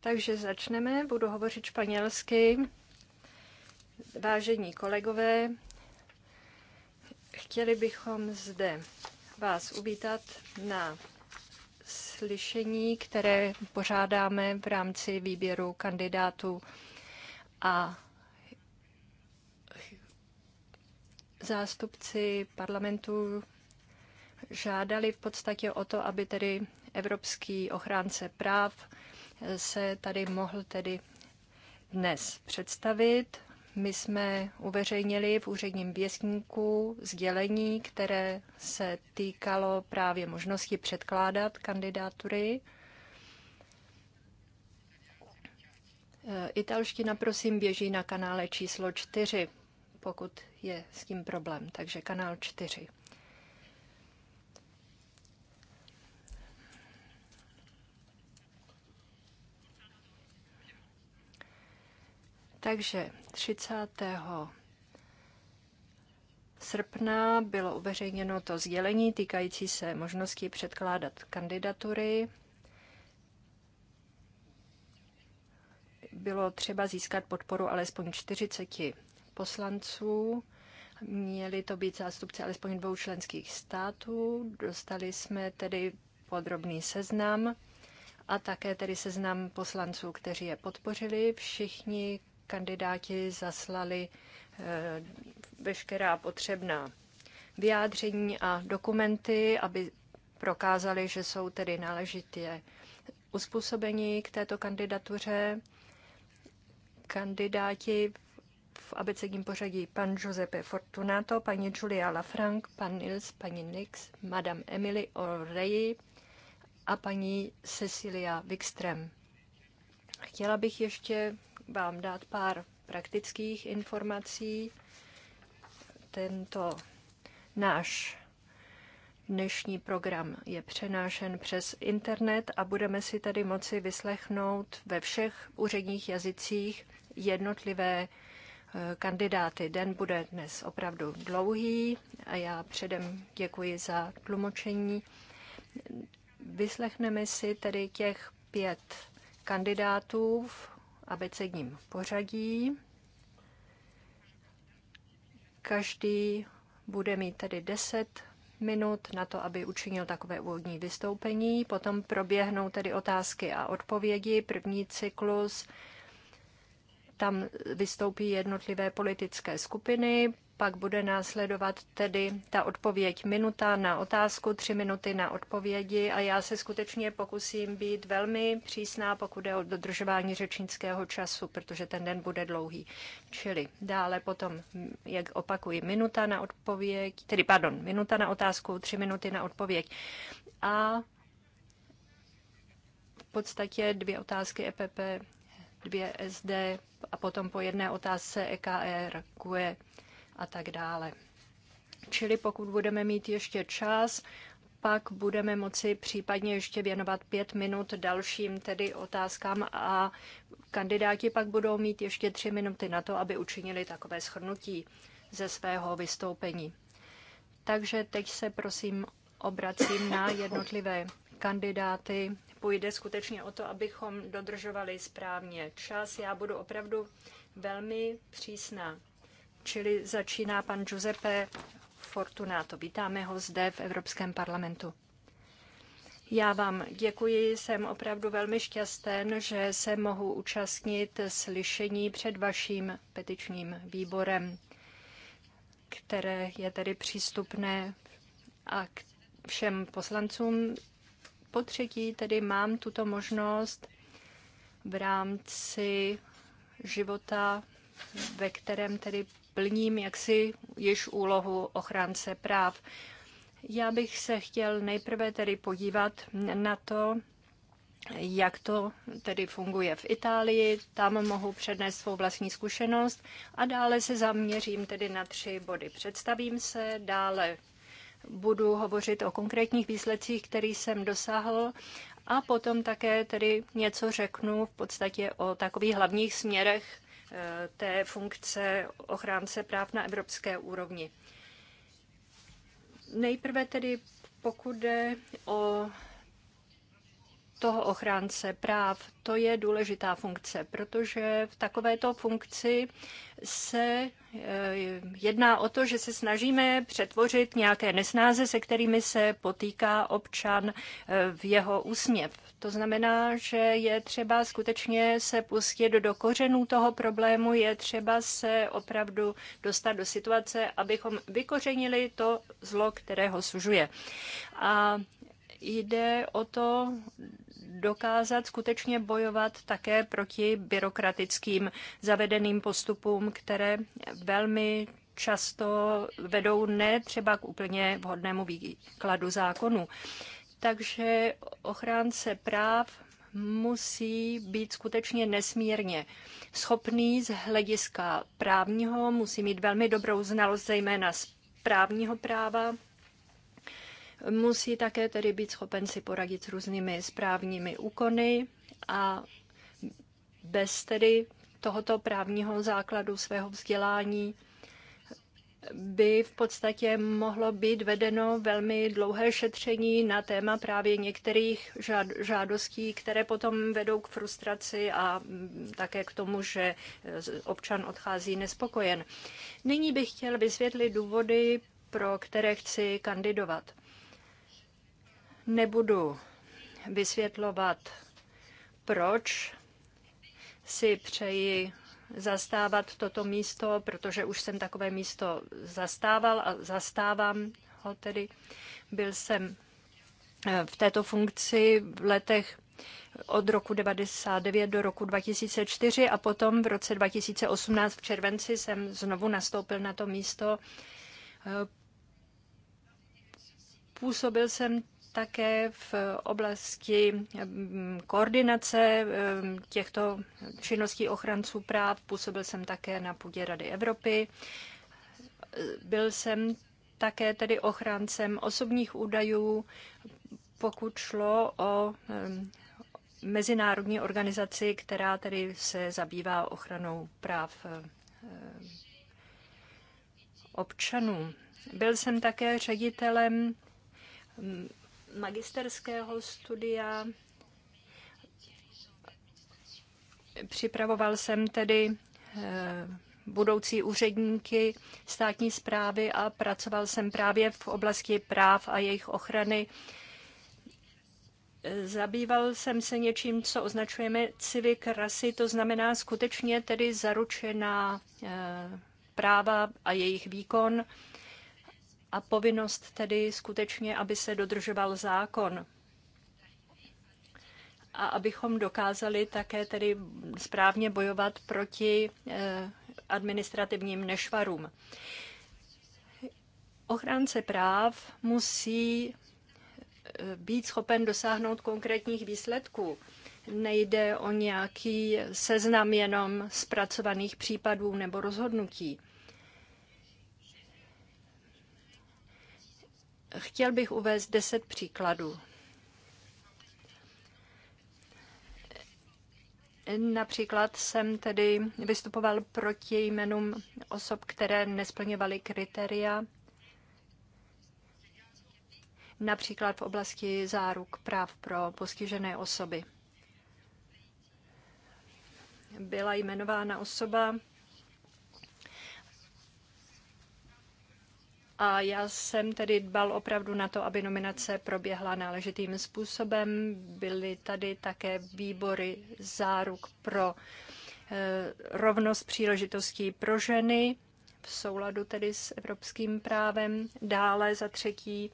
Takže začneme, budu hovořit španělsky. Vážení kolegové, chtěli bychom zde vás uvítat na slyšení, které pořádáme v rámci výběru kandidátů a zástupci parlamentu žádali v podstatě o to, aby tedy Evropský ochránce práv se tady mohl tedy dnes představit. My jsme uveřejnili v úředním věstníku sdělení, které se týkalo právě možnosti předkládat kandidatury. E, italština, prosím, běží na kanále číslo 4, pokud je s tím problém, takže kanál 4. Takže 30. srpna bylo uveřejněno to sdělení týkající se možnosti předkládat kandidatury. Bylo třeba získat podporu alespoň 40 poslanců. Měli to být zástupci alespoň dvou členských států. Dostali jsme tedy podrobný seznam a také tedy seznam poslanců, kteří je podpořili. Všichni kandidáti zaslali eh, veškerá potřebná vyjádření a dokumenty, aby prokázali, že jsou tedy náležitě uspůsobení k této kandidatuře. Kandidáti v abecedním pořadí pan Giuseppe Fortunato, paní Julia Lafranc, pan Nils, paní Nix, madame Emily O'Reilly a paní Cecilia Wikström. Chtěla bych ještě vám dát pár praktických informací. Tento náš dnešní program je přenášen přes internet a budeme si tady moci vyslechnout ve všech úředních jazycích jednotlivé eh, kandidáty. Den bude dnes opravdu dlouhý a já předem děkuji za tlumočení. Vyslechneme si tedy těch pět kandidátů v abecedním pořadí. Každý bude mít tedy 10 minut na to, aby učinil takové úvodní vystoupení. Potom proběhnou tedy otázky a odpovědi. První cyklus tam vystoupí jednotlivé politické skupiny, pak bude následovat tedy ta odpověď minuta na otázku, tři minuty na odpovědi a já se skutečně pokusím být velmi přísná, pokud je o dodržování řečnického času, protože ten den bude dlouhý. Čili dále potom, jak opakuji, minuta na odpověď, tedy pardon, minuta na otázku, tři minuty na odpověď. A v podstatě dvě otázky EPP, dvě SD a potom po jedné otázce EKR, e QE a tak dále. Čili pokud budeme mít ještě čas, pak budeme moci případně ještě věnovat pět minut dalším tedy otázkám a kandidáti pak budou mít ještě tři minuty na to, aby učinili takové shrnutí ze svého vystoupení. Takže teď se prosím obracím na jednotlivé kandidáty. Půjde skutečně o to, abychom dodržovali správně čas. Já budu opravdu velmi přísná Čili začíná pan Giuseppe Fortunato. Vítáme ho zde v Evropském parlamentu. Já vám děkuji, jsem opravdu velmi šťastný, že se mohu účastnit slyšení před vaším petičním výborem, které je tedy přístupné a k všem poslancům. Po třetí tedy mám tuto možnost v rámci života, ve kterém tedy plním jaksi již úlohu ochránce práv. Já bych se chtěl nejprve tedy podívat na to, jak to tedy funguje v Itálii. Tam mohu přednést svou vlastní zkušenost a dále se zaměřím tedy na tři body. Představím se, dále budu hovořit o konkrétních výsledcích, který jsem dosáhl a potom také tedy něco řeknu v podstatě o takových hlavních směrech Eh, té funkce ochránce práv na evropské úrovni. Nejprve tedy, pokud jde o toho ochránce práv. To je důležitá funkce, protože v takovéto funkci se eh, jedná o to, že se snažíme přetvořit nějaké nesnáze, se kterými se potýká občan eh, v jeho úsměv. To znamená, že je třeba skutečně se pustit do kořenů toho problému, je třeba se opravdu dostat do situace, abychom vykořenili to zlo, které ho sužuje. A jde o to dokázat skutečně bojovat také proti byrokratickým zavedeným postupům, které velmi často vedou ne třeba k úplně vhodnému výkladu zákonu. Takže ochránce práv musí být skutečně nesmírně schopný z hlediska právního, musí mít velmi dobrou znalost zejména z právního práva, musí také tedy být schopen si poradit s různými správními úkony a bez tedy tohoto právního základu svého vzdělání by v podstatě mohlo být vedeno velmi dlouhé šetření na téma právě některých žádostí, které potom vedou k frustraci a také k tomu, že eh, občan odchází nespokojen. Nyní bych chtěl vysvětlit důvody, pro které chci kandidovat. Nebudu vysvětlovat, proč si přeji zastávat toto místo, protože už jsem takové místo zastával a zastávám ho tedy. Byl jsem eh, v této funkci v letech od roku 1999 do roku 2004 a potom v roce 2018 v červenci jsem znovu nastoupil na to místo. Eh, působil jsem také v oblasti mm, koordinace mm, těchto činností ochranců práv. Působil jsem také na půdě Rady Evropy. Byl jsem také tedy ochráncem osobních údajů, pokud šlo o mm, mezinárodní organizaci, která tedy se zabývá ochranou práv občanů. Byl jsem také ředitelem magisterského studia. Připravoval jsem tedy eh, budoucí úředníky státní zprávy a pracoval jsem právě v oblasti práv a jejich ochrany. Zabýval jsem se něčím, co označujeme civik rasy, to znamená skutečně tedy zaručená eh, práva a jejich výkon a povinnost tedy skutečně, aby se dodržoval zákon a abychom dokázali také tedy správně bojovat proti eh, administrativním nešvarům. Ochránce práv musí eh, být schopen dosáhnout konkrétních výsledků. Nejde o nějaký seznam jenom zpracovaných případů nebo rozhodnutí. Chtěl bych uvést deset příkladů. Například jsem tedy vystupoval proti jménům osob, které nesplňovaly kritéria, například v oblasti záruk práv pro postižené osoby. Byla jmenována osoba, A já jsem tedy dbal opravdu na to, aby nominace proběhla náležitým způsobem. Byly tady také výbory záruk pro eh, rovnost příležitostí pro ženy v souladu tedy s evropským právem. Dále za třetí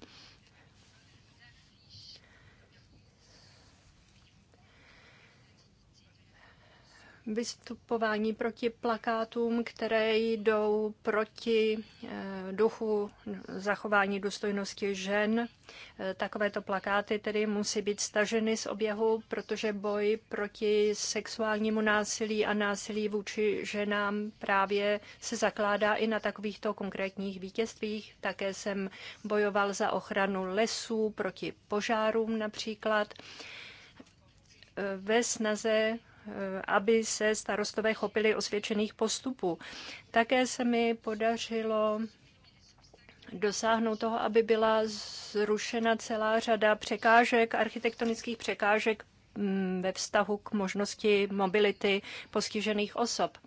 vystupování proti plakátům, které jdou proti eh, duchu zachování důstojnosti žen. Eh, takovéto plakáty tedy musí být staženy z oběhu, protože boj proti sexuálnímu násilí a násilí vůči ženám právě se zakládá i na takovýchto konkrétních vítězstvích. Také jsem bojoval za ochranu lesů proti požárům například eh, ve snaze Eh, aby se starostové chopili osvědčených postupů. Také se mi podařilo dosáhnout toho, aby byla zrušena celá řada překážek, architektonických překážek mm, ve vztahu k možnosti mobility postižených osob.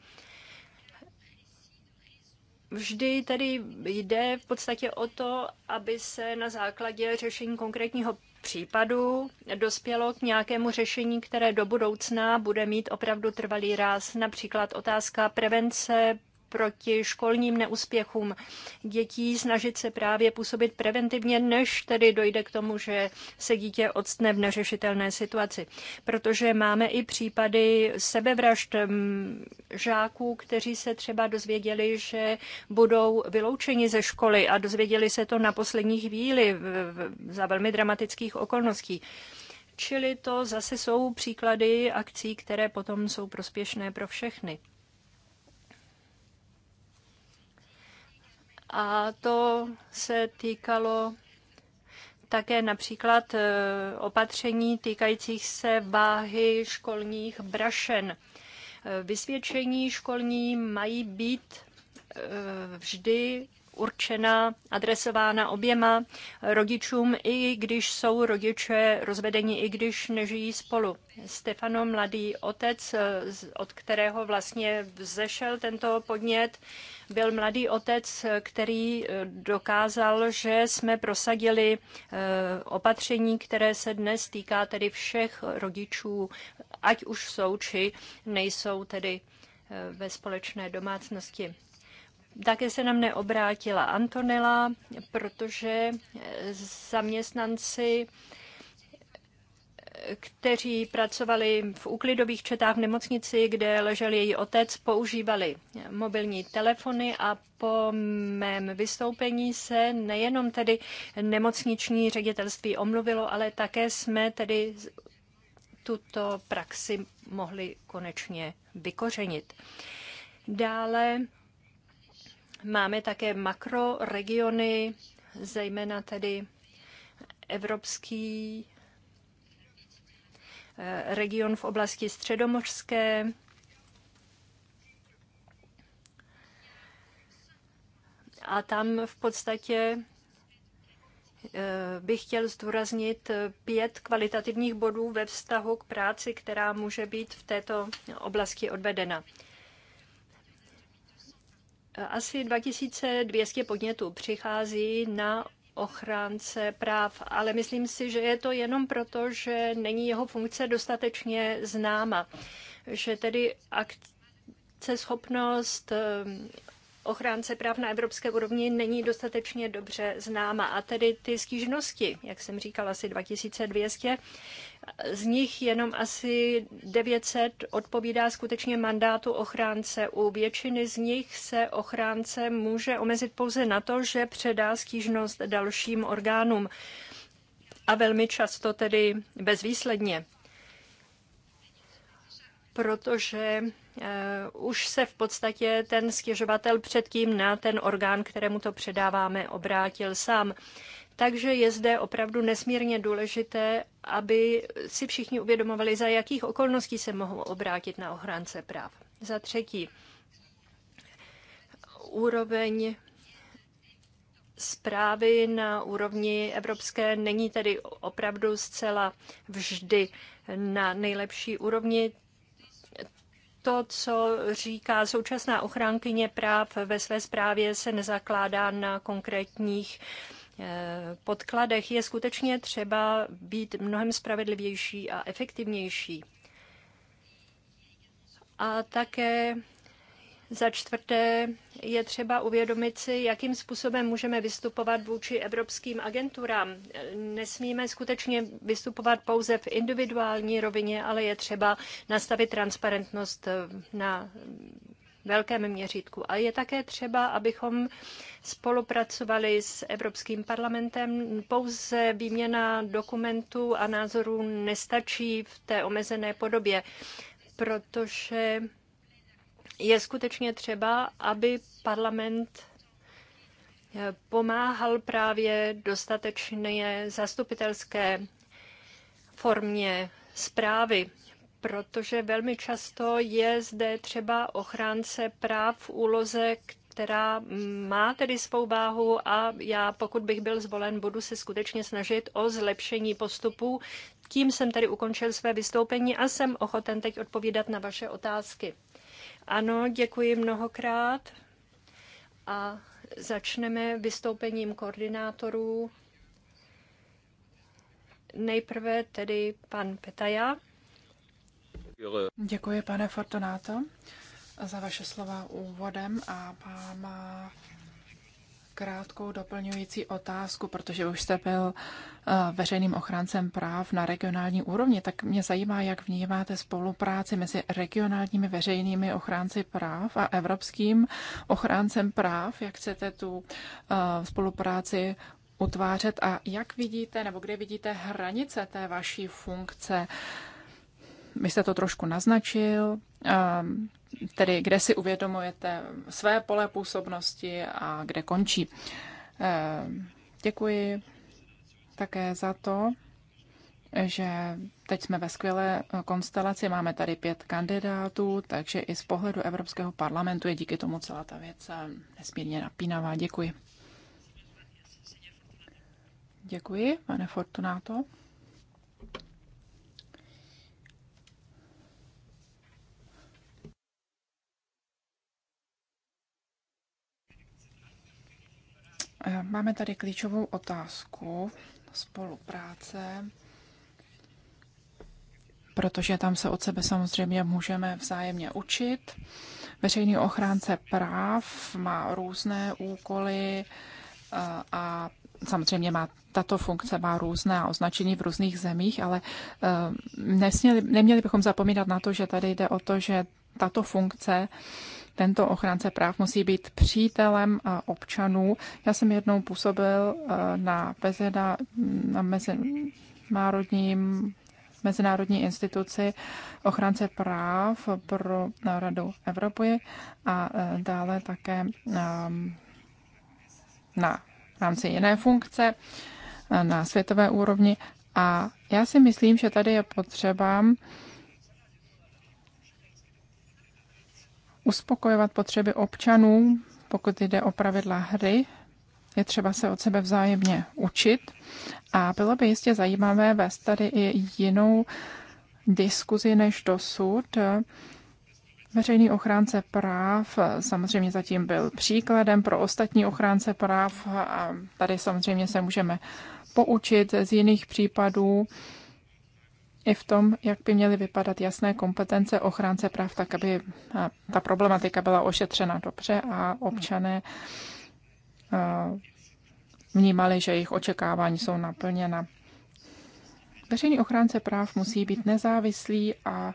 Vždy tedy jde v podstatě o to, aby se na základě řešení konkrétního případů dospělo k nějakému řešení, které do budoucna bude mít opravdu trvalý ráz. Například otázka prevence proti školním neúspěchům dětí, snažit se právě působit preventivně, než tedy dojde k tomu, že se dítě odstne v neřešitelné situaci. Protože máme i případy sebevražd mm, žáků, kteří se třeba dozvěděli, že budou vyloučeni ze školy a dozvěděli se to na poslední chvíli za velmi dramatických okolností. Čili to zase jsou příklady akcí, které potom jsou prospěšné pro všechny. A to se týkalo také například e, opatření týkajících se váhy školních brašen. E, vysvědčení školní mají být e, vždy určena, adresována oběma rodičům, i když jsou rodiče rozvedeni, i když nežijí spolu. Stefano, mladý otec, od kterého vlastně vzešel tento podnět, byl mladý otec, který eh, dokázal, že jsme prosadili eh, opatření, které se dnes týká tedy všech rodičů, ať už jsou či nejsou tedy eh, ve společné domácnosti. Také se na mne obrátila Antonela, protože zaměstnanci kteří pracovali v úklidových četách v nemocnici, kde ležel její otec, používali mobilní telefony a po mém vystoupení se nejenom tedy nemocniční ředitelství omluvilo, ale také jsme tedy tuto praxi mohli konečně vykořenit. Dále máme také makroregiony, zejména tedy Evropský Eh, region v oblasti středomořské. A tam v podstatě eh, bych chtěl zdůraznit eh, pět kvalitativních bodů ve vztahu k práci, která může být v této oblasti odvedena. Asi 2200 podnětů přichází na ochránce práv, ale myslím si, že je to jenom proto, že není jeho funkce dostatečně známa. Že tedy akce schopnost ochránce práv na evropské úrovni není dostatečně dobře známa. A tedy ty stížnosti, jak jsem říkala, asi 2200, z nich jenom asi 900 odpovídá skutečně mandátu ochránce. U většiny z nich se ochránce může omezit pouze na to, že předá stížnost dalším orgánům. A velmi často tedy bezvýsledně protože Eh, už se v podstatě ten stěžovatel předtím na ten orgán, kterému to předáváme, obrátil sám. Takže je zde opravdu nesmírně důležité, aby si všichni uvědomovali, za jakých okolností se mohou obrátit na ochránce práv. Za třetí, úroveň zprávy na úrovni evropské není tedy opravdu zcela vždy na nejlepší úrovni to, co říká současná ochránkyně práv ve své zprávě, se nezakládá na konkrétních eh, podkladech. Je skutečně třeba být mnohem spravedlivější a efektivnější. A také za čtvrté je třeba uvědomit si, jakým způsobem můžeme vystupovat vůči evropským agenturám. Nesmíme skutečně vystupovat pouze v individuální rovině, ale je třeba nastavit transparentnost na velkém měřítku. A je také třeba, abychom spolupracovali s Evropským parlamentem. Pouze výměna dokumentů a názorů nestačí v té omezené podobě, protože je skutečně třeba, aby parlament eh, pomáhal právě dostatečně zastupitelské formě zprávy, protože velmi často je zde třeba ochránce práv v úloze, která má tedy svou váhu a já, pokud bych byl zvolen, budu se skutečně snažit o zlepšení postupů. Tím jsem tedy ukončil své vystoupení a jsem ochoten teď odpovídat na vaše otázky. Ano, děkuji mnohokrát a začneme vystoupením koordinátorů. Nejprve tedy pan Petaja. Děkuji, pane Fortunato, za vaše slova úvodem a mám krátkou doplňující otázku, protože už jste byl eh, veřejným ochráncem práv na regionální úrovni, tak mě zajímá, jak vnímáte spolupráci mezi regionálními veřejnými ochránci práv a evropským ochráncem práv, jak chcete tu eh, spolupráci utvářet a jak vidíte, nebo kde vidíte hranice té vaší funkce, vy jste to trošku naznačil, eh, tedy kde si uvědomujete své pole působnosti a kde končí. Eh, děkuji také za to, že teď jsme ve skvělé eh, konstelaci, máme tady pět kandidátů, takže i z pohledu Evropského parlamentu je díky tomu celá ta věc nesmírně napínavá. Děkuji. Děkuji, pane Fortunato. Eh, máme tady klíčovou otázku spolupráce, protože tam se od sebe samozřejmě můžeme vzájemně učit. Veřejný ochránce práv má různé úkoly eh, a samozřejmě má tato funkce má různá označení v různých zemích, ale eh, nesměli, neměli bychom zapomínat na to, že tady jde o to, že tato funkce tento ochránce práv musí být přítelem eh, občanů. Já jsem jednou působil eh, na, bezeda, na mezinárodním mezinárodní instituci ochránce práv pro Radu Evropy a eh, dále také ehm, na rámci jiné funkce na světové úrovni. A já si myslím, že tady je potřeba uspokojovat potřeby občanů, pokud jde o pravidla hry. Je třeba se od sebe vzájemně učit a bylo by jistě zajímavé vést tady i jinou diskuzi než dosud. Veřejný ochránce práv samozřejmě zatím byl příkladem pro ostatní ochránce práv a tady samozřejmě se můžeme poučit z jiných případů i v tom, jak by měly vypadat jasné kompetence ochránce práv, tak aby ta problematika byla ošetřena dobře a občané vnímali, že jejich očekávání jsou naplněna. Veřejný ochránce práv musí být nezávislý a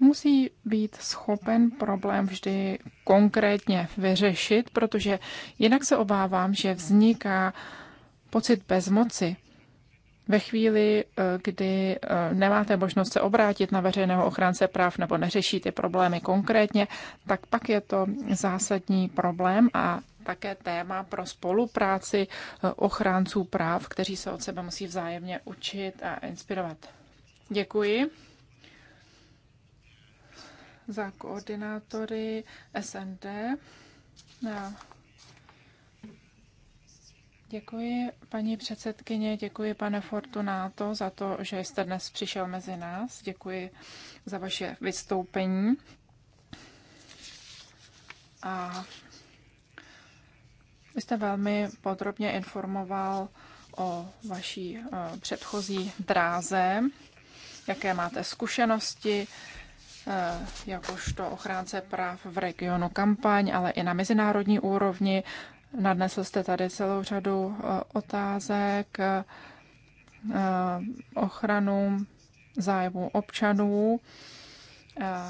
musí být schopen problém vždy konkrétně vyřešit, protože jinak se obávám, že vzniká pocit bezmoci ve chvíli, eh, kdy eh, nemáte možnost se obrátit na veřejného ochránce práv nebo neřeší ty problémy konkrétně, tak pak je to zásadní problém a také téma pro spolupráci eh, ochránců práv, kteří se od sebe musí vzájemně učit a inspirovat. Děkuji za koordinátory SND. Já. Děkuji, paní předsedkyně, děkuji, pane Fortunáto, za to, že jste dnes přišel mezi nás. Děkuji za vaše vystoupení. A vy jste velmi podrobně informoval o vaší eh, předchozí dráze, jaké máte zkušenosti, eh, jakožto ochránce práv v regionu kampaň, ale i na mezinárodní úrovni. Nadnesl jste tady celou řadu eh, otázek, eh, ochranu zájmu občanů. Eh,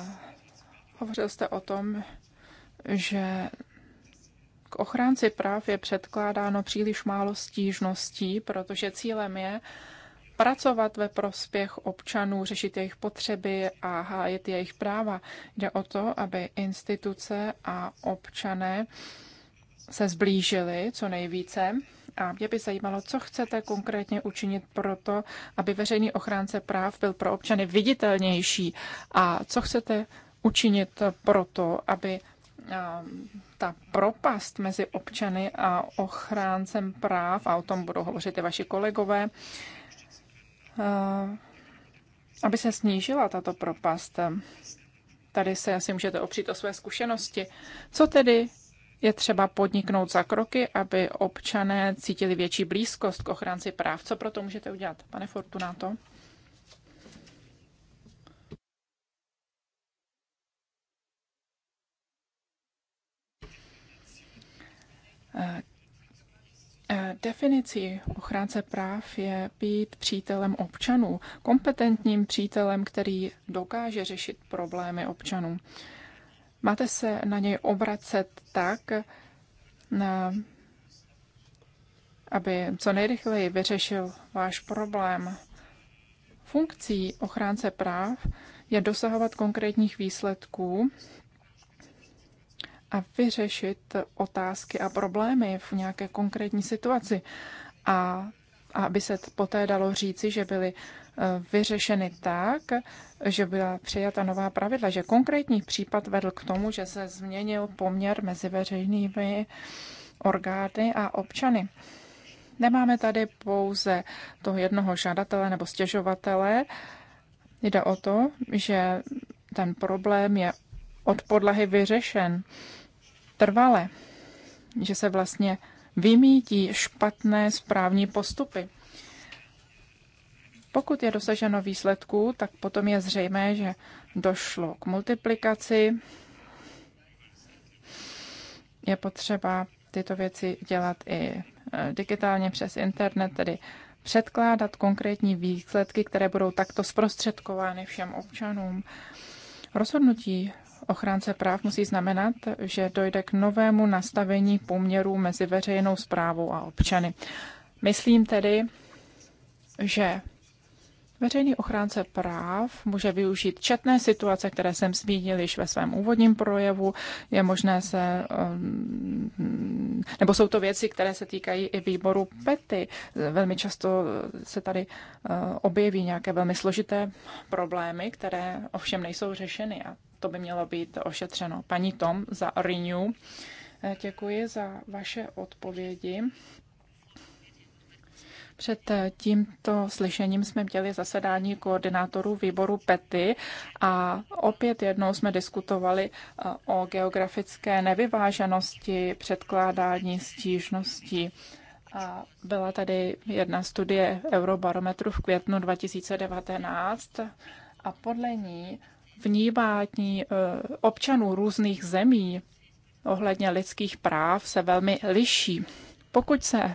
hovořil jste o tom, že k ochránci práv je předkládáno příliš málo stížností, protože cílem je pracovat ve prospěch občanů, řešit jejich potřeby a hájit jejich práva. Jde o to, aby instituce a občané se zblížili co nejvíce. A mě by zajímalo, co chcete konkrétně učinit pro to, aby veřejný ochránce práv byl pro občany viditelnější a co chcete učinit pro to, aby um, ta propast mezi občany a ochráncem práv, a o tom budou hovořit i vaši kolegové, uh, aby se snížila tato propast. Tady se asi můžete opřít o své zkušenosti. Co tedy je třeba podniknout za kroky, aby občané cítili větší blízkost k ochranci práv. Co proto můžete udělat, pane Fortunato? Eh, eh, Definicí ochránce práv je být přítelem občanů, kompetentním přítelem, který dokáže řešit problémy občanů. Máte se na něj obracet tak, na, aby co nejrychleji vyřešil váš problém. Funkcí ochránce práv je dosahovat konkrétních výsledků a vyřešit otázky a problémy v nějaké konkrétní situaci. A, a aby se poté dalo říci, že byly vyřešeny tak, že byla přijata nová pravidla, že konkrétní případ vedl k tomu, že se změnil poměr mezi veřejnými orgány a občany. Nemáme tady pouze toho jednoho žadatele nebo stěžovatele. Jde o to, že ten problém je od podlahy vyřešen trvale, že se vlastně vymítí špatné správní postupy. Pokud je dosaženo výsledků, tak potom je zřejmé, že došlo k multiplikaci. Je potřeba tyto věci dělat i e, digitálně přes internet, tedy předkládat konkrétní výsledky, které budou takto zprostředkovány všem občanům. Rozhodnutí ochránce práv musí znamenat, že dojde k novému nastavení poměrů mezi veřejnou zprávou a občany. Myslím tedy, že Veřejný ochránce práv může využít četné situace, které jsem zmínil již ve svém úvodním projevu. Je možné se, um, nebo jsou to věci, které se týkají i výboru PETY. Velmi často se tady uh, objeví nějaké velmi složité problémy, které ovšem nejsou řešeny a to by mělo být ošetřeno. Paní Tom za Renew, eh, děkuji za vaše odpovědi. Před tímto slyšením jsme měli zasedání koordinátorů výboru PETY a opět jednou jsme diskutovali eh, o geografické nevyváženosti předkládání stížností. A byla tady jedna studie Eurobarometru v květnu 2019 a podle ní vnívání eh, občanů různých zemí ohledně lidských práv se velmi liší. Pokud se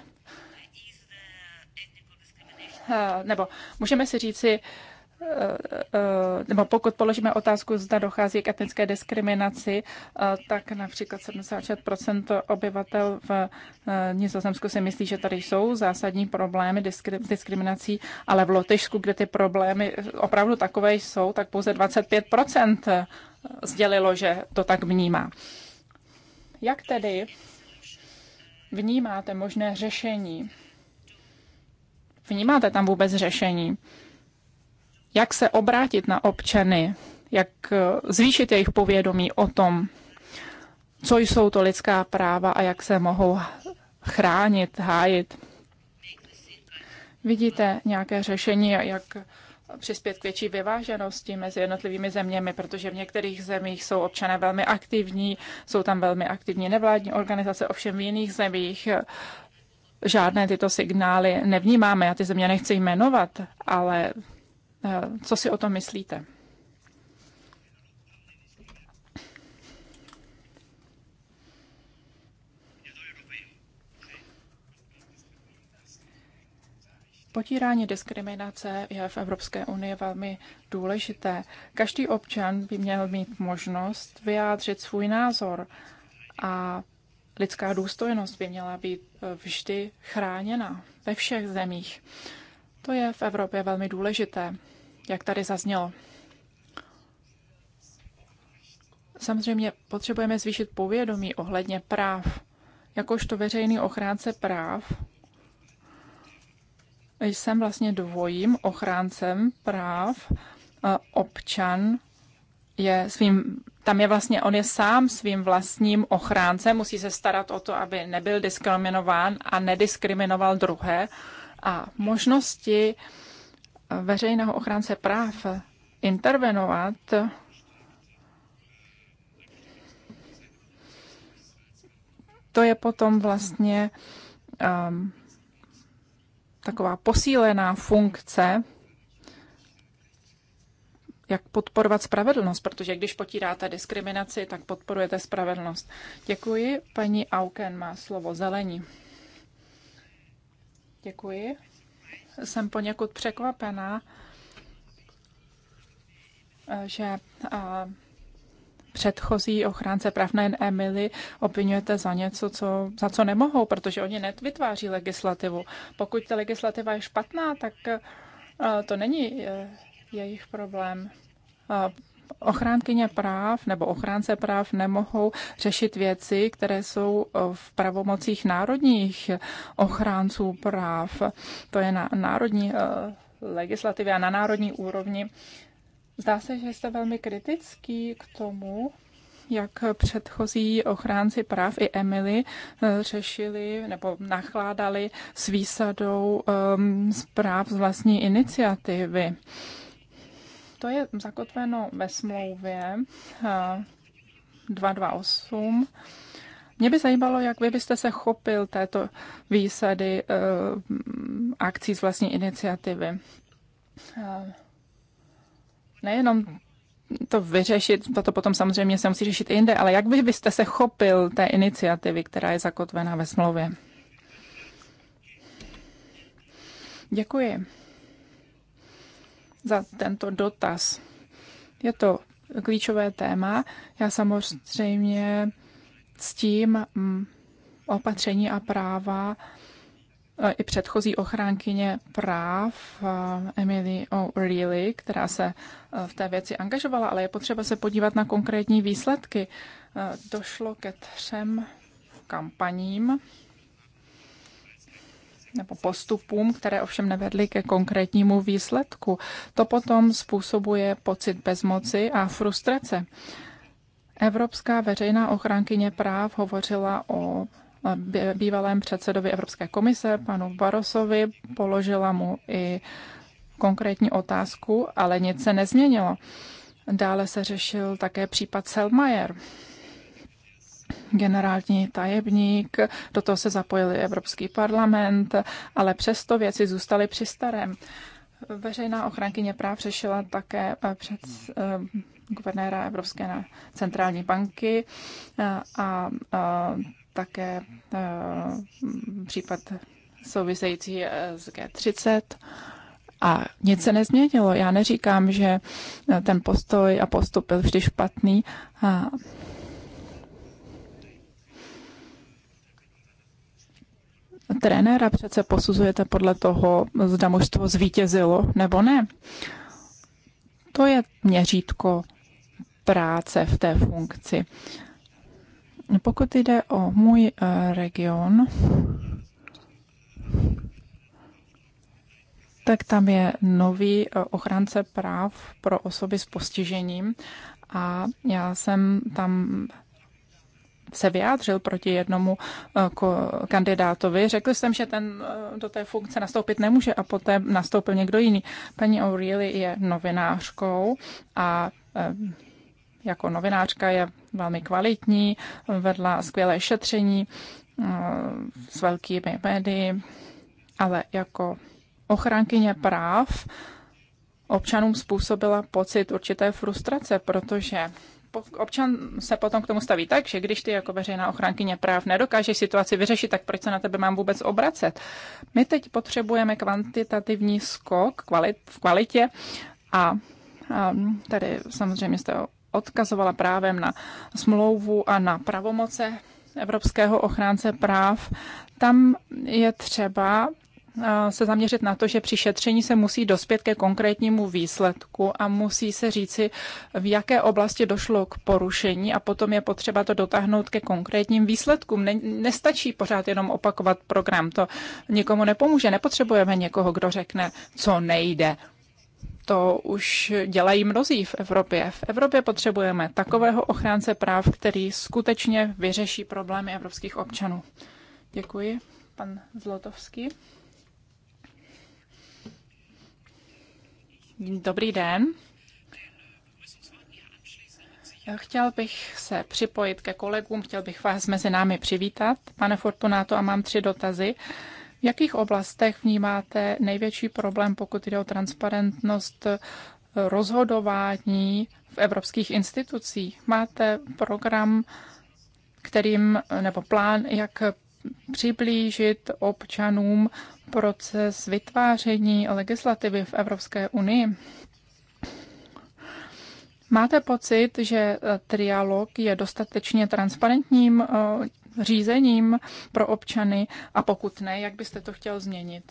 Eh, nebo můžeme si říci, eh, eh, nebo pokud položíme otázku, zda dochází k etnické diskriminaci, tak například 76% obyvatel v Nizozemsku si myslí, že tady jsou zásadní problémy s diskriminací, ale v Lotyšsku, kde ty problémy opravdu takové jsou, tak pouze 25% sdělilo, že to tak vnímá. Jak tedy vnímáte možné řešení Vnímáte tam vůbec řešení? Jak se obrátit na občany? Jak eh, zvýšit jejich povědomí o tom, co jsou to lidská práva a jak se mohou chránit, hájit? Vidíte nějaké řešení, jak přispět k větší vyváženosti mezi jednotlivými zeměmi, protože v některých zemích jsou občané velmi aktivní, jsou tam velmi aktivní nevládní organizace, ovšem v jiných zemích žádné tyto signály nevnímáme. Já ty země nechci jmenovat, ale eh, co si o tom myslíte? Potírání diskriminace je v Evropské unii velmi důležité. Každý občan by měl mít možnost vyjádřit svůj názor a lidská důstojnost by měla být eh, vždy chráněna ve všech zemích. To je v Evropě velmi důležité, jak tady zaznělo. Samozřejmě potřebujeme zvýšit povědomí ohledně práv. Jakožto veřejný ochránce práv jsem vlastně dvojím ochráncem práv. Občan je svým tam je vlastně, on je sám svým vlastním ochráncem, musí se starat o to, aby nebyl diskriminován a nediskriminoval druhé. A možnosti veřejného ochránce práv intervenovat to je potom vlastně um, taková posílená funkce jak podporovat spravedlnost, protože když potíráte diskriminaci, tak podporujete spravedlnost. Děkuji. Paní Auken má slovo zelení. Děkuji. Jsem poněkud překvapená, že předchozí ochránce práv nejen Emily obvinujete za něco, co, za co nemohou, protože oni netvytváří legislativu. Pokud ta legislativa je špatná, tak to není e, jejich problém. Ochránkyně práv nebo ochránce práv nemohou řešit věci, které jsou e, v pravomocích národních ochránců práv. To je na národní e, legislativě a na národní úrovni. Zdá se, že jste velmi kritický k tomu, jak předchozí ochránci práv i Emily e, řešili nebo nakládali s výsadou um, zpráv z vlastní iniciativy. To je zakotveno ve smlouvě 228. Eh, Mě by zajímalo, jak vy byste se chopil této výsady eh, akcí z vlastní iniciativy. Eh, nejenom to vyřešit, toto potom samozřejmě se musí řešit i jinde, ale jak vy byste se chopil té iniciativy, která je zakotvená ve smlouvě? Děkuji za tento dotaz. Je to klíčové téma. Já samozřejmě s tím mm, opatření a práva eh, i předchozí ochránkyně práv eh, Emily O'Reilly, která se eh, v té věci angažovala, ale je potřeba se podívat na konkrétní výsledky. Došlo ke třem kampaním nebo postupům, které ovšem nevedly ke konkrétnímu výsledku. To potom způsobuje pocit bezmoci a frustrace. Evropská veřejná ochránkyně práv hovořila o eh, bývalém předsedovi Evropské komise, panu Barosovi, položila mu i konkrétní otázku, ale nic se nezměnilo. Dále se řešil také případ Selmayer generální tajemník, do toho se zapojil Evropský parlament, ale přesto věci zůstaly při starém. Veřejná ochránkyně práv řešila také eh, před eh, guvernéra Evropské centrální banky eh, a, a také případ související s G30. A nic se nezměnilo. Já neříkám, že ten postoj a postup byl vždy špatný, trenéra přece posuzujete podle toho, zda mužstvo zvítězilo nebo ne. To je měřítko práce v té funkci. Pokud jde o můj eh, region, tak tam je nový eh, ochránce práv pro osoby s postižením a já jsem tam se vyjádřil proti jednomu eh, kandidátovi. Řekl jsem, že ten eh, do té funkce nastoupit nemůže a poté nastoupil někdo jiný. Paní O'Reilly je novinářkou a eh, jako novinářka je velmi kvalitní, vedla skvělé šetření s velkými médii, ale jako ochránkyně práv občanům způsobila pocit určité frustrace, protože občan se potom k tomu staví tak, že když ty jako veřejná ochránkyně práv nedokážeš situaci vyřešit, tak proč se na tebe mám vůbec obracet? My teď potřebujeme kvantitativní skok kvalit, v kvalitě a, a tady samozřejmě jste odkazovala právem na smlouvu a na pravomoce Evropského ochránce práv. Tam je třeba se zaměřit na to, že při šetření se musí dospět ke konkrétnímu výsledku a musí se říci, v jaké oblasti došlo k porušení a potom je potřeba to dotáhnout ke konkrétním výsledkům. Ne, nestačí pořád jenom opakovat program, to nikomu nepomůže. Nepotřebujeme někoho, kdo řekne, co nejde. To už dělají mnozí v Evropě. V Evropě potřebujeme takového ochránce práv, který skutečně vyřeší problémy evropských občanů. Děkuji. Pan Zlotovský. Dobrý den. Chtěl bych se připojit ke kolegům, chtěl bych vás mezi námi přivítat, pane Fortunato, a mám tři dotazy. V jakých oblastech vnímáte největší problém, pokud jde o transparentnost rozhodování v evropských institucích? Máte program kterým, nebo plán, jak přiblížit občanům proces vytváření legislativy v Evropské unii. Máte pocit, že eh, trialog je dostatečně transparentním eh, řízením pro občany a pokud ne, jak byste to chtěl změnit?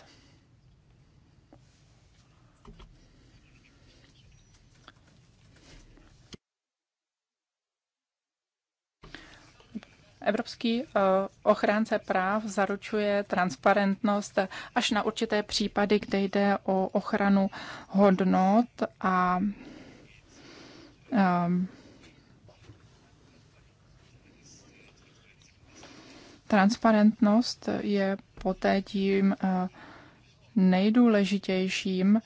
Evropský eh, ochránce práv zaručuje transparentnost až na určité případy, kde jde o ochranu hodnot a ehm, transparentnost je poté tím eh, nejdůležitějším.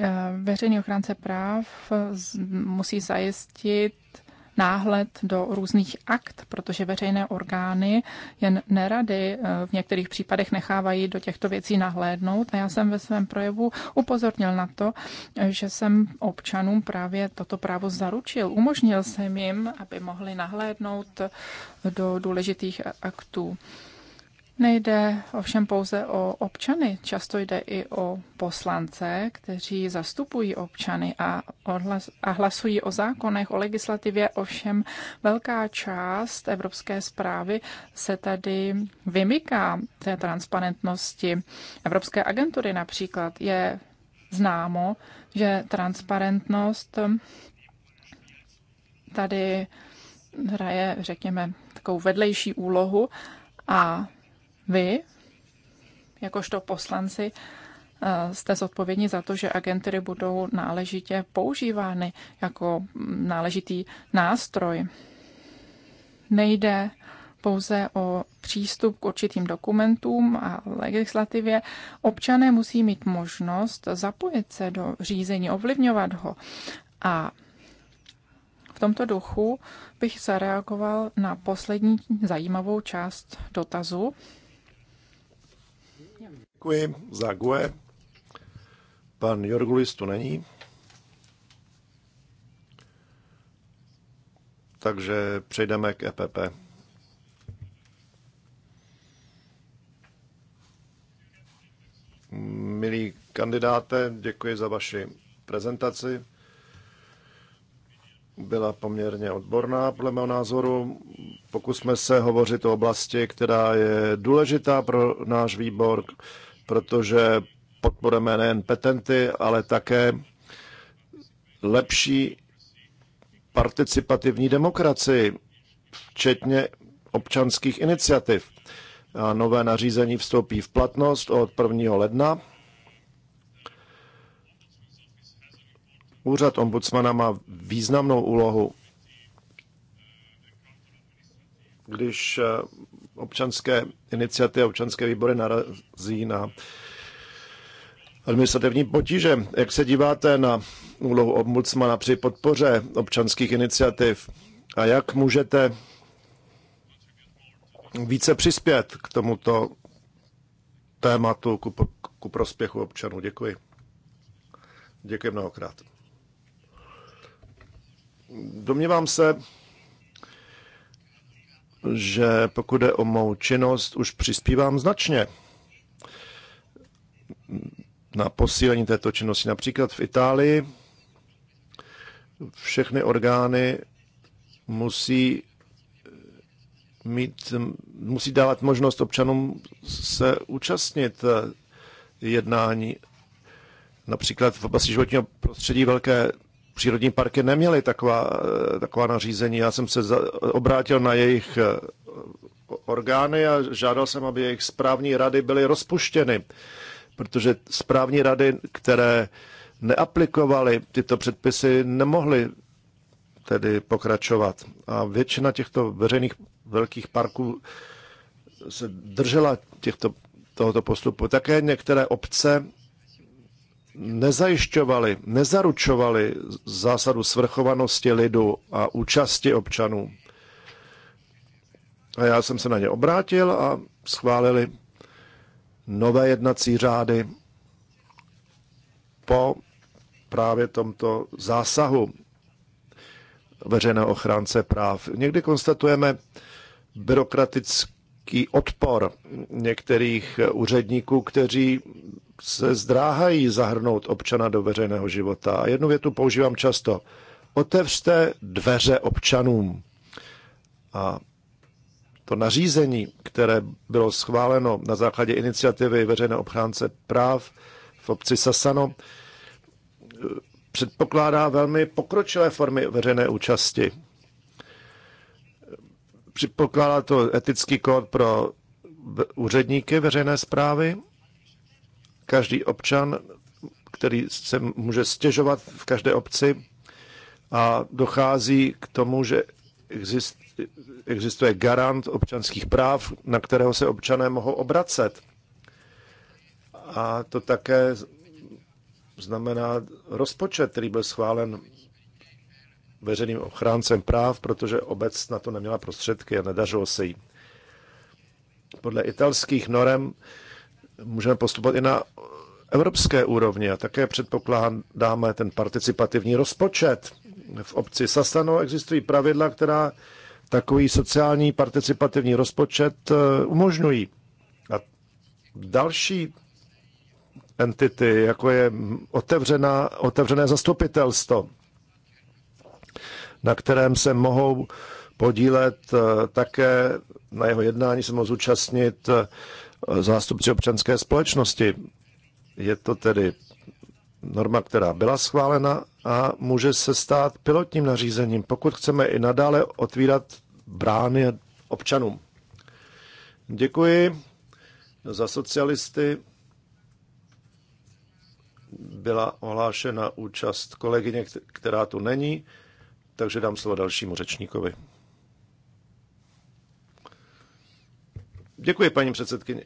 Eh, veřejný ochránce práv musí zajistit náhled do různých akt, protože veřejné orgány jen nerady eh, v některých případech nechávají do těchto věcí nahlédnout. A já jsem ve svém projevu upozornil na to, že jsem občanům právě toto právo zaručil. Umožnil jsem jim, aby mohli nahlédnout do důležitých aktů. Nejde ovšem pouze o občany, často jde i o poslance, kteří zastupují občany a, odhlas, a hlasují o zákonech, o legislativě. Ovšem velká část evropské zprávy se tady vymyká té transparentnosti. Evropské agentury například je známo, že transparentnost tady hraje, řekněme, takovou vedlejší úlohu a vy, jakožto poslanci, eh, jste zodpovědní za to, že agentury budou náležitě používány jako náležitý nástroj. Nejde pouze o přístup k určitým dokumentům a legislativě. Občané musí mít možnost zapojit se do řízení, ovlivňovat ho. A v tomto duchu bych zareagoval na poslední zajímavou část dotazu, Děkuji za GUE. Pan Jorgulis tu není. Takže přejdeme k EPP. Milí kandidáte, děkuji za vaši prezentaci. Byla poměrně odborná, podle mého názoru. Pokusme se hovořit o oblasti, která je důležitá pro náš výbor, protože podporujeme nejen petenty, ale také lepší participativní demokracii, včetně občanských iniciativ. A nové nařízení vstoupí v platnost od 1. ledna. Úřad ombudsmana má významnou úlohu když eh, občanské iniciativy, občanské výbory narazí na administrativní potíže. Jak se díváte na úlohu ombudsmana při podpoře občanských iniciativ a jak můžete více přispět k tomuto tématu ku, ku prospěchu občanů? Děkuji. Děkuji mnohokrát. Domnívám se, že pokud jde o mou činnost, už přispívám značně na posílení této činnosti. Například v Itálii všechny orgány musí mít, musí dávat možnost občanům se účastnit jednání. Například v oblasti životního prostředí velké přírodní parky neměly taková, eh, taková nařízení. Já jsem se za, obrátil na jejich eh, orgány a žádal jsem, aby jejich správní rady byly rozpuštěny, protože správní rady, které neaplikovaly tyto předpisy, nemohly tedy pokračovat. A většina těchto veřejných velkých parků se držela těchto, tohoto postupu. Také některé obce nezajišťovali, nezaručovali zásadu svrchovanosti lidu a účasti občanů. A já jsem se na ně obrátil a schválili nové jednací řády po právě tomto zásahu veřejného ochránce práv. Někdy konstatujeme byrokratické velký odpor některých úředníků, kteří se zdráhají zahrnout občana do veřejného života. A jednu větu používám často. Otevřte dveře občanům. A to nařízení, které bylo schváleno na základě iniciativy veřejné obchránce práv v obci Sasano, předpokládá velmi pokročilé formy veřejné účasti. Připokládá to etický kód pro úředníky veřejné zprávy. Každý občan, který se může stěžovat v každé obci a dochází k tomu, že exist, existuje garant občanských práv, na kterého se občané mohou obracet. A to také znamená rozpočet, který byl schválen veřejným ochráncem práv, protože obec na to neměla prostředky a nedařilo se jí. Podle italských norem můžeme postupovat i na evropské úrovni a také předpokládáme ten participativní rozpočet. V obci Sasano existují pravidla, která takový sociální participativní rozpočet eh, umožňují. A další entity, jako je otevřená, otevřené zastupitelstvo, na kterém se mohou podílet eh, také na jeho jednání se mohou zúčastnit eh, zástupci občanské společnosti. Je to tedy norma, která byla schválena a může se stát pilotním nařízením, pokud chceme i nadále otvírat brány občanům. Děkuji za socialisty. Byla ohlášena účast kolegyně, která tu není takže dám slovo dalšímu řečníkovi. Děkuji, paní předsedkyně.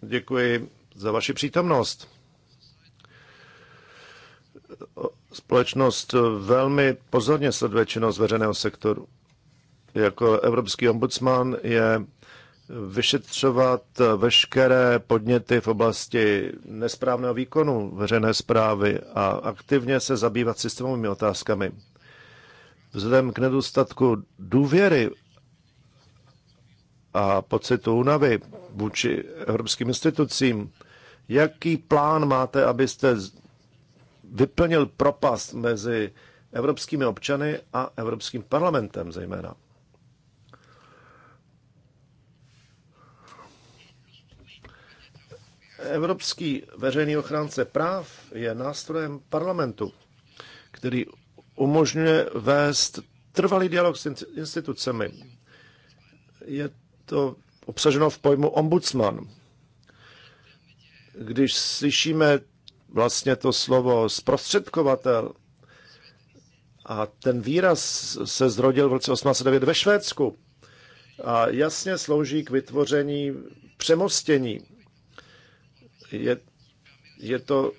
Děkuji za vaši přítomnost. Společnost velmi pozorně sleduje činnost veřejného sektoru. Jako evropský ombudsman je vyšetřovat veškeré podněty v oblasti nesprávného výkonu veřejné zprávy a aktivně se zabývat systémovými otázkami. Vzhledem k nedostatku důvěry a pocitu únavy vůči evropským institucím, jaký plán máte, abyste vyplnil propast mezi evropskými občany a Evropským parlamentem zejména? Evropský veřejný ochránce práv je nástrojem parlamentu, který umožňuje vést trvalý dialog s institucemi. Je to obsaženo v pojmu ombudsman. Když slyšíme vlastně to slovo zprostředkovatel, a ten výraz se zrodil v roce 1809 ve Švédsku a jasně slouží k vytvoření přemostění. Je, je to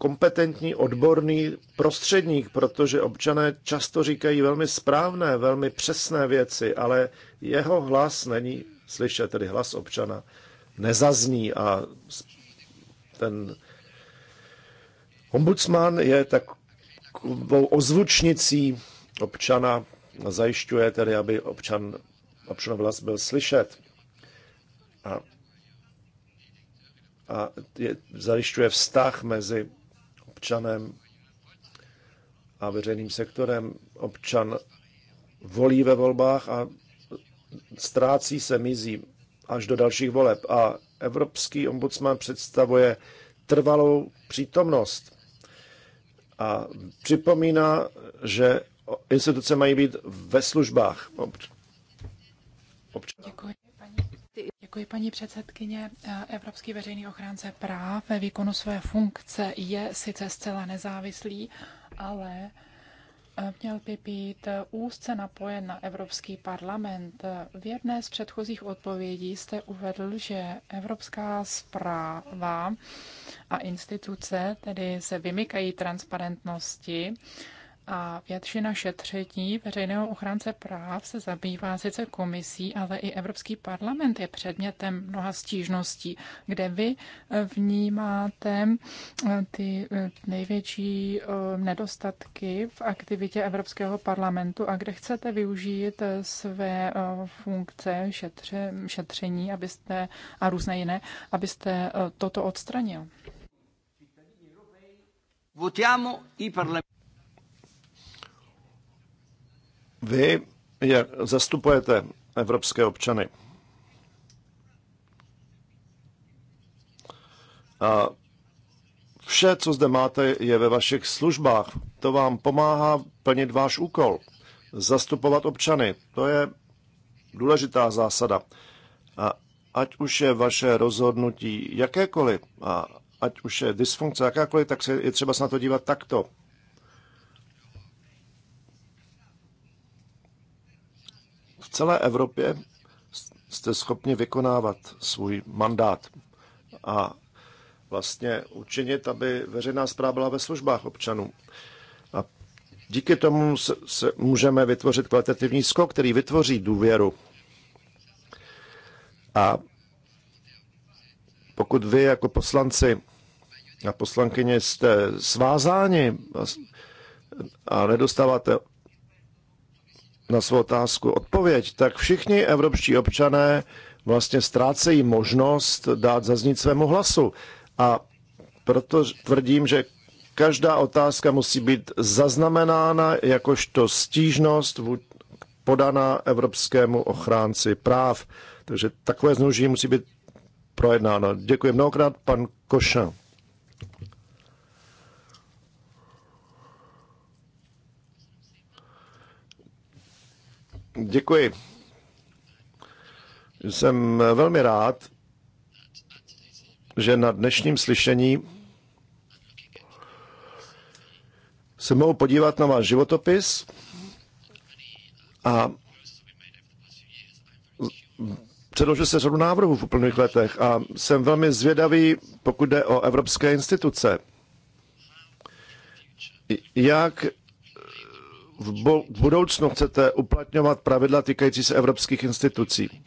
kompetentní, odborný prostředník, protože občané často říkají velmi správné, velmi přesné věci, ale jeho hlas není slyšet, tedy hlas občana nezazní a ten ombudsman je takovou ozvučnicí občana a zajišťuje tedy, aby občan, občanov hlas byl slyšet. A, a je, zajišťuje vztah mezi občanem a veřejným sektorem. Občan volí ve volbách a ztrácí se, mizí až do dalších voleb. A Evropský ombudsman představuje trvalou přítomnost a připomíná, že instituce mají být ve službách občanů. Děkuji. Děkuji, paní předsedkyně. Eh, Evropský veřejný ochránce práv ve výkonu své funkce je sice zcela nezávislý, ale eh, měl by být eh, úzce napojen na Evropský parlament. V jedné z předchozích odpovědí jste uvedl, že Evropská zpráva a instituce tedy se vymykají transparentnosti a většina šetření veřejného ochránce práv se zabývá sice komisí, ale i Evropský parlament je předmětem mnoha stížností, kde vy eh, vnímáte eh, ty eh, největší nedostatky v aktivitě Evropského parlamentu a kde chcete využít své funkce šetře, šetření abyste, a různé jiné, abyste toto odstranil. Votiamo i parlamenti. Vy je zastupujete evropské občany. A vše, co zde máte, je ve vašich službách. To vám pomáhá plnit váš úkol. Zastupovat občany. To je důležitá zásada. A ať už je vaše rozhodnutí jakékoliv, a ať už je dysfunkce jakákoliv, tak se je třeba se na to dívat takto. celé Evropě jste schopni vykonávat svůj mandát a vlastně učinit, aby veřejná zpráva byla ve službách občanů. A díky tomu se, se můžeme vytvořit kvalitativní skok, který vytvoří důvěru. A pokud vy jako poslanci a poslankyně jste svázáni a nedostáváte na svou otázku odpověď, tak všichni evropští občané vlastně ztrácejí možnost dát zaznít svému hlasu. A proto tvrdím, že každá otázka musí být zaznamenána jakožto stížnost podaná Evropskému ochránci práv. Takže takové zneužití musí být projednáno. Děkuji mnohokrát, pan Košan. Děkuji. Jsem velmi rád, že na dnešním slyšení se mohu podívat na váš životopis a předložil se řadu návrhů v úplných letech a jsem velmi zvědavý, pokud jde o evropské instituce. Jak v budoucnu chcete uplatňovat pravidla týkající se evropských institucí?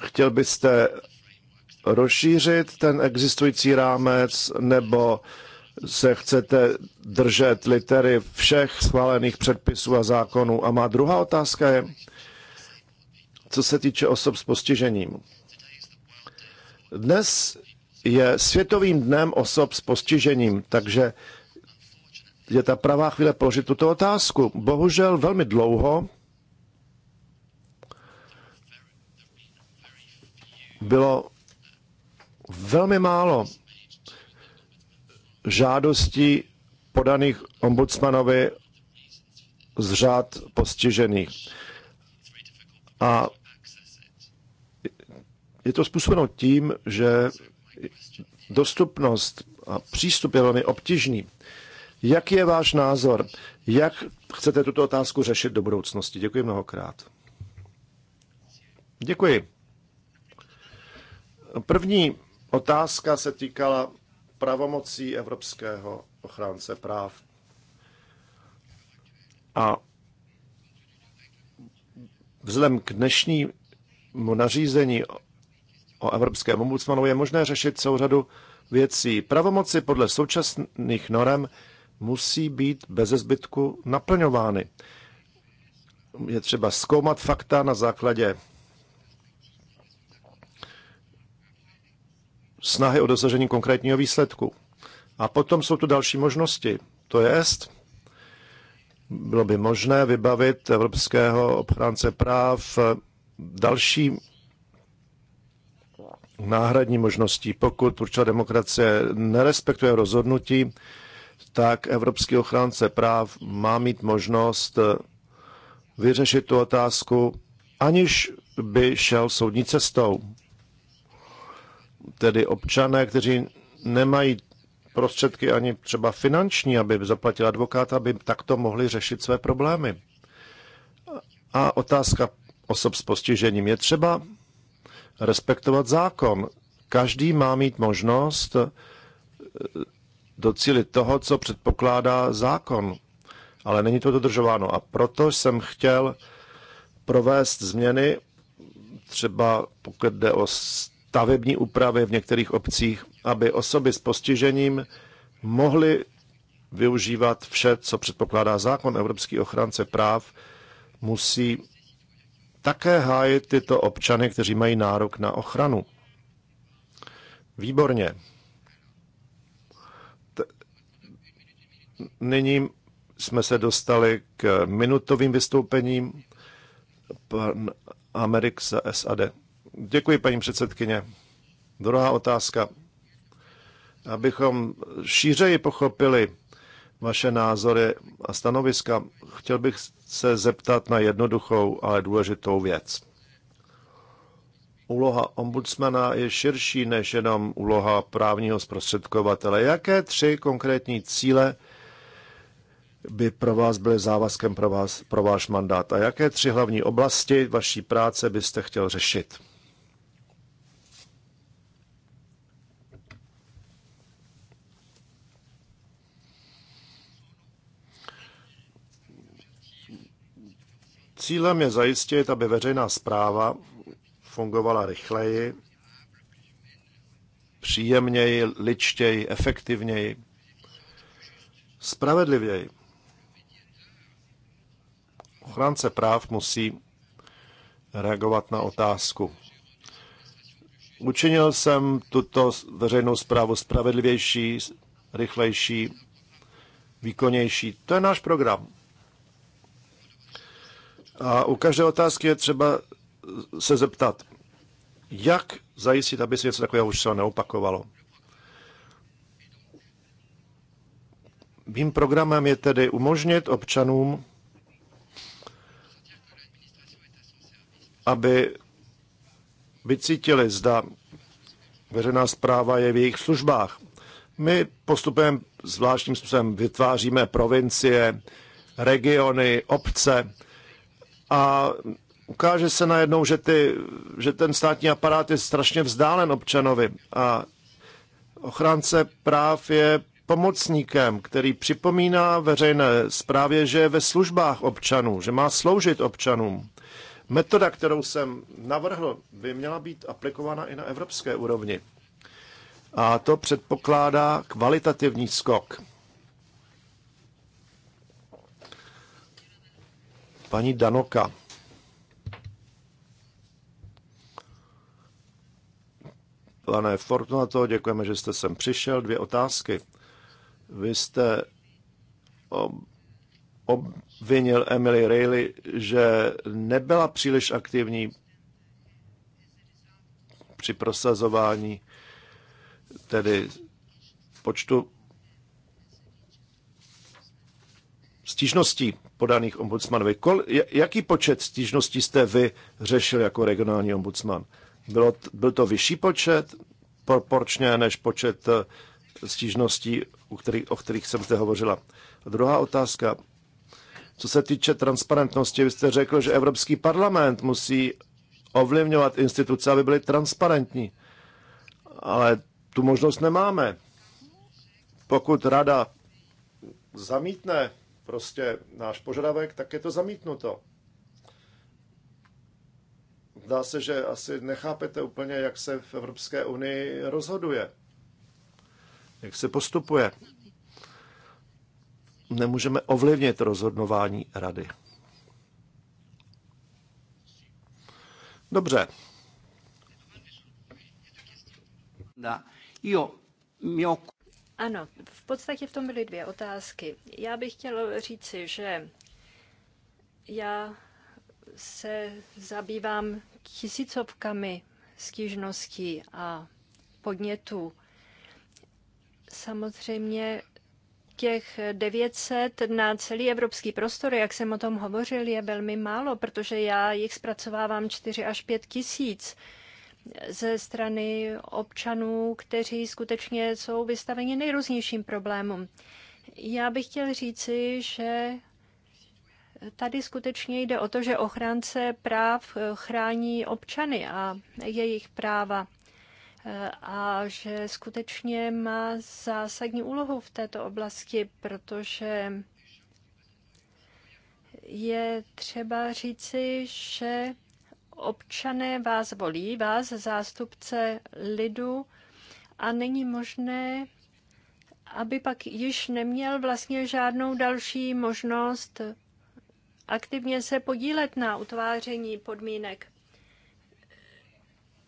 Chtěl byste rozšířit ten existující rámec nebo se chcete držet litery všech schválených předpisů a zákonů? A má druhá otázka je, co se týče osob s postižením. Dnes je Světovým dnem osob s postižením, takže je ta pravá chvíle položit tuto otázku. Bohužel velmi dlouho bylo velmi málo žádostí podaných ombudsmanovi z řád postižených. A je to způsobeno tím, že dostupnost a přístup je velmi obtížný. Jaký je váš názor? Jak chcete tuto otázku řešit do budoucnosti? Děkuji mnohokrát. Děkuji. První otázka se týkala pravomocí Evropského ochránce práv. A vzhledem k dnešnímu nařízení o Evropském ombudsmanu je možné řešit celou řadu věcí. Pravomoci podle současných norem musí být bez zbytku naplňovány. Je třeba zkoumat fakta na základě snahy o dosažení konkrétního výsledku. A potom jsou tu další možnosti. To jest, bylo by možné vybavit evropského ochránce práv další náhradní možností, pokud určitá demokracie nerespektuje rozhodnutí tak Evropský ochránce práv má mít možnost eh, vyřešit tu otázku, aniž by šel soudní cestou. Tedy občané, kteří nemají prostředky ani třeba finanční, aby zaplatil advokáta, aby takto mohli řešit své problémy. A otázka osob s postižením je třeba respektovat zákon. Každý má mít možnost eh, docílit toho, co předpokládá zákon. Ale není to dodržováno. A proto jsem chtěl provést změny, třeba pokud jde o stavební úpravy v některých obcích, aby osoby s postižením mohly využívat vše, co předpokládá zákon. Evropský ochránce práv musí také hájit tyto občany, kteří mají nárok na ochranu. Výborně. Nyní jsme se dostali k minutovým vystoupením. Pan Amerik za SAD. Děkuji, paní předsedkyně. Druhá otázka. Abychom šířeji pochopili vaše názory a stanoviska, chtěl bych se zeptat na jednoduchou, ale důležitou věc. Úloha ombudsmana je širší než jenom úloha právního zprostředkovatele. Jaké tři konkrétní cíle by pro vás byly závazkem pro, vás, pro váš mandát? A jaké tři hlavní oblasti vaší práce byste chtěl řešit? Cílem je zajistit, aby veřejná zpráva fungovala rychleji, příjemněji, ličtěji, efektivněji, spravedlivěji. Ochránce práv musí reagovat na otázku. Učinil jsem tuto veřejnou zprávu spravedlivější, rychlejší, výkonnější. To je náš program. A u každé otázky je třeba se zeptat, jak zajistit, aby se něco takového už se neopakovalo. Mým programem je tedy umožnit občanům aby vycítili, zda veřejná zpráva je v jejich službách. My postupem zvláštním způsobem vytváříme provincie, regiony, obce a ukáže se najednou, že, ty, že ten státní aparát je strašně vzdálen občanovi a ochránce práv je pomocníkem, který připomíná veřejné správě, že je ve službách občanů, že má sloužit občanům. Metoda, kterou jsem navrhl, by měla být aplikována i na evropské úrovni. A to předpokládá kvalitativní skok. Paní Danoka. Pane Fortunato, děkujeme, že jste sem přišel. Dvě otázky. Vy jste ob, ob, vinil Emily Rayleigh, že nebyla příliš aktivní při prosazování tedy počtu stížností podaných ombudsmanovi. Kol, jaký počet stížností jste vy řešil jako regionální ombudsman? Bylo, byl to vyšší počet proporčně než počet eh, stížností, u kterých, o kterých jsem zde hovořila? A druhá otázka. Co se týče transparentnosti, vy jste řekl, že Evropský parlament musí ovlivňovat instituce, aby byly transparentní. Ale tu možnost nemáme. Pokud rada zamítne prostě náš požadavek, tak je to zamítnuto. Zdá se, že asi nechápete úplně, jak se v Evropské unii rozhoduje, jak se postupuje nemůžeme ovlivnit rozhodnování rady. Dobře. Ano, v podstatě v tom byly dvě otázky. Já bych chtěl říci, že já se zabývám tisícovkami stížností a podnětů. Samozřejmě těch 900 na celý evropský prostor, jak jsem o tom hovořil, je velmi málo, protože já jich zpracovávám 4 až 5 tisíc ze strany občanů, kteří skutečně jsou vystaveni nejrůznějším problémům. Já bych chtěl říci, že tady skutečně jde o to, že ochránce práv chrání občany a jejich práva a že skutečně má zásadní úlohu v této oblasti, protože je třeba říci, že občané vás volí, vás, zástupce lidu, a není možné, aby pak již neměl vlastně žádnou další možnost aktivně se podílet na utváření podmínek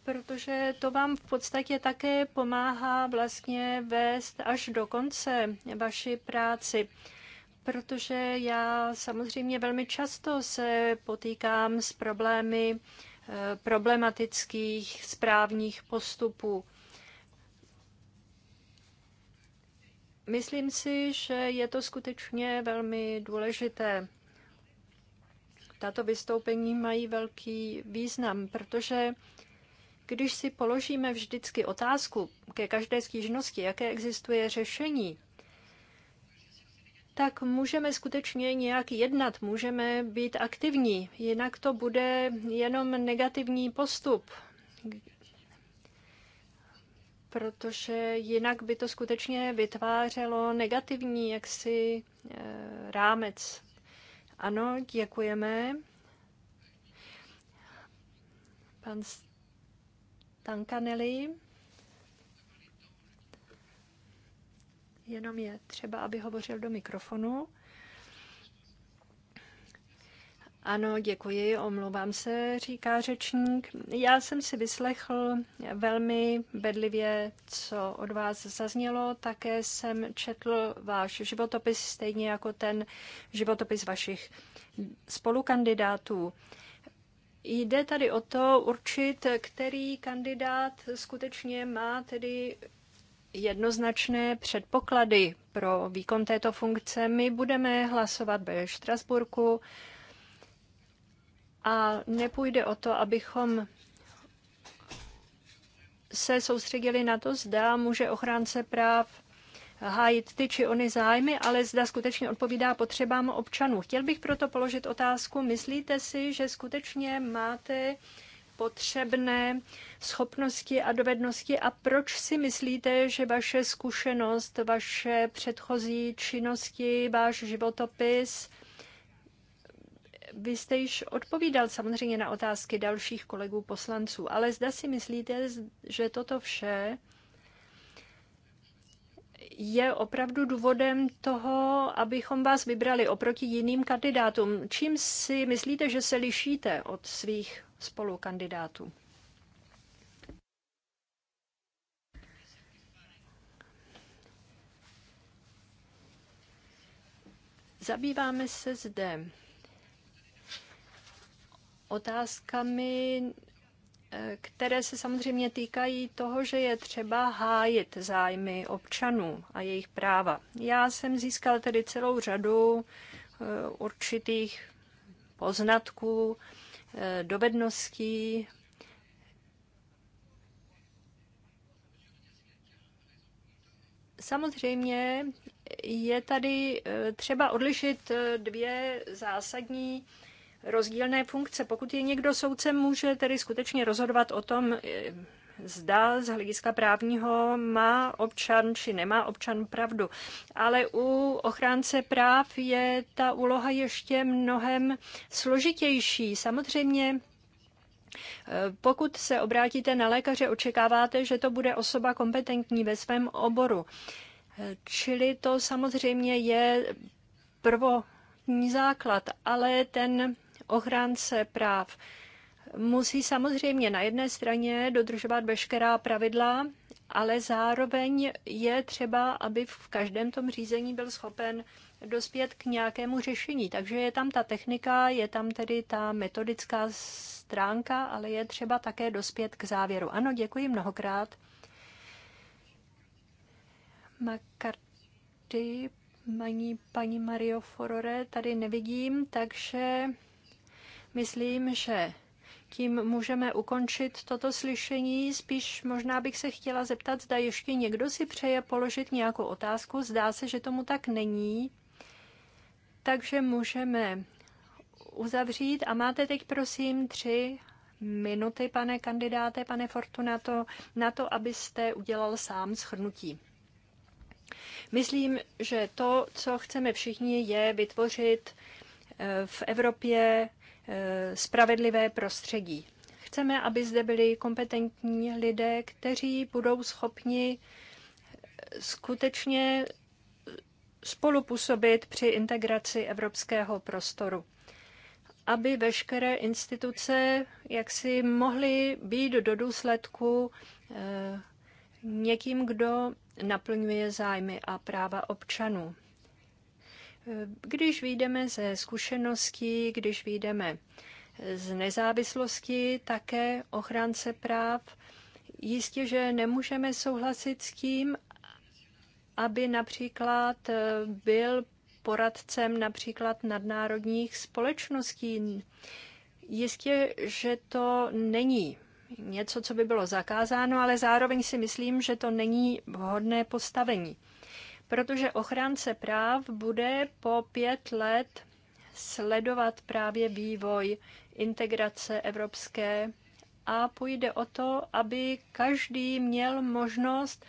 protože to vám v podstatě také pomáhá vlastně vést až do konce vaši práci. Protože já samozřejmě velmi často se potýkám s problémy eh, problematických správních postupů. Myslím si, že je to skutečně velmi důležité. Tato vystoupení mají velký význam, protože když si položíme vždycky otázku ke každé stížnosti, jaké existuje řešení, tak můžeme skutečně nějak jednat, můžeme být aktivní, jinak to bude jenom negativní postup, protože jinak by to skutečně vytvářelo negativní jaksi eh, rámec. Ano, děkujeme. Pan tankanely. Jenom je třeba, aby hovořil do mikrofonu. Ano, děkuji, omlouvám se, říká řečník. Já jsem si vyslechl velmi bedlivě, co od vás zaznělo. Také jsem četl váš životopis, stejně jako ten životopis vašich spolukandidátů. Jde tady o to určit, který kandidát skutečně má tedy jednoznačné předpoklady pro výkon této funkce. My budeme hlasovat ve Štrasburku a nepůjde o to, abychom se soustředili na to, zda může ochránce práv hájit ty či ony zájmy, ale zda skutečně odpovídá potřebám občanů. Chtěl bych proto položit otázku, myslíte si, že skutečně máte potřebné schopnosti a dovednosti a proč si myslíte, že vaše zkušenost, vaše předchozí činnosti, váš životopis, vy jste již odpovídal samozřejmě na otázky dalších kolegů poslanců, ale zda si myslíte, že toto vše je opravdu důvodem toho, abychom vás vybrali oproti jiným kandidátům. Čím si myslíte, že se lišíte od svých spolukandidátů? Zabýváme se zde otázkami které se samozřejmě týkají toho, že je třeba hájit zájmy občanů a jejich práva. Já jsem získal tedy celou řadu eh, určitých poznatků, eh, dovedností, Samozřejmě je tady eh, třeba odlišit dvě zásadní rozdílné funkce. Pokud je někdo soudcem, může tedy skutečně rozhodovat o tom, eh, zda z hlediska právního má občan či nemá občan pravdu. Ale u ochránce práv je ta úloha ještě mnohem složitější. Samozřejmě eh, pokud se obrátíte na lékaře, očekáváte, že to bude osoba kompetentní ve svém oboru. Eh, čili to samozřejmě je prvotní základ, ale ten ochránce práv musí samozřejmě na jedné straně dodržovat veškerá pravidla, ale zároveň je třeba, aby v každém tom řízení byl schopen dospět k nějakému řešení. Takže je tam ta technika, je tam tedy ta metodická stránka, ale je třeba také dospět k závěru. Ano, děkuji mnohokrát. Makarty, paní, paní Mario Forore tady nevidím, takže Myslím, že tím můžeme ukončit toto slyšení. Spíš možná bych se chtěla zeptat, zda ještě někdo si přeje položit nějakou otázku. Zdá se, že tomu tak není. Takže můžeme uzavřít. A máte teď, prosím, tři minuty, pane kandidáte, pane Fortunato, na to, abyste udělal sám shrnutí. Myslím, že to, co chceme všichni, je vytvořit eh, v Evropě Eh, spravedlivé prostředí. Chceme, aby zde byli kompetentní lidé, kteří budou schopni eh, skutečně spolupůsobit při integraci evropského prostoru aby veškeré instituce jaksi mohly být do důsledku eh, někým, kdo naplňuje zájmy a práva občanů. Když vyjdeme ze zkušeností, když vyjdeme z nezávislosti, také ochránce práv, jistě, že nemůžeme souhlasit s tím, aby například eh, byl poradcem například nadnárodních společností. Jistě, že to není něco, co by bylo zakázáno, ale zároveň si myslím, že to není vhodné postavení protože ochránce práv bude po pět let sledovat právě vývoj integrace evropské a půjde o to, aby každý měl možnost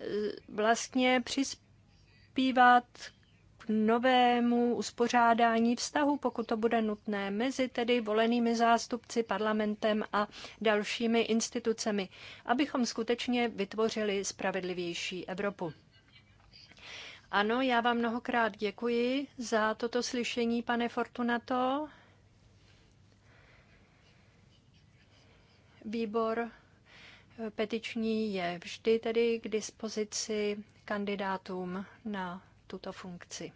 eh, vlastně přispívat k novému uspořádání vztahu, pokud to bude nutné, mezi tedy volenými zástupci, parlamentem a dalšími institucemi, abychom skutečně vytvořili spravedlivější Evropu. Ano, já vám mnohokrát děkuji za toto slyšení, pane Fortunato. Výbor eh, petiční je vždy tedy k dispozici kandidátům na tuto funkci.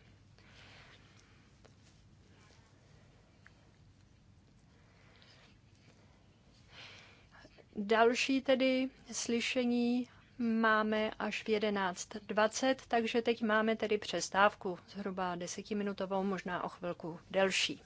Další tedy slyšení máme až v 11.20, takže teď máme tedy přestávku, zhruba desetiminutovou, možná o chvilku delší.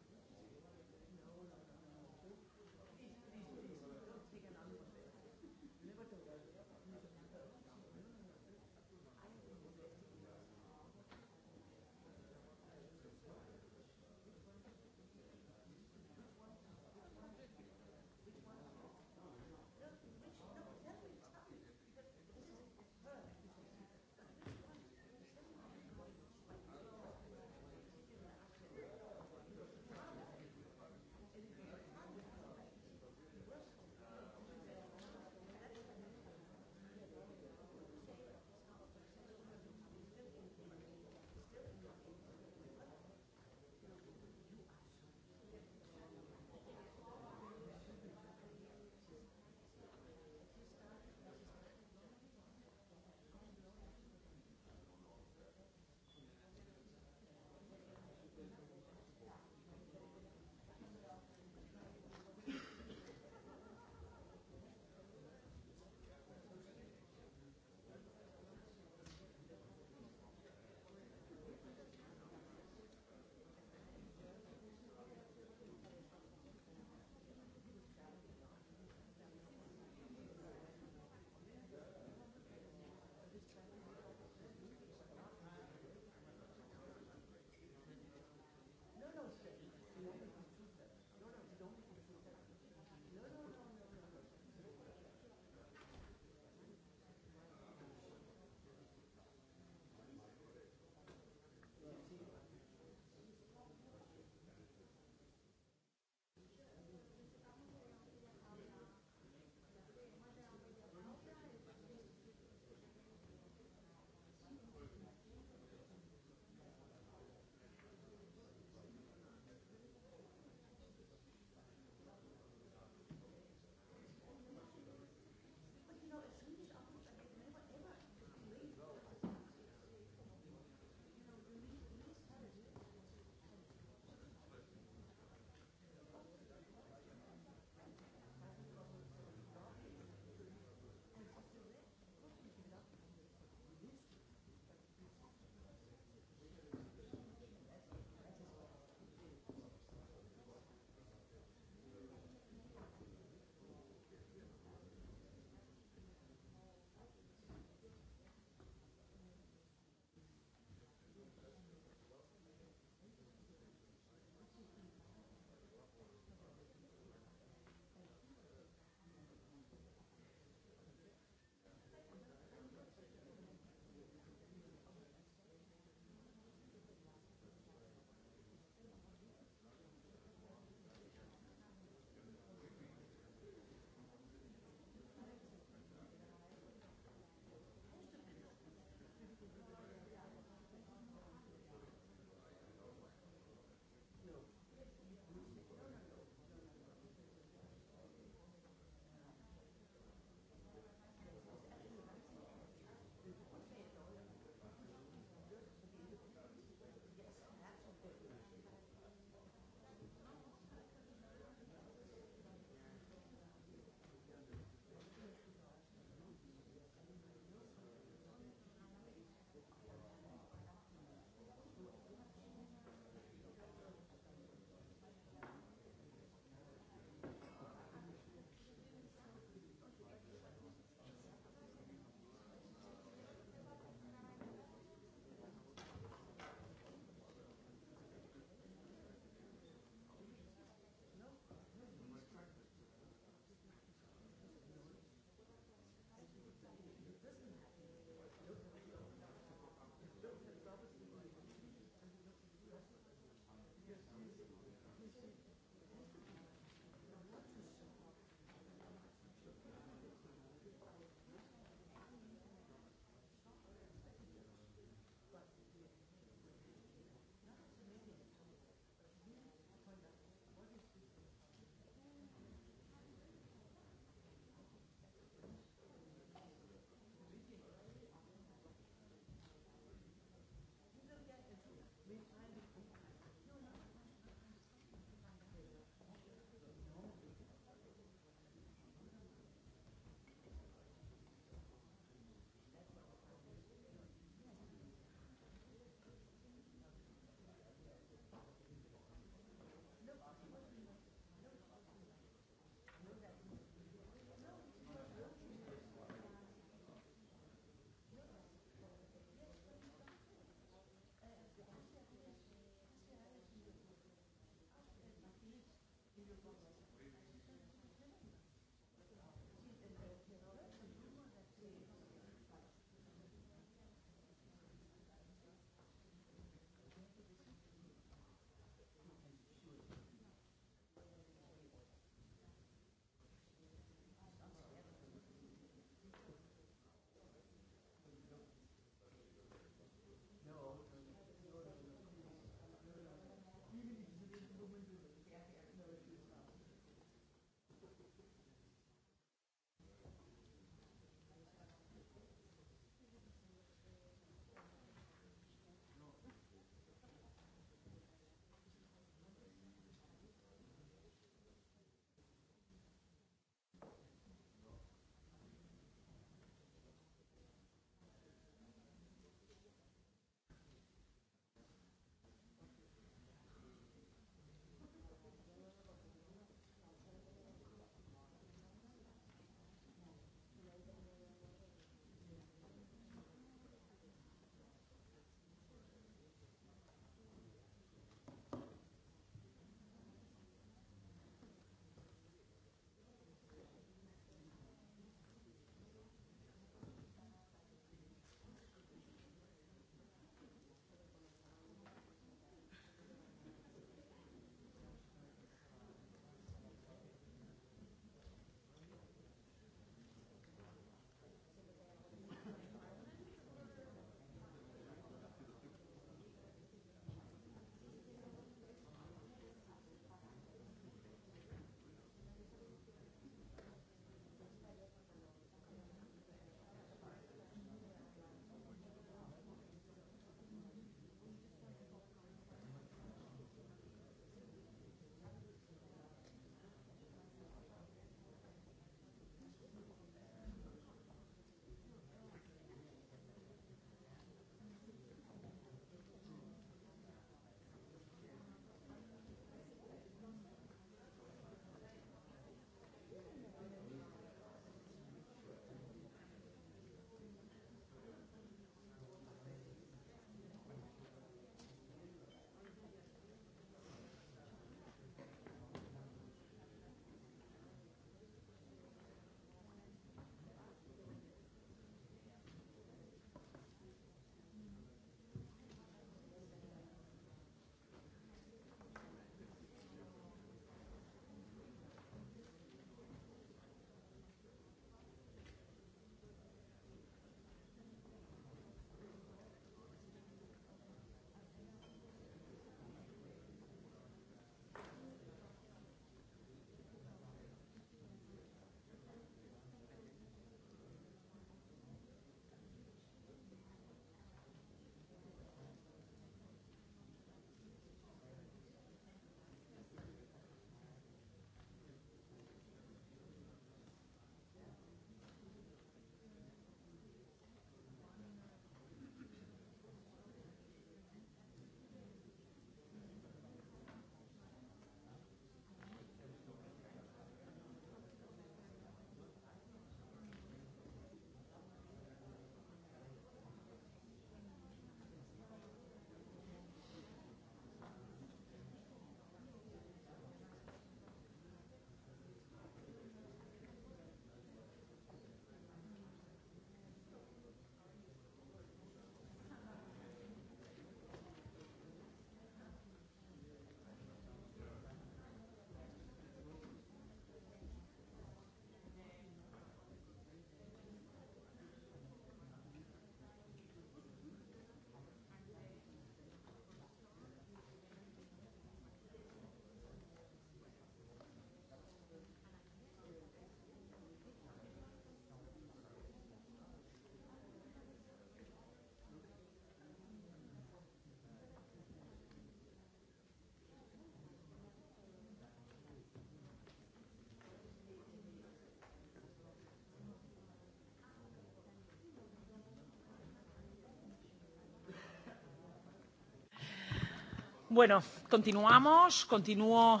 Bueno, continuamos, continuo.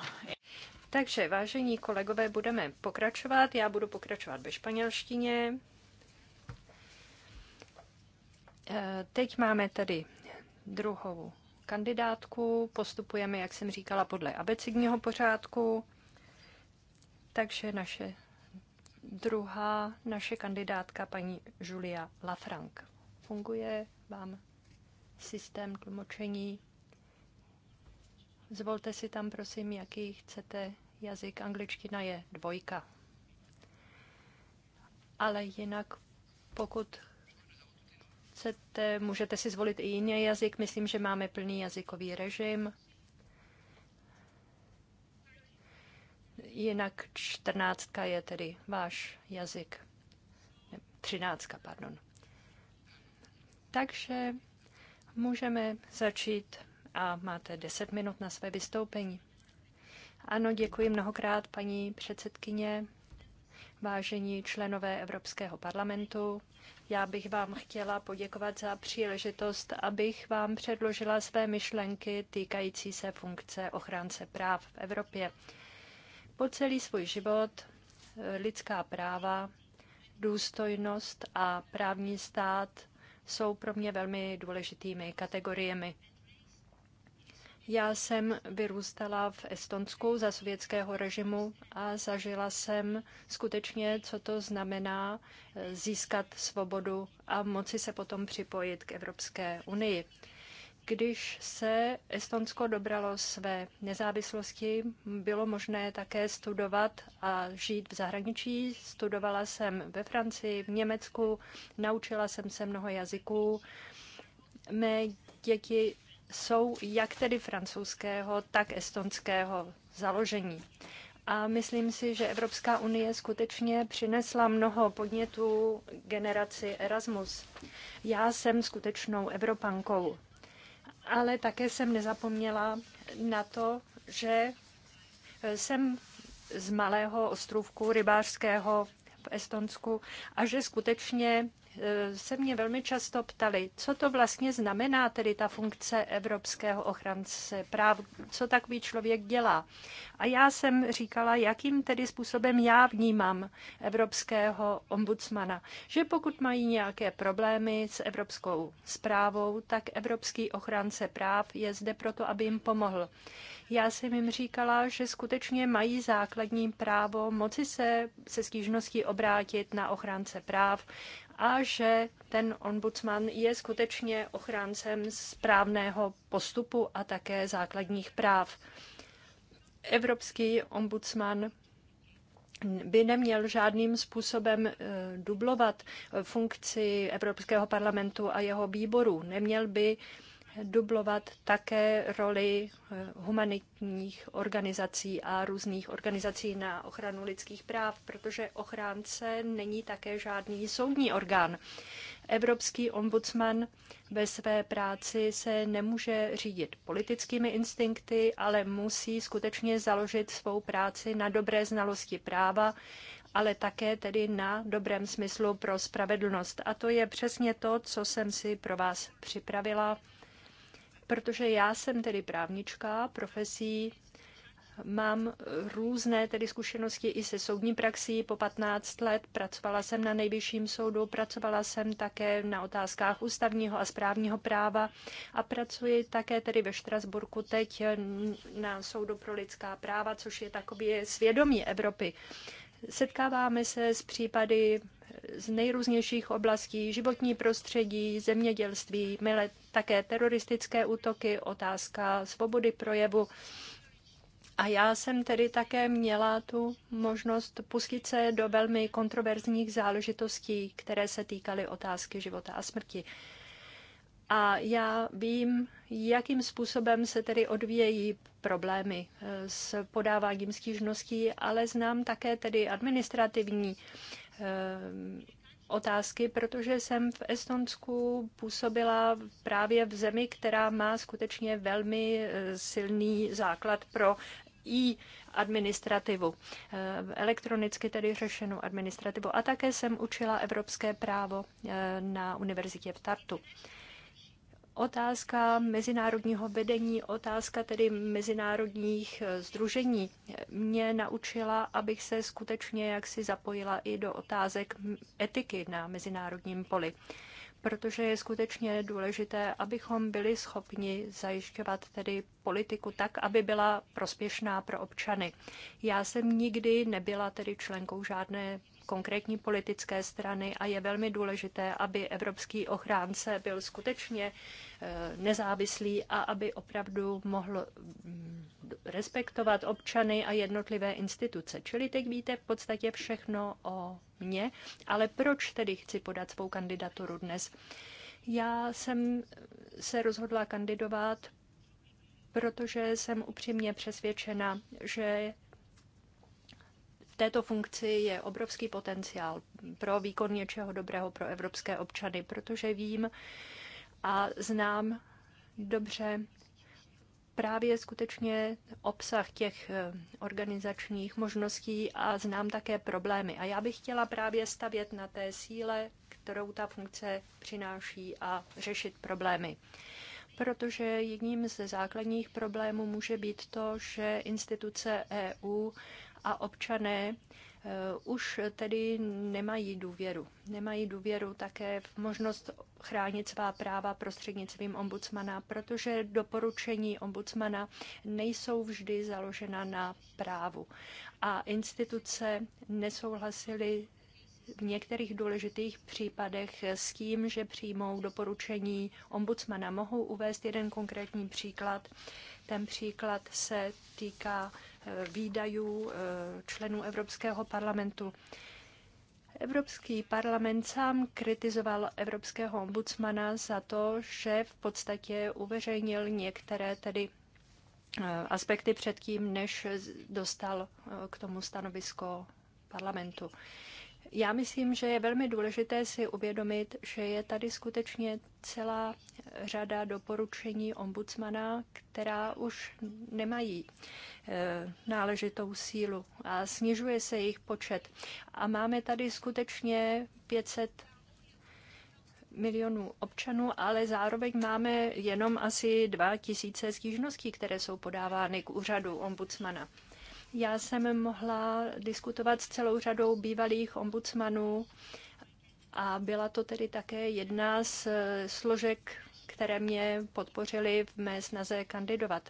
Takže, vážení kolegové, budeme pokračovat. Já budu pokračovat ve španělštině. Eh, teď máme tady druhou kandidátku. Postupujeme, jak jsem říkala, podle abecedního pořádku. Takže naše druhá naše kandidátka, paní Julia Lafranc. Funguje vám systém tlumočení? Zvolte si tam, prosím, jaký chcete jazyk. Angličtina je dvojka. Ale jinak, pokud chcete, můžete si zvolit i jiný jazyk. Myslím, že máme plný jazykový režim. Jinak čtrnáctka je tedy váš jazyk. Ne, třináctka, pardon. Takže můžeme začít a máte 10 minut na své vystoupení. Ano, děkuji mnohokrát, paní předsedkyně, vážení členové Evropského parlamentu. Já bych vám chtěla poděkovat za příležitost, abych vám předložila své myšlenky týkající se funkce ochránce práv v Evropě. Po celý svůj život eh, lidská práva, důstojnost a právní stát jsou pro mě velmi důležitými kategoriemi. Já jsem vyrůstala v Estonsku za sovětského režimu a zažila jsem skutečně, co to znamená eh, získat svobodu a moci se potom připojit k Evropské unii. Když se Estonsko dobralo své nezávislosti, bylo možné také studovat a žít v zahraničí. Studovala jsem ve Francii, v Německu, naučila jsem se mnoho jazyků. Mé děti jsou jak tedy francouzského, tak estonského založení. A myslím si, že Evropská unie skutečně přinesla mnoho podnětů generaci Erasmus. Já jsem skutečnou Evropankou, ale také jsem nezapomněla na to, že jsem z malého ostrůvku rybářského v Estonsku a že skutečně Eh, se mě velmi často ptali, co to vlastně znamená tedy ta funkce evropského ochránce práv, co takový člověk dělá. A já jsem říkala, jakým tedy způsobem já vnímám evropského ombudsmana, že pokud mají nějaké problémy s evropskou zprávou, tak evropský ochránce práv je zde proto, aby jim pomohl. Já jsem jim říkala, že skutečně mají základní právo moci se se stížností obrátit na ochránce práv a že ten ombudsman je skutečně ochráncem správného postupu a také základních práv. Evropský ombudsman by neměl žádným způsobem eh, dublovat funkci Evropského parlamentu a jeho výborů. Neměl by dublovat také roli eh, humanitních organizací a různých organizací na ochranu lidských práv, protože ochránce není také žádný soudní orgán. Evropský ombudsman ve své práci se nemůže řídit politickými instinkty, ale musí skutečně založit svou práci na dobré znalosti práva, ale také tedy na dobrém smyslu pro spravedlnost. A to je přesně to, co jsem si pro vás připravila protože já jsem tedy právnička, profesí, mám různé tedy zkušenosti i se soudní praxí. Po 15 let pracovala jsem na nejvyšším soudu, pracovala jsem také na otázkách ústavního a správního práva a pracuji také tedy ve Štrasburku teď na soudu pro lidská práva, což je takový svědomí Evropy. Setkáváme se s případy z nejrůznějších oblastí, životní prostředí, zemědělství, mile také teroristické útoky, otázka svobody projevu. A já jsem tedy také měla tu možnost pustit se do velmi kontroverzních záležitostí, které se týkaly otázky života a smrti. A já vím, jakým způsobem se tedy odvíjejí problémy eh, s podáváním stížností, ale znám také tedy administrativní eh, otázky, protože jsem v Estonsku působila právě v zemi, která má skutečně velmi eh, silný základ pro i administrativu, elektronicky tedy řešenou administrativu. A také jsem učila evropské právo na univerzitě v Tartu. Otázka mezinárodního vedení, otázka tedy mezinárodních združení eh, mě naučila, abych se skutečně jaksi zapojila i do otázek etiky na mezinárodním poli protože je skutečně důležité, abychom byli schopni zajišťovat tedy politiku tak, aby byla prospěšná pro občany. Já jsem nikdy nebyla tedy členkou žádné konkrétní politické strany a je velmi důležité, aby evropský ochránce byl skutečně eh, nezávislý a aby opravdu mohl mm, respektovat občany a jednotlivé instituce. Čili teď víte v podstatě všechno o mně, ale proč tedy chci podat svou kandidaturu dnes? Já jsem se rozhodla kandidovat, protože jsem upřímně přesvědčena, že této funkci je obrovský potenciál pro výkon něčeho dobrého pro evropské občany, protože vím a znám dobře právě skutečně obsah těch eh, organizačních možností a znám také problémy. A já bych chtěla právě stavět na té síle, kterou ta funkce přináší a řešit problémy. Protože jedním ze základních problémů může být to, že instituce EU a občané eh, už tedy nemají důvěru. Nemají důvěru také v možnost chránit svá práva prostřednictvím ombudsmana, protože doporučení ombudsmana nejsou vždy založena na právu. A instituce nesouhlasily v některých důležitých případech s tím, že přijmou doporučení ombudsmana. Mohu uvést jeden konkrétní příklad. Ten příklad se týká výdajů eh, členů Evropského parlamentu. Evropský parlament sám kritizoval evropského ombudsmana za to, že v podstatě uveřejnil některé tedy eh, aspekty předtím, než dostal eh, k tomu stanovisko parlamentu. Já myslím, že je velmi důležité si uvědomit, že je tady skutečně celá řada doporučení ombudsmana, která už nemají e, náležitou sílu a snižuje se jejich počet. A máme tady skutečně 500 milionů občanů, ale zároveň máme jenom asi 2 tisíce stížností, které jsou podávány k úřadu ombudsmana. Já jsem mohla diskutovat s celou řadou bývalých ombudsmanů a byla to tedy také jedna z složek, které mě podpořily v mé snaze kandidovat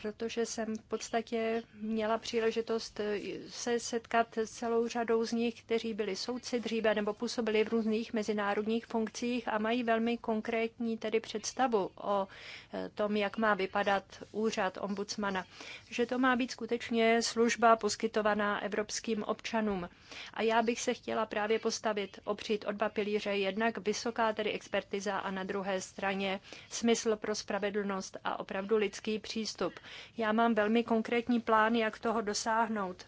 protože jsem v podstatě měla příležitost eh, se setkat s celou řadou z nich, kteří byli soudci dříve nebo působili v různých mezinárodních funkcích a mají velmi konkrétní tedy představu o eh, tom, jak má vypadat úřad ombudsmana. Že to má být skutečně služba poskytovaná evropským občanům. A já bych se chtěla právě postavit, opřít o dva pilíře, jednak vysoká tedy expertiza a na druhé straně smysl pro spravedlnost a opravdu lidský přístup. Já mám velmi konkrétní plán, jak toho dosáhnout.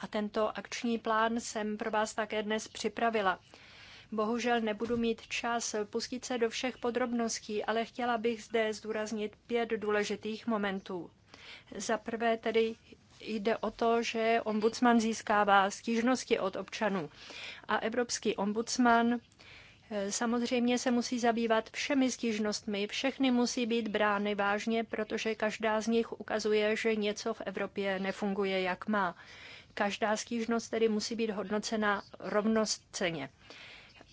A tento akční plán jsem pro vás také dnes připravila. Bohužel nebudu mít čas pustit se do všech podrobností, ale chtěla bych zde zdůraznit pět důležitých momentů. Za prvé tedy jde o to, že ombudsman získává stížnosti od občanů a evropský ombudsman Samozřejmě se musí zabývat všemi stížnostmi, všechny musí být brány vážně, protože každá z nich ukazuje, že něco v Evropě nefunguje, jak má. Každá stížnost tedy musí být hodnocena ceně.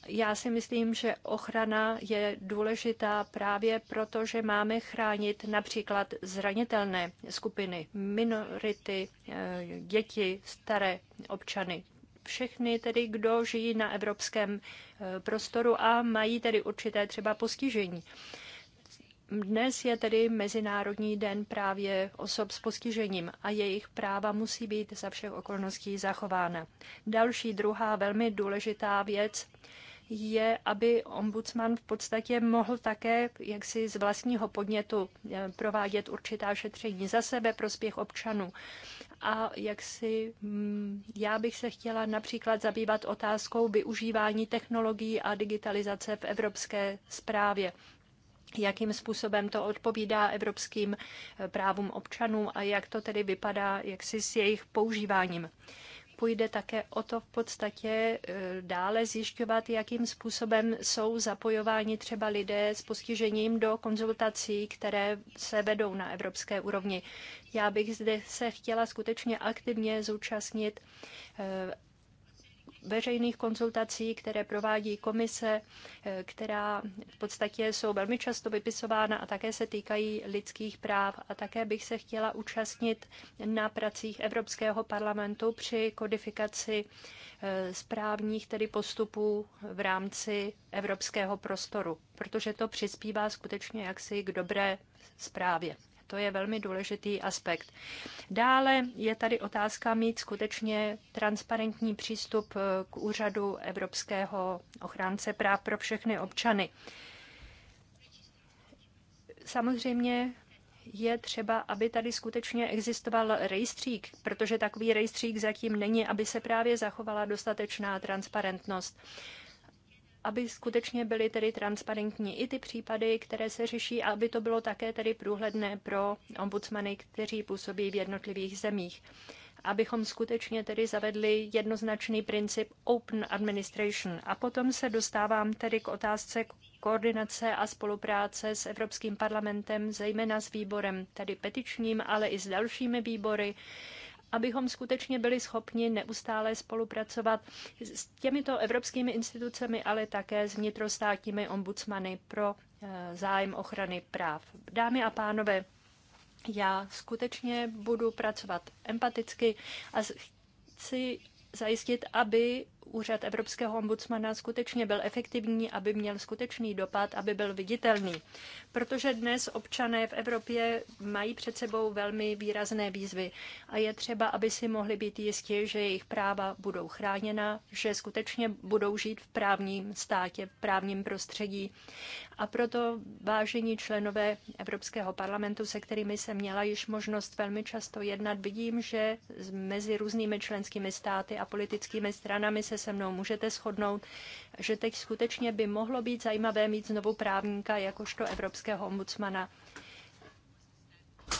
Já si myslím, že ochrana je důležitá právě proto, že máme chránit například zranitelné skupiny, minority, eh, děti, staré občany, všechny tedy, kdo žijí na evropském eh, prostoru a mají tedy určité třeba postižení. Dnes je tedy Mezinárodní den právě osob s postižením a jejich práva musí být za všech okolností zachována. Další druhá velmi důležitá věc je, aby ombudsman v podstatě mohl také jaksi z vlastního podnětu eh, provádět určitá šetření za sebe prospěch občanů a jak si mm, já bych se chtěla například zabývat otázkou využívání technologií a digitalizace v evropské správě jakým způsobem to odpovídá evropským eh, právům občanů a jak to tedy vypadá jaksi s jejich používáním půjde také o to v podstatě e, dále zjišťovat, jakým způsobem jsou zapojováni třeba lidé s postižením do konzultací, které se vedou na evropské úrovni. Já bych zde se chtěla skutečně aktivně zúčastnit e, veřejných konzultací, které provádí komise, eh, která v podstatě jsou velmi často vypisována a také se týkají lidských práv. A také bych se chtěla účastnit na pracích Evropského parlamentu při kodifikaci eh, správních tedy postupů v rámci evropského prostoru, protože to přispívá skutečně jaksi k dobré zprávě. To je velmi důležitý aspekt. Dále je tady otázka mít skutečně transparentní přístup eh, k úřadu Evropského ochránce práv pro všechny občany. Samozřejmě je třeba, aby tady skutečně existoval rejstřík, protože takový rejstřík zatím není, aby se právě zachovala dostatečná transparentnost aby skutečně byly tedy transparentní i ty případy, které se řeší, a aby to bylo také tedy průhledné pro ombudsmany, kteří působí v jednotlivých zemích. Abychom skutečně tedy zavedli jednoznačný princip open administration. A potom se dostávám tedy k otázce koordinace a spolupráce s Evropským parlamentem, zejména s výborem, tedy petičním, ale i s dalšími výbory, abychom skutečně byli schopni neustále spolupracovat s těmito evropskými institucemi, ale také s vnitrostátními ombudsmany pro eh, zájem ochrany práv. Dámy a pánové, já skutečně budu pracovat empaticky a chci zajistit, aby úřad Evropského ombudsmana skutečně byl efektivní, aby měl skutečný dopad, aby byl viditelný. Protože dnes občané v Evropě mají před sebou velmi výrazné výzvy a je třeba, aby si mohli být jistí, že jejich práva budou chráněna, že skutečně budou žít v právním státě, v právním prostředí. A proto vážení členové Evropského parlamentu, se kterými jsem měla již možnost velmi často jednat, vidím, že mezi různými členskými státy a politickými stranami se se mnou můžete shodnout, že teď skutečně by mohlo být zajímavé mít znovu právníka jakožto evropského ombudsmana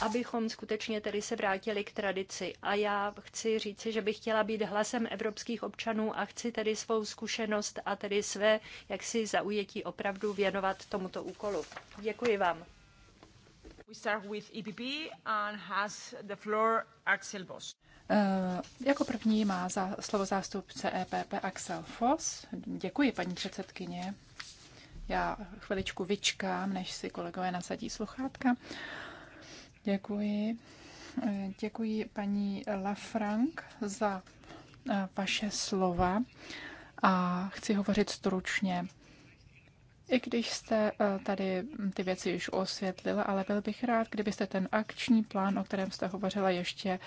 abychom skutečně tedy se vrátili k tradici. A já chci říci, že bych chtěla být hlasem evropských občanů a chci tedy svou zkušenost a tedy své jaksi zaujetí opravdu věnovat tomuto úkolu. Děkuji vám. We start with EPP and has the floor Axel Voss. Eh, jako první má za slovo zástupce EPP Axel Foss. Děkuji, paní předsedkyně. Já chviličku vyčkám, než si kolegové nasadí sluchátka. Děkuji. Eh, děkuji paní Lafrank za eh, vaše slova a chci hovořit stručně. I když jste eh, tady ty věci již osvětlila, ale byl bych rád, kdybyste ten akční plán, o kterém jste hovořila, ještě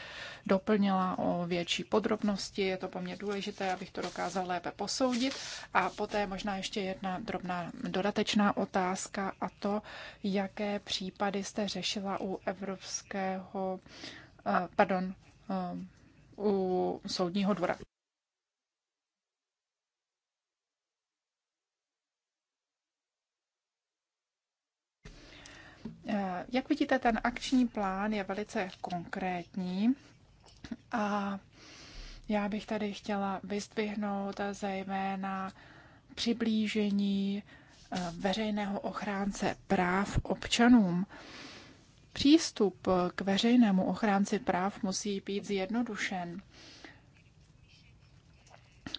doplnila o větší podrobnosti. Je to po mně důležité, abych to dokázal lépe posoudit. A poté možná ještě jedna drobná dodatečná otázka a to, jaké případy jste řešila u Evropského, eh, pardon, eh, u Soudního dvora. Eh, jak vidíte, ten akční plán je velice konkrétní a já bych tady chtěla vyzdvihnout zejména přiblížení eh, veřejného ochránce práv občanům. Přístup k veřejnému ochránci práv musí být zjednodušen.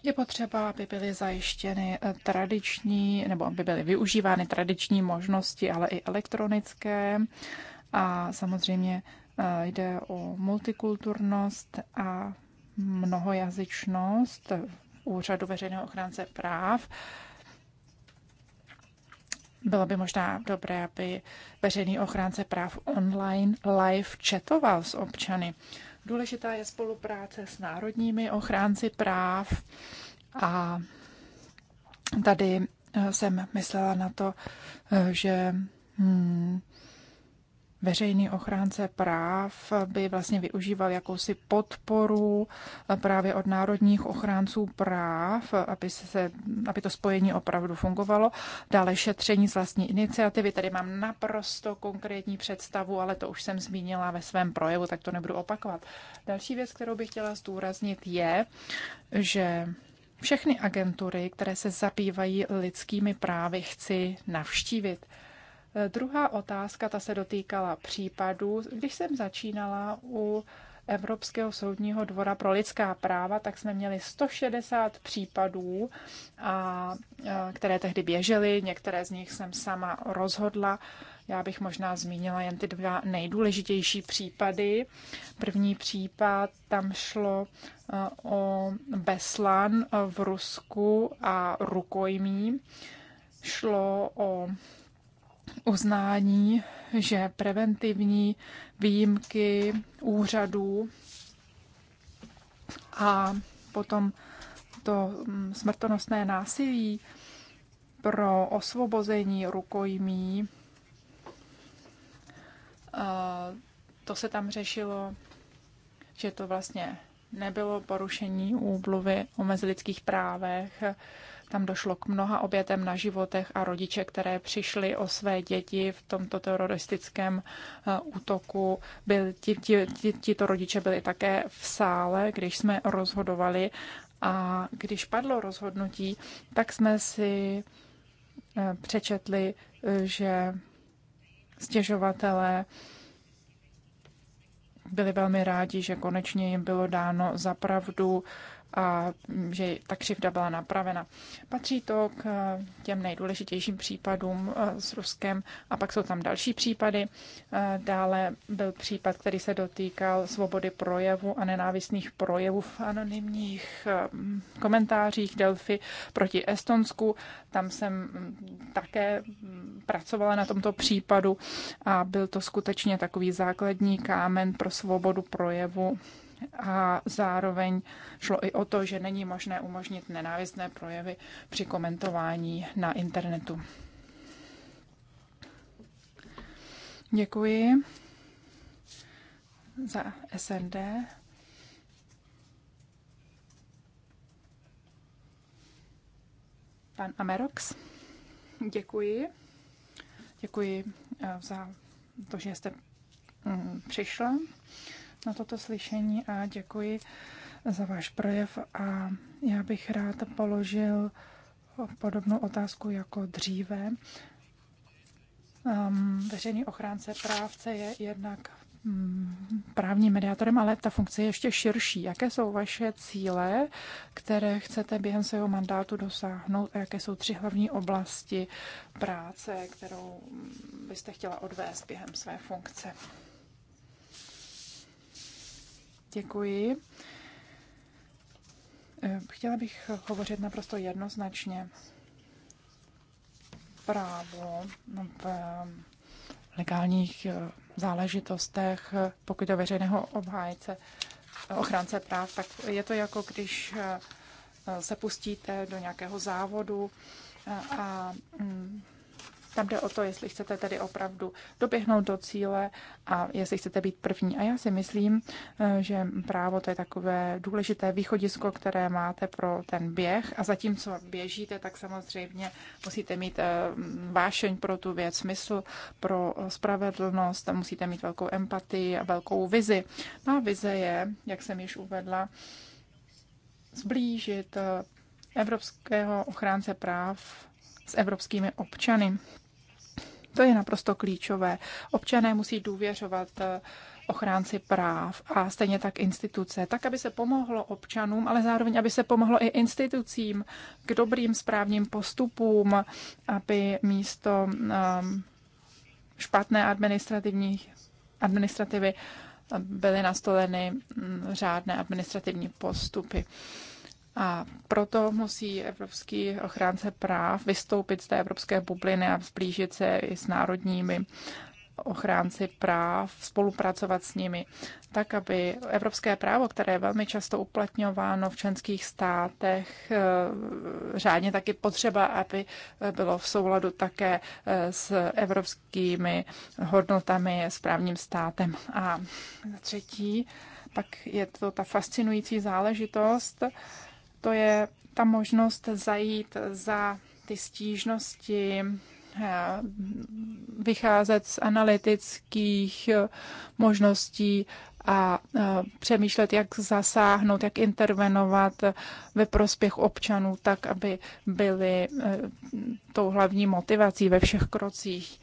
Je potřeba, aby byly zajištěny eh, tradiční, nebo aby byly využívány tradiční možnosti, ale i elektronické. A samozřejmě eh, jde o multikulturnost a mnohojazyčnost úřadu veřejného ochránce práv. Bylo by možná dobré, aby veřejný ochránce práv online live chatoval s občany. Důležitá je spolupráce s národními ochránci práv a tady eh, jsem myslela na to, eh, že hmm, veřejný ochránce práv by vlastně využíval jakousi podporu právě od národních ochránců práv, aby, se, aby to spojení opravdu fungovalo. Dále šetření z vlastní iniciativy. Tady mám naprosto konkrétní představu, ale to už jsem zmínila ve svém projevu, tak to nebudu opakovat. Další věc, kterou bych chtěla zdůraznit, je, že všechny agentury, které se zabývají lidskými právy, chci navštívit. Eh, druhá otázka, ta se dotýkala případů. Když jsem začínala u Evropského soudního dvora pro lidská práva, tak jsme měli 160 případů, a, eh, které tehdy běžely. Některé z nich jsem sama rozhodla. Já bych možná zmínila jen ty dva nejdůležitější případy. První případ, tam šlo eh, o Beslan v Rusku a rukojmí. Šlo o uznání, že preventivní výjimky úřadů a potom to mm, smrtonosné násilí pro osvobození rukojmí, to se tam řešilo, že to vlastně nebylo porušení úmluvy o mezilidských právech, tam došlo k mnoha obětem na životech a rodiče, které přišli o své děti v tomto teroristickém eh, útoku. byli ti, ti, ti, tito rodiče byli také v sále, když jsme rozhodovali a když padlo rozhodnutí, tak jsme si eh, přečetli, eh, že stěžovatelé byli velmi rádi, že konečně jim bylo dáno za pravdu a mm, že ta křivda byla napravena. Patří to k e, těm nejdůležitějším případům e, s Ruskem a pak jsou tam další případy. E, dále byl případ, který se dotýkal svobody projevu a nenávistných projevů v anonymních mm, komentářích Delphi proti Estonsku. Tam jsem mm, také pracovala na tomto případu a byl to skutečně takový základní kámen pro svobodu projevu a zároveň šlo i o to, že není možné umožnit nenávistné projevy při komentování na internetu. Děkuji za SND. Pan Amerox, děkuji. Děkuji eh, za to, že jste mm, přišla na toto slyšení a děkuji za váš projev a já bych rád položil podobnou otázku jako dříve. Um, veřejný ochránce právce je jednak mm, právním mediátorem, ale ta funkce je ještě širší. Jaké jsou vaše cíle, které chcete během svého mandátu dosáhnout a jaké jsou tři hlavní oblasti práce, kterou byste chtěla odvést během své funkce? Děkuji. Eh, chtěla bych hovořit naprosto jednoznačně. Právo no, v eh, legálních eh, záležitostech, pokud o veřejného obhájce, ochránce práv, tak je to jako když se pustíte do nějakého závodu a mm, tam jde o to, jestli chcete tedy opravdu doběhnout do cíle a jestli chcete být první. A já si myslím, eh, že právo to je takové důležité východisko, které máte pro ten běh. A zatímco běžíte, tak samozřejmě musíte mít eh, vášeň pro tu věc, smysl pro spravedlnost, musíte mít velkou empatii a velkou vizi. Má vize je, jak jsem již uvedla, zblížit eh, evropského ochránce práv s evropskými občany. To je naprosto klíčové. Občané musí důvěřovat eh, ochránci práv a stejně tak instituce, tak, aby se pomohlo občanům, ale zároveň, aby se pomohlo i institucím k dobrým správním postupům, aby místo ehm, špatné administrativní, administrativy eh, byly nastoleny mm, řádné administrativní postupy. A proto musí evropský ochránce práv vystoupit z té evropské bubliny a vzblížit se i s národními ochránci práv, spolupracovat s nimi, tak aby evropské právo, které je velmi často uplatňováno v členských státech, eh, řádně taky potřeba, aby bylo v souladu také eh, s evropskými hodnotami, s právním státem. A třetí, pak je to ta fascinující záležitost, to je ta možnost zajít za ty stížnosti, eh, vycházet z analytických eh, možností a eh, přemýšlet, jak zasáhnout, jak intervenovat ve prospěch občanů, tak aby byly tou hlavní motivací ve všech krocích.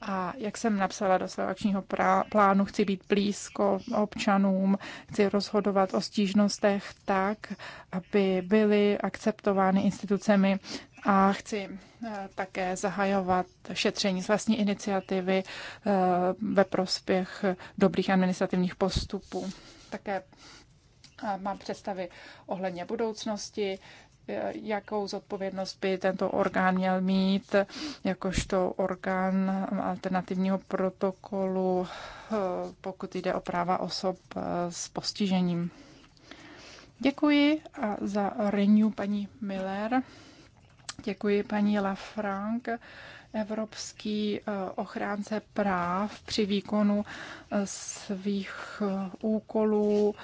A jak jsem napsala do svého akčního plánu, chci být blízko občanům, chci rozhodovat o stížnostech tak, aby byly akceptovány institucemi a chci eh, také zahajovat šetření z vlastní iniciativy eh, ve prospěch dobrých administrativních postupů. Také eh, mám představy ohledně budoucnosti, jakou zodpovědnost by tento orgán měl mít, jakožto orgán alternativního protokolu, eh, pokud jde o práva osob eh, s postižením. Děkuji a za renew paní Miller. Děkuji paní Lafranc. Evropský eh, ochránce práv při výkonu svých úkolů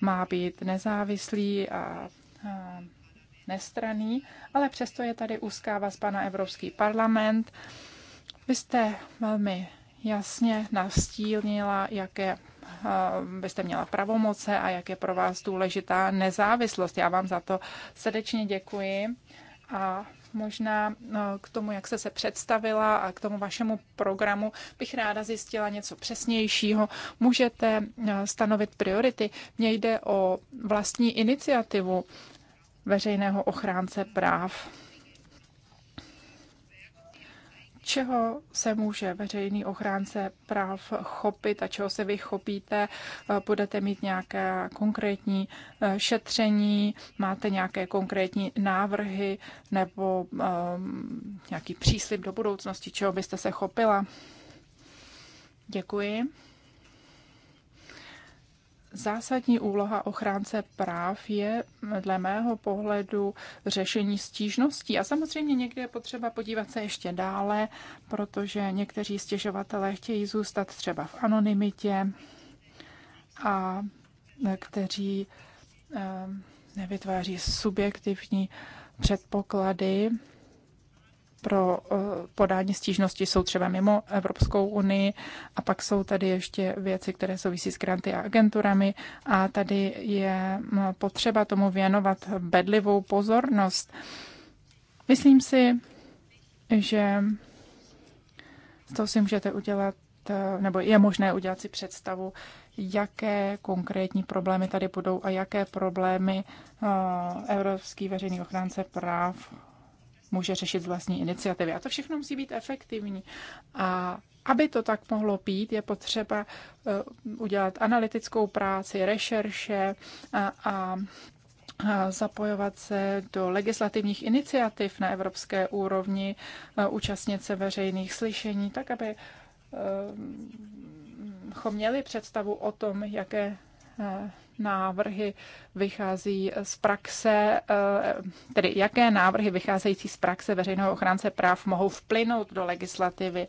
má být nezávislý a nestraný, ale přesto je tady úzká vazba na Evropský parlament. Vy jste velmi jasně nastílnila, jaké byste eh, měla pravomoce a jak je pro vás důležitá nezávislost. Já vám za to srdečně děkuji a možná eh, k tomu, jak jste se představila a k tomu vašemu programu bych ráda zjistila něco přesnějšího. Můžete eh, stanovit priority. Mně jde o vlastní iniciativu veřejného ochránce práv. Čeho se může veřejný ochránce práv chopit a čeho se vy chopíte? Budete mít nějaké konkrétní eh, šetření, máte nějaké konkrétní návrhy nebo um, nějaký příslip do budoucnosti, čeho byste se chopila? Děkuji. Zásadní úloha ochránce práv je, dle mého pohledu, řešení stížností. A samozřejmě někdy je potřeba podívat se ještě dále, protože někteří stěžovatelé chtějí zůstat třeba v anonymitě a kteří eh, nevytváří subjektivní předpoklady pro eh, podání stížnosti jsou třeba mimo Evropskou unii a pak jsou tady ještě věci, které souvisí s granty a agenturami a tady je potřeba tomu věnovat bedlivou pozornost. Myslím si, že z toho si můžete udělat, eh, nebo je možné udělat si představu, jaké konkrétní problémy tady budou a jaké problémy eh, Evropský veřejný ochránce práv může řešit z vlastní iniciativy. A to všechno musí být efektivní. A aby to tak mohlo být, je potřeba eh, udělat analytickou práci, rešerše a, a zapojovat se do legislativních iniciativ na evropské úrovni, eh, účastnit se veřejných slyšení, tak aby eh, měli představu o tom, jaké návrhy vychází z praxe, eh, tedy jaké návrhy vycházející z praxe veřejného ochránce práv mohou vplynout do legislativy.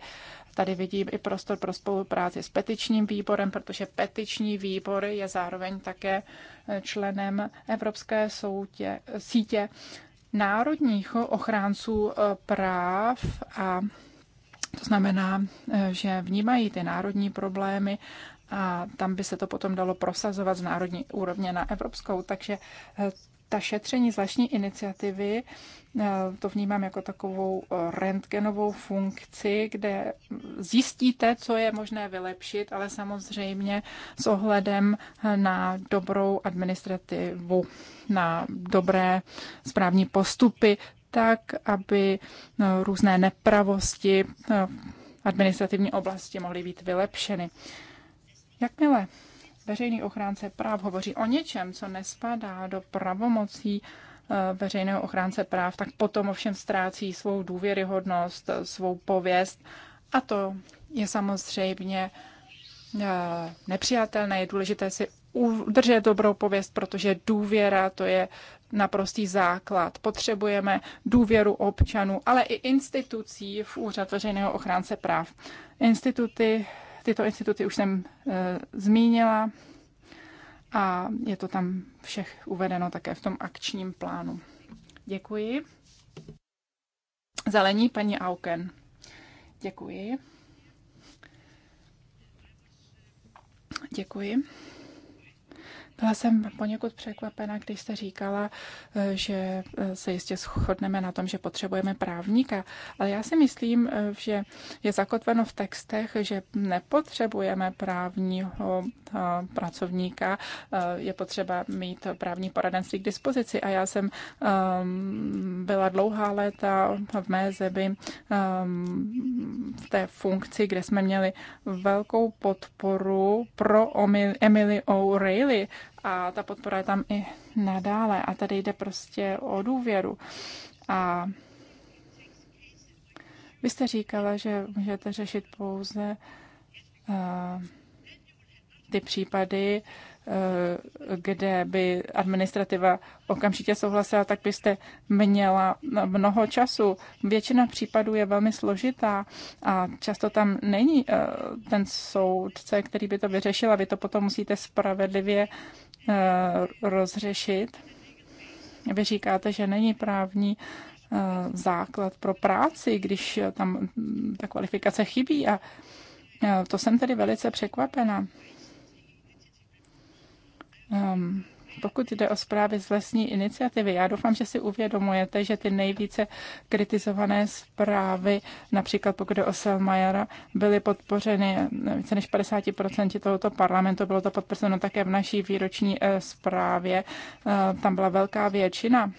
Tady vidím i prostor pro spolupráci s petičním výborem, protože petiční výbor je zároveň také členem Evropské soutě, sítě národních ochránců eh, práv a to znamená, eh, že vnímají ty národní problémy a tam by se to potom dalo prosazovat z národní úrovně na evropskou. Takže eh, ta šetření zvláštní iniciativy, eh, to vnímám jako takovou eh, rentgenovou funkci, kde zjistíte, co je možné vylepšit, ale samozřejmě s ohledem na dobrou administrativu, na dobré správní postupy, tak, aby různé nepravosti v administrativní oblasti mohly být vylepšeny. Jakmile veřejný ochránce práv hovoří o něčem, co nespadá do pravomocí eh, veřejného ochránce práv, tak potom ovšem ztrácí svou důvěryhodnost, svou pověst. A to je samozřejmě eh, nepřijatelné. Je důležité si udržet dobrou pověst, protože důvěra to je naprostý základ. Potřebujeme důvěru občanů, ale i institucí v Úřad veřejného ochránce práv. Instituty Tyto instituty už jsem e, zmínila a je to tam všech uvedeno také v tom akčním plánu. Děkuji. Zelení paní Auken. Děkuji. Děkuji. Byla jsem poněkud překvapena, když jste říkala, eh, že eh, se jistě shodneme na tom, že potřebujeme právníka, ale já si myslím, eh, že je zakotveno v textech, že nepotřebujeme právního pracovníka, je potřeba mít právní poradenství k dispozici a já jsem ehm, byla dlouhá léta v mé zemi ehm, v té funkci, kde jsme měli velkou podporu pro Emily O'Reilly, a ta podpora je tam i nadále. A tady jde prostě o důvěru. A vy jste říkala, že můžete řešit pouze uh, ty případy, kde by administrativa okamžitě souhlasila, tak byste měla mnoho času. Většina případů je velmi složitá a často tam není eh, ten soudce, který by to vyřešil a vy to potom musíte spravedlivě eh, rozřešit. Vy říkáte, že není právní eh, základ pro práci, když tam ta kvalifikace chybí a to jsem tedy velice překvapena. Um, pokud jde o zprávy z lesní iniciativy, já doufám, že si uvědomujete, že ty nejvíce kritizované zprávy, například pokud jde o Selmayera, byly podpořeny eh, více než 50% tohoto parlamentu. Bylo to podpořeno také v naší výroční eh, zprávě. Eh, tam byla velká většina.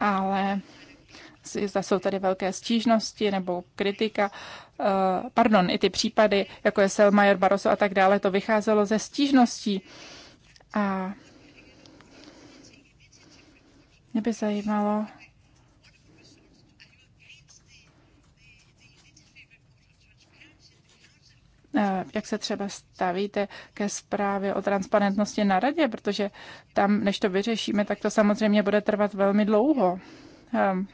Ale zda jsou tady velké stížnosti nebo kritika. Eh, pardon, i ty případy, jako je Selmayr, Barroso a tak dále, to vycházelo ze stížností. A mě by zajímalo, eh, jak se třeba stavíte ke zprávě o transparentnosti na radě, protože tam, než to vyřešíme, tak to samozřejmě bude trvat velmi dlouho. Ehm,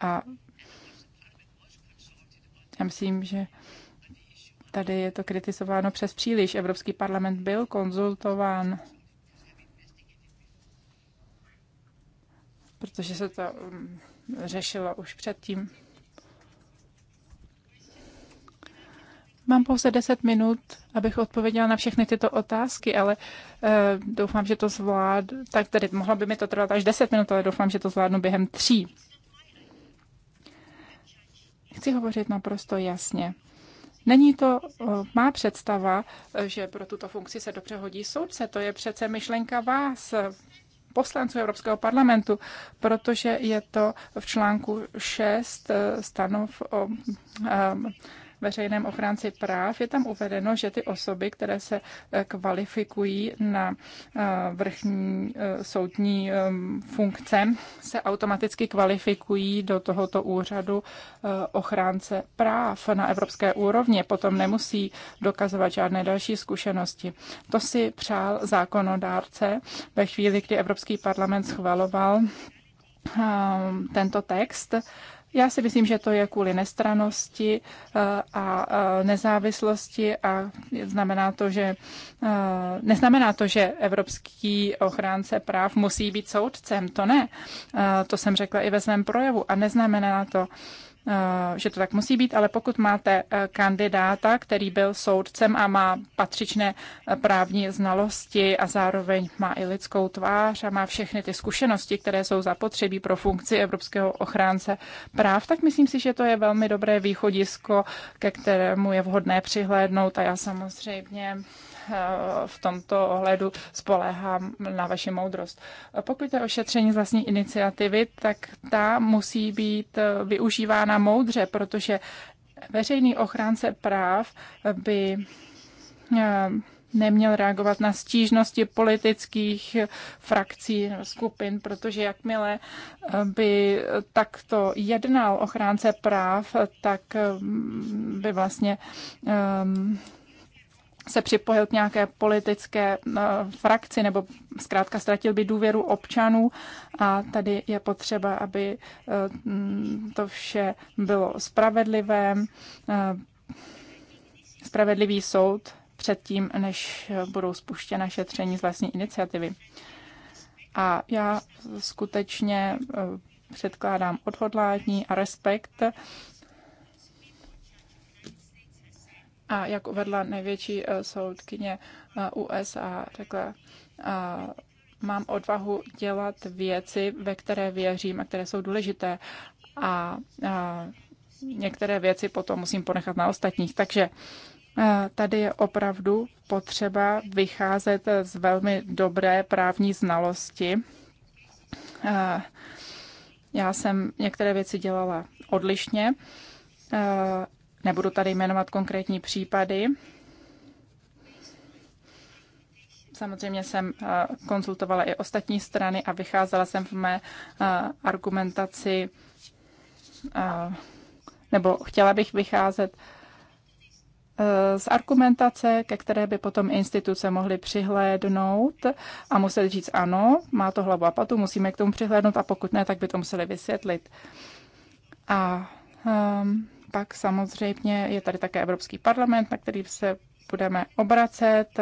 a já myslím, že tady je to kritizováno přes příliš. Evropský parlament byl konzultován, protože se to um, řešilo už předtím. Mám pouze 10 minut, abych odpověděla na všechny tyto otázky, ale uh, doufám, že to zvládnu. Tak tedy mohlo by mi to trvat až 10 minut, ale doufám, že to zvládnu během tří. Chci hovořit naprosto jasně. Není to má představa, že pro tuto funkci se dobře hodí soudce. To je přece myšlenka vás, poslanců Evropského parlamentu, protože je to v článku 6 eh, stanov o eh, veřejném ochránci práv je tam uvedeno, že ty osoby, které se eh, kvalifikují na eh, vrchní eh, soudní ehm, funkce, se automaticky kvalifikují do tohoto úřadu ochránce práv na evropské úrovni. Potom nemusí dokazovat žádné další zkušenosti. To si přál zákonodárce ve chvíli, kdy Evropský parlament schvaloval ehm, tento text já si myslím, že to je kvůli nestranosti eh, a eh, nezávislosti a znamená to, že, eh, neznamená to, že evropský ochránce práv musí být soudcem, to ne. To jsem řekla i ve svém projevu a neznamená to, Eh, že to tak musí být, ale pokud máte eh, kandidáta, který byl soudcem a má patřičné eh, právní znalosti a zároveň má i lidskou tvář a má všechny ty zkušenosti, které jsou zapotřebí pro funkci Evropského ochránce práv, tak myslím si, že to je velmi dobré východisko, ke kterému je vhodné přihlédnout a já samozřejmě v tomto ohledu spolehám na vaši moudrost. Pokud je ošetření z vlastní iniciativy, tak ta musí být využívána moudře, protože veřejný ochránce práv by eh, neměl reagovat na stížnosti politických frakcí nebo skupin, protože jakmile eh, by takto jednal ochránce práv, tak eh, by vlastně um, se připojil k nějaké politické eh, frakci nebo zkrátka ztratil by důvěru občanů a tady je potřeba, aby eh, mm, to vše bylo spravedlivé, eh, spravedlivý soud předtím, než budou spuštěna šetření z vlastní iniciativy. A já skutečně předkládám odhodlání a respekt A jak uvedla největší eh, soudkyně eh, USA, řekla, mám odvahu dělat věci, ve které věřím a které jsou důležité. A, některé věci potom musím ponechat na ostatních. Takže eh, tady je opravdu potřeba vycházet z velmi dobré právní znalosti. Já jsem některé věci dělala odlišně Nebudu tady jmenovat konkrétní případy. Samozřejmě jsem eh, konzultovala i ostatní strany a vycházela jsem v mé eh, argumentaci, eh, nebo chtěla bych vycházet z argumentace, ke které by potom instituce mohly přihlédnout a museli říct ano, má to hlavu a patu, musíme k tomu přihlédnout a pokud ne, tak by to museli vysvětlit. A um, pak samozřejmě je tady také Evropský parlament, na který se budeme obracet.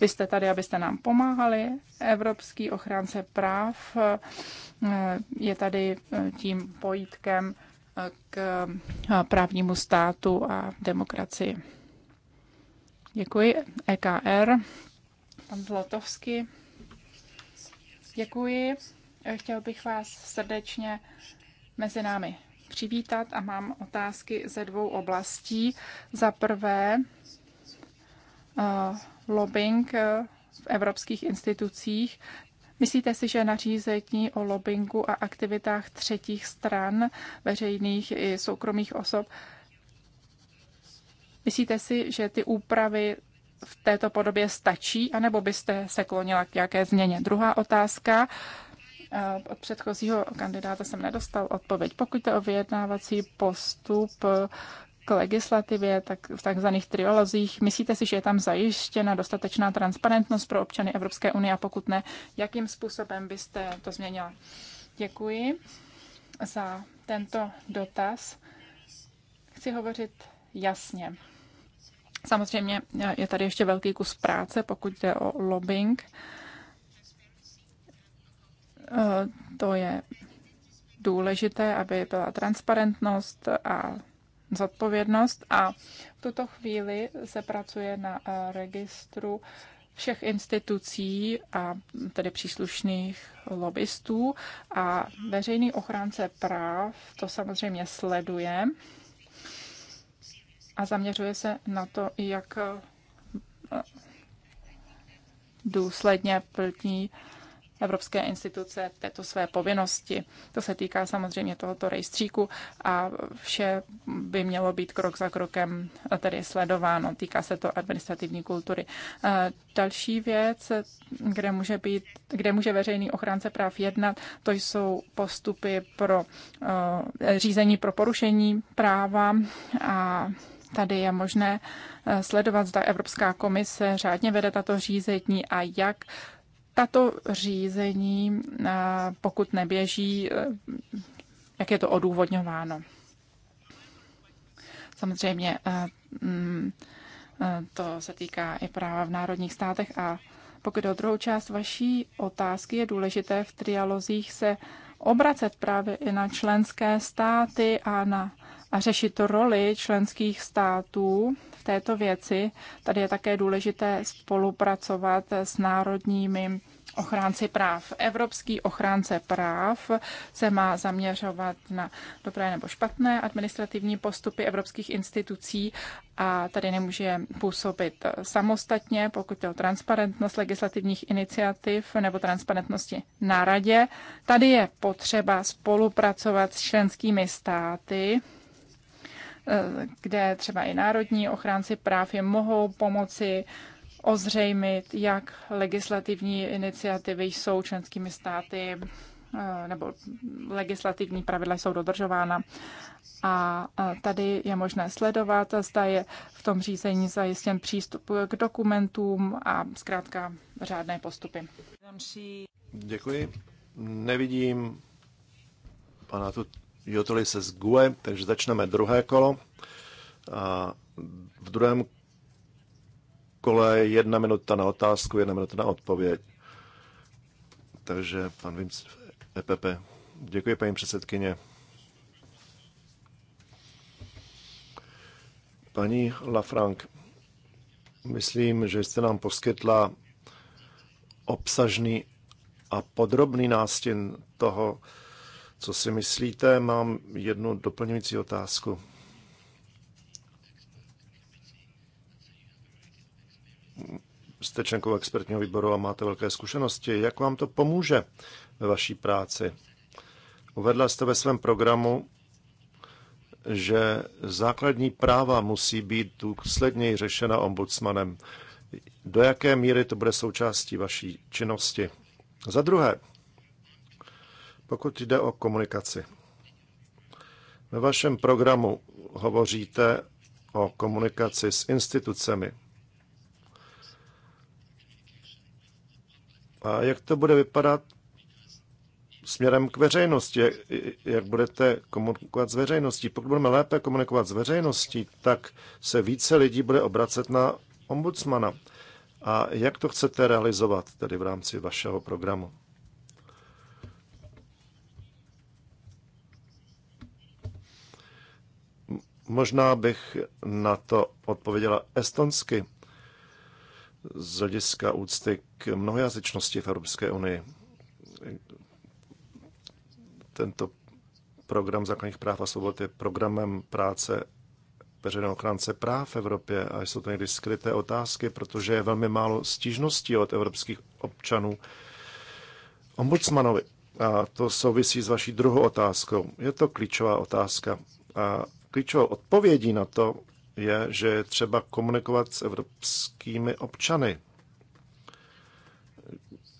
Vy jste tady, abyste nám pomáhali. Evropský ochránce práv eh, je tady eh, tím pojítkem eh, k právnímu státu a demokracii. Děkuji. EKR. Pan Zlotovský. Děkuji. Chtěl bych vás srdečně mezi námi přivítat a mám otázky ze dvou oblastí. Za prvé, eh, lobbying eh, v evropských institucích. Myslíte si, že nařízení o lobbingu a aktivitách třetích stran, veřejných i soukromých osob, myslíte si, že ty úpravy v této podobě stačí, anebo byste se klonila k nějaké změně? Druhá otázka. Od předchozího kandidáta jsem nedostal odpověď. Pokud to o vyjednávací postup eh, k legislativě, tak v takzvaných triolozích. Myslíte si, že je tam zajištěna dostatečná transparentnost pro občany Evropské unie a pokud ne, jakým způsobem byste to změnila? Děkuji za tento dotaz. Chci hovořit jasně. Samozřejmě eh, je tady ještě velký kus práce, pokud jde o lobbying. Eh, to je důležité, aby byla transparentnost a zodpovědnost a v tuto chvíli se pracuje na eh, registru všech institucí a tedy příslušných lobbystů a veřejný ochránce práv to samozřejmě sleduje a zaměřuje se na to, jak eh, důsledně plní evropské instituce této své povinnosti. To se týká samozřejmě tohoto rejstříku a vše by mělo být krok za krokem tedy sledováno. Týká se to administrativní kultury. Další věc, kde může, být, kde může veřejný ochránce práv jednat, to jsou postupy pro eh, řízení pro porušení práva a Tady je možné eh, sledovat, zda Evropská komise řádně vede tato řízení a jak tato řízení, eh, pokud neběží, eh, jak je to odůvodňováno. Samozřejmě eh, mm, to se týká i práva v národních státech a pokud o druhou část vaší otázky je důležité v trialozích se obracet právě i na členské státy a, na, a řešit roli členských států v této věci. Tady je také důležité spolupracovat s národními ochránci práv. Evropský ochránce práv se má zaměřovat na dobré nebo špatné administrativní postupy evropských institucí a tady nemůže působit samostatně, pokud je o transparentnost legislativních iniciativ nebo transparentnosti na radě. Tady je potřeba spolupracovat s členskými státy, eh, kde třeba i národní ochránci práv je mohou pomoci ozřejmit, jak legislativní iniciativy jsou členskými státy eh, nebo legislativní pravidla jsou dodržována. A tady je možné sledovat, zda je v tom řízení zajistěn přístup k dokumentům a zkrátka řádné postupy. Děkuji. Nevidím pana Jotoli se z GUE, takže začneme druhé kolo. A v druhém kole jedna minuta na otázku, jedna minuta na odpověď. Takže pan Vinc, EPP. Děkuji, paní předsedkyně. Paní Lafranc, myslím, že jste nám poskytla obsažný a podrobný nástin toho, co si myslíte. Mám jednu doplňující otázku. jste členkou expertního výboru a máte velké zkušenosti. Jak vám to pomůže ve vaší práci? Uvedla jste ve svém programu, že základní práva musí být důsledněji řešena ombudsmanem. Do jaké míry to bude součástí vaší činnosti? Za druhé, pokud jde o komunikaci. Ve vašem programu hovoříte o komunikaci s institucemi, A jak to bude vypadat směrem k veřejnosti? Jak budete komunikovat s veřejností? Pokud budeme lépe komunikovat s veřejností, tak se více lidí bude obracet na ombudsmana. A jak to chcete realizovat tedy v rámci vašeho programu? Možná bych na to odpověděla estonsky z hlediska úcty k mnohojazyčnosti v Evropské unii. Tento program základních práv a svobod je programem práce veřejného ochránce práv v Evropě a jsou to někdy skryté otázky, protože je velmi málo stížností od evropských občanů ombudsmanovi. A to souvisí s vaší druhou otázkou. Je to klíčová otázka. A klíčovou odpovědí na to je, že je třeba komunikovat s evropskými občany.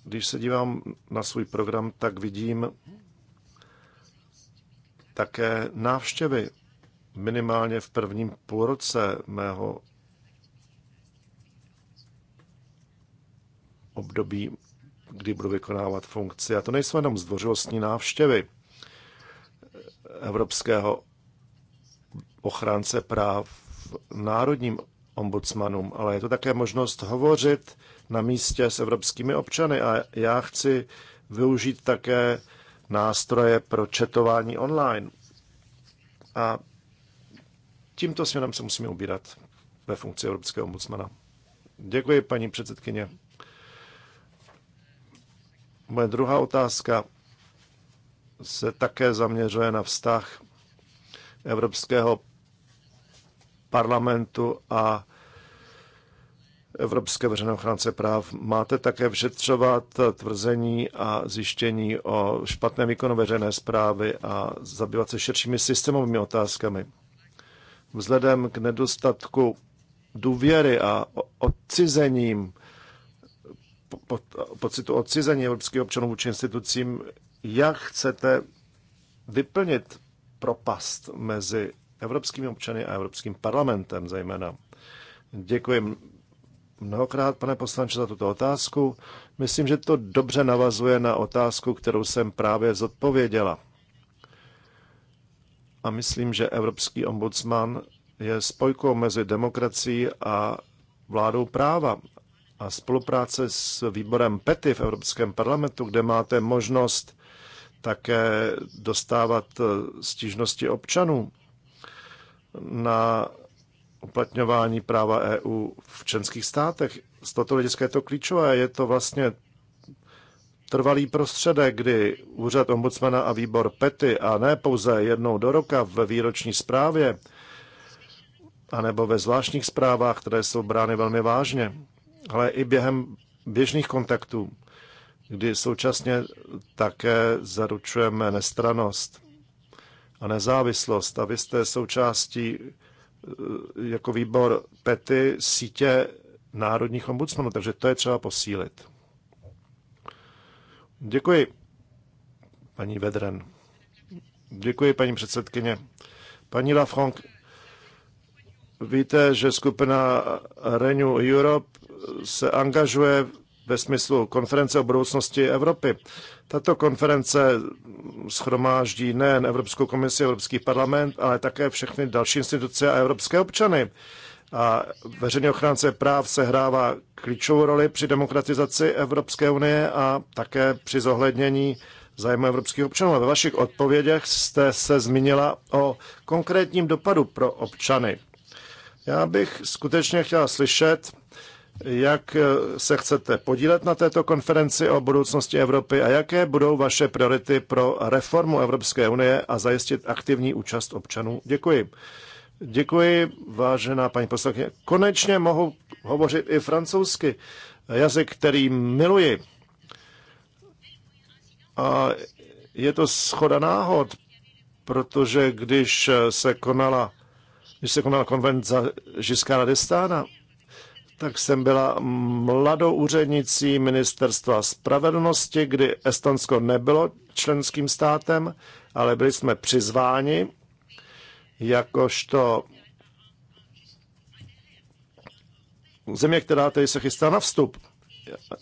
Když se dívám na svůj program, tak vidím také návštěvy minimálně v prvním půlroce mého období, kdy budu vykonávat funkci. A to nejsou jenom zdvořilostní návštěvy evropského ochránce práv národním ombudsmanům, ale je to také možnost hovořit na místě s evropskými občany a já chci využít také nástroje pro četování online. A tímto směrem se musíme ubírat ve funkci evropského ombudsmana. Děkuji, paní předsedkyně. Moje druhá otázka se také zaměřuje na vztah Evropského parlamentu a Evropské veřejné ochránce práv. Máte také vyšetřovat tvrzení a zjištění o špatném výkonu veřejné zprávy a zabývat se širšími systémovými otázkami. Vzhledem k nedostatku důvěry a odcizením, po, pocitu odcizení evropských občanů vůči institucím, jak chcete vyplnit propast mezi evropskými občany a Evropským parlamentem zejména. Děkuji mnohokrát, pane poslanče, za tuto otázku. Myslím, že to dobře navazuje na otázku, kterou jsem právě zodpověděla. A myslím, že Evropský ombudsman je spojkou mezi demokracií a vládou práva. A spolupráce s výborem PETI v Evropském parlamentu, kde máte možnost také dostávat stížnosti občanů na uplatňování práva EU v členských státech. Z tohoto hlediska je to klíčové. Je to vlastně trvalý prostředek, kdy úřad ombudsmana a výbor PETY a ne pouze jednou do roka ve výroční zprávě anebo ve zvláštních zprávách, které jsou brány velmi vážně, ale i během běžných kontaktů, kdy současně také zaručujeme nestranost a nezávislost. A vy jste součástí eh, jako výbor PETY sítě národních ombudsmanů, takže to je třeba posílit. Děkuji, paní Vedren. Děkuji, paní předsedkyně. Paní Lafranc, víte, že skupina Renew Europe se angažuje ve smyslu konference o budoucnosti Evropy. Tato konference schromáždí nejen Evropskou komisi, Evropský parlament, ale také všechny další instituce a evropské občany. A veřejný ochránce práv sehrává klíčovou roli při demokratizaci Evropské unie a také při zohlednění zájmu evropských občanů. A ve vašich odpovědích jste se zmínila o konkrétním dopadu pro občany. Já bych skutečně chtěla slyšet, jak eh, se chcete podílet na této konferenci o budoucnosti Evropy a jaké budou vaše priority pro reformu Evropské unie a zajistit aktivní účast občanů. Děkuji. Děkuji, vážená paní poslankyně. Konečně mohu hovořit i francouzsky, eh, jazyk, který miluji. A je to schoda náhod, protože když eh, se konala, když se konala konvent za Žiskára Destána, tak jsem byla mladou úřednicí ministerstva spravedlnosti, kdy Estonsko nebylo členským státem, ale byli jsme přizváni jakožto země, která tady se chystá na vstup,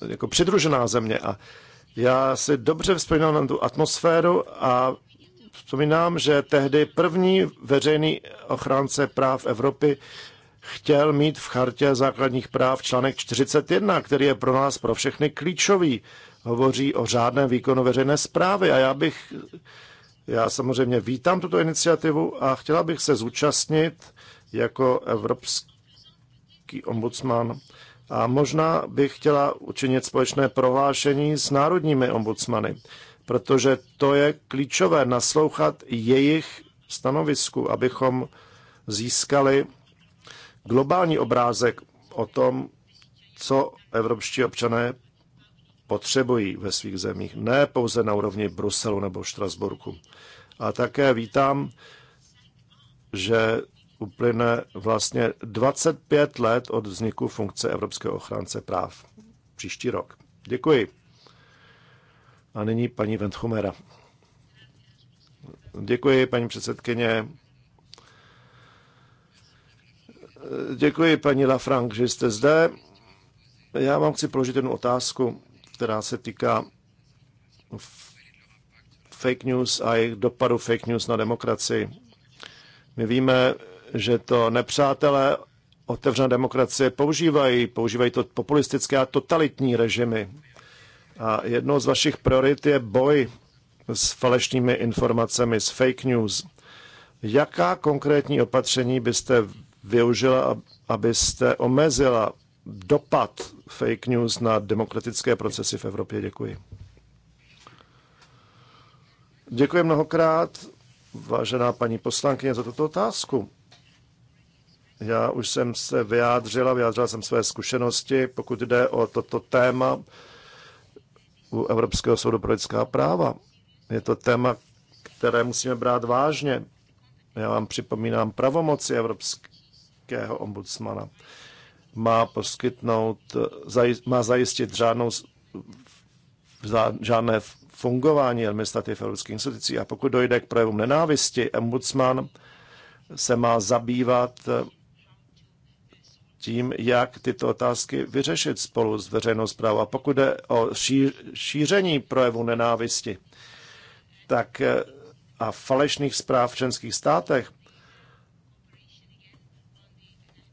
jako přidružená země. A já si dobře vzpomínám na tu atmosféru a vzpomínám, že tehdy první veřejný ochránce práv Evropy chtěl mít v chartě základních práv článek 41, který je pro nás pro všechny klíčový. Hovoří o řádném výkonu veřejné zprávy a já bych, já samozřejmě vítám tuto iniciativu a chtěla bych se zúčastnit jako evropský ombudsman a možná bych chtěla učinit společné prohlášení s národními ombudsmany, protože to je klíčové naslouchat jejich stanovisku, abychom získali globální obrázek o tom, co evropští občané potřebují ve svých zemích, ne pouze na úrovni Bruselu nebo Štrasburku. A také vítám, že uplyne vlastně 25 let od vzniku funkce Evropského ochránce práv příští rok. Děkuji. A nyní paní Venthumera. Děkuji, paní předsedkyně. Děkuji, paní Lafranc, že jste zde. Já vám chci položit jednu otázku, která se týká fake news a jejich dopadu fake news na demokracii. My víme, že to nepřátelé otevřené demokracie používají. Používají to populistické a totalitní režimy. A jednou z vašich priorit je boj s falešnými informacemi, s fake news. Jaká konkrétní opatření byste využila, abyste omezila dopad fake news na demokratické procesy v Evropě. Děkuji. Děkuji mnohokrát, vážená paní poslankyně, za tuto otázku. Já už jsem se vyjádřila, vyjádřila jsem své zkušenosti, pokud jde o toto téma u Evropského soudu pro lidská práva. Je to téma, které musíme brát vážně. Já vám připomínám pravomoci Evropské evropského ombudsmana má poskytnout, má zajistit řádnou, žádné fungování administrativ evropských institucí. A pokud dojde k projevům nenávisti, ombudsman se má zabývat eh, tím, jak tyto otázky vyřešit spolu s veřejnou zprávou. A pokud jde o šíření projevu nenávisti tak eh, a falešných zpráv v členských státech,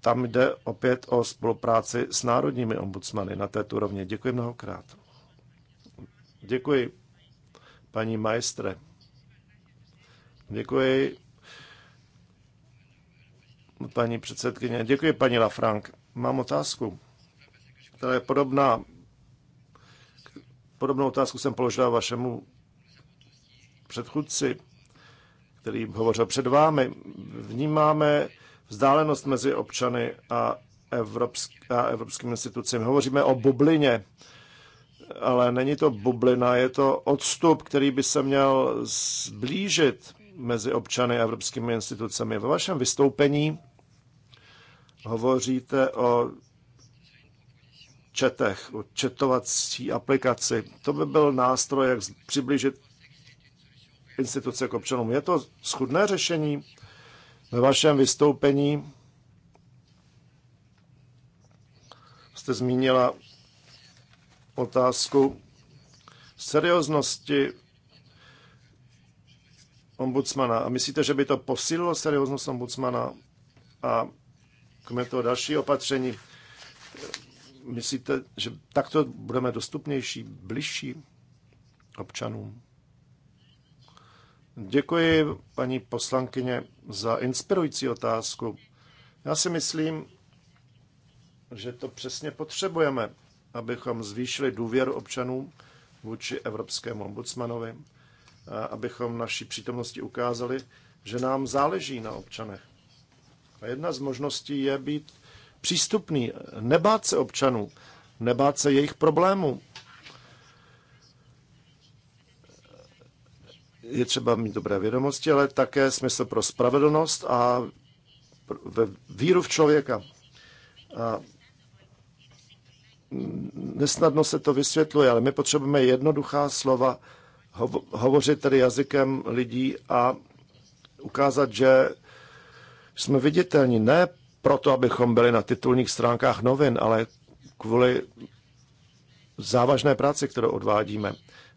tam jde opět o spolupráci s národními ombudsmany na této úrovni. Děkuji mnohokrát. Děkuji, paní majstre. Děkuji, paní předsedkyně. Děkuji, paní Lafrank. Mám otázku, která je podobná. Podobnou otázku jsem položila vašemu předchůdci, který hovořil před vámi. Vnímáme vzdálenost mezi občany a, evropsk- a evropským institucím. Hovoříme o bublině, ale není to bublina, je to odstup, který by se měl zblížit mezi občany a evropskými institucemi. Ve vašem vystoupení hovoříte o četech, o četovací aplikaci. To by byl nástroj, jak přiblížit instituce k občanům. Je to schudné řešení? Ve vašem vystoupení jste zmínila otázku serióznosti ombudsmana. A myslíte, že by to posílilo serióznost ombudsmana a kromě toho další opatření? Myslíte, že takto budeme dostupnější, bližší občanům? Děkuji, paní poslankyně, za inspirující otázku. Já si myslím, že to přesně potřebujeme, abychom zvýšili důvěru občanů vůči Evropskému ombudsmanovi, abychom naší přítomnosti ukázali, že nám záleží na občanech. A jedna z možností je být přístupný, nebát se občanů, nebát se jejich problémů, je třeba mít dobré vědomosti, ale také smysl pro spravedlnost a ve víru v člověka. A nesnadno se to vysvětluje, ale my potřebujeme jednoduchá slova, hovo- hovořit tedy jazykem lidí a ukázat, že jsme viditelní ne proto, abychom byli na titulních stránkách novin, ale kvůli závažné práci, kterou odvádíme.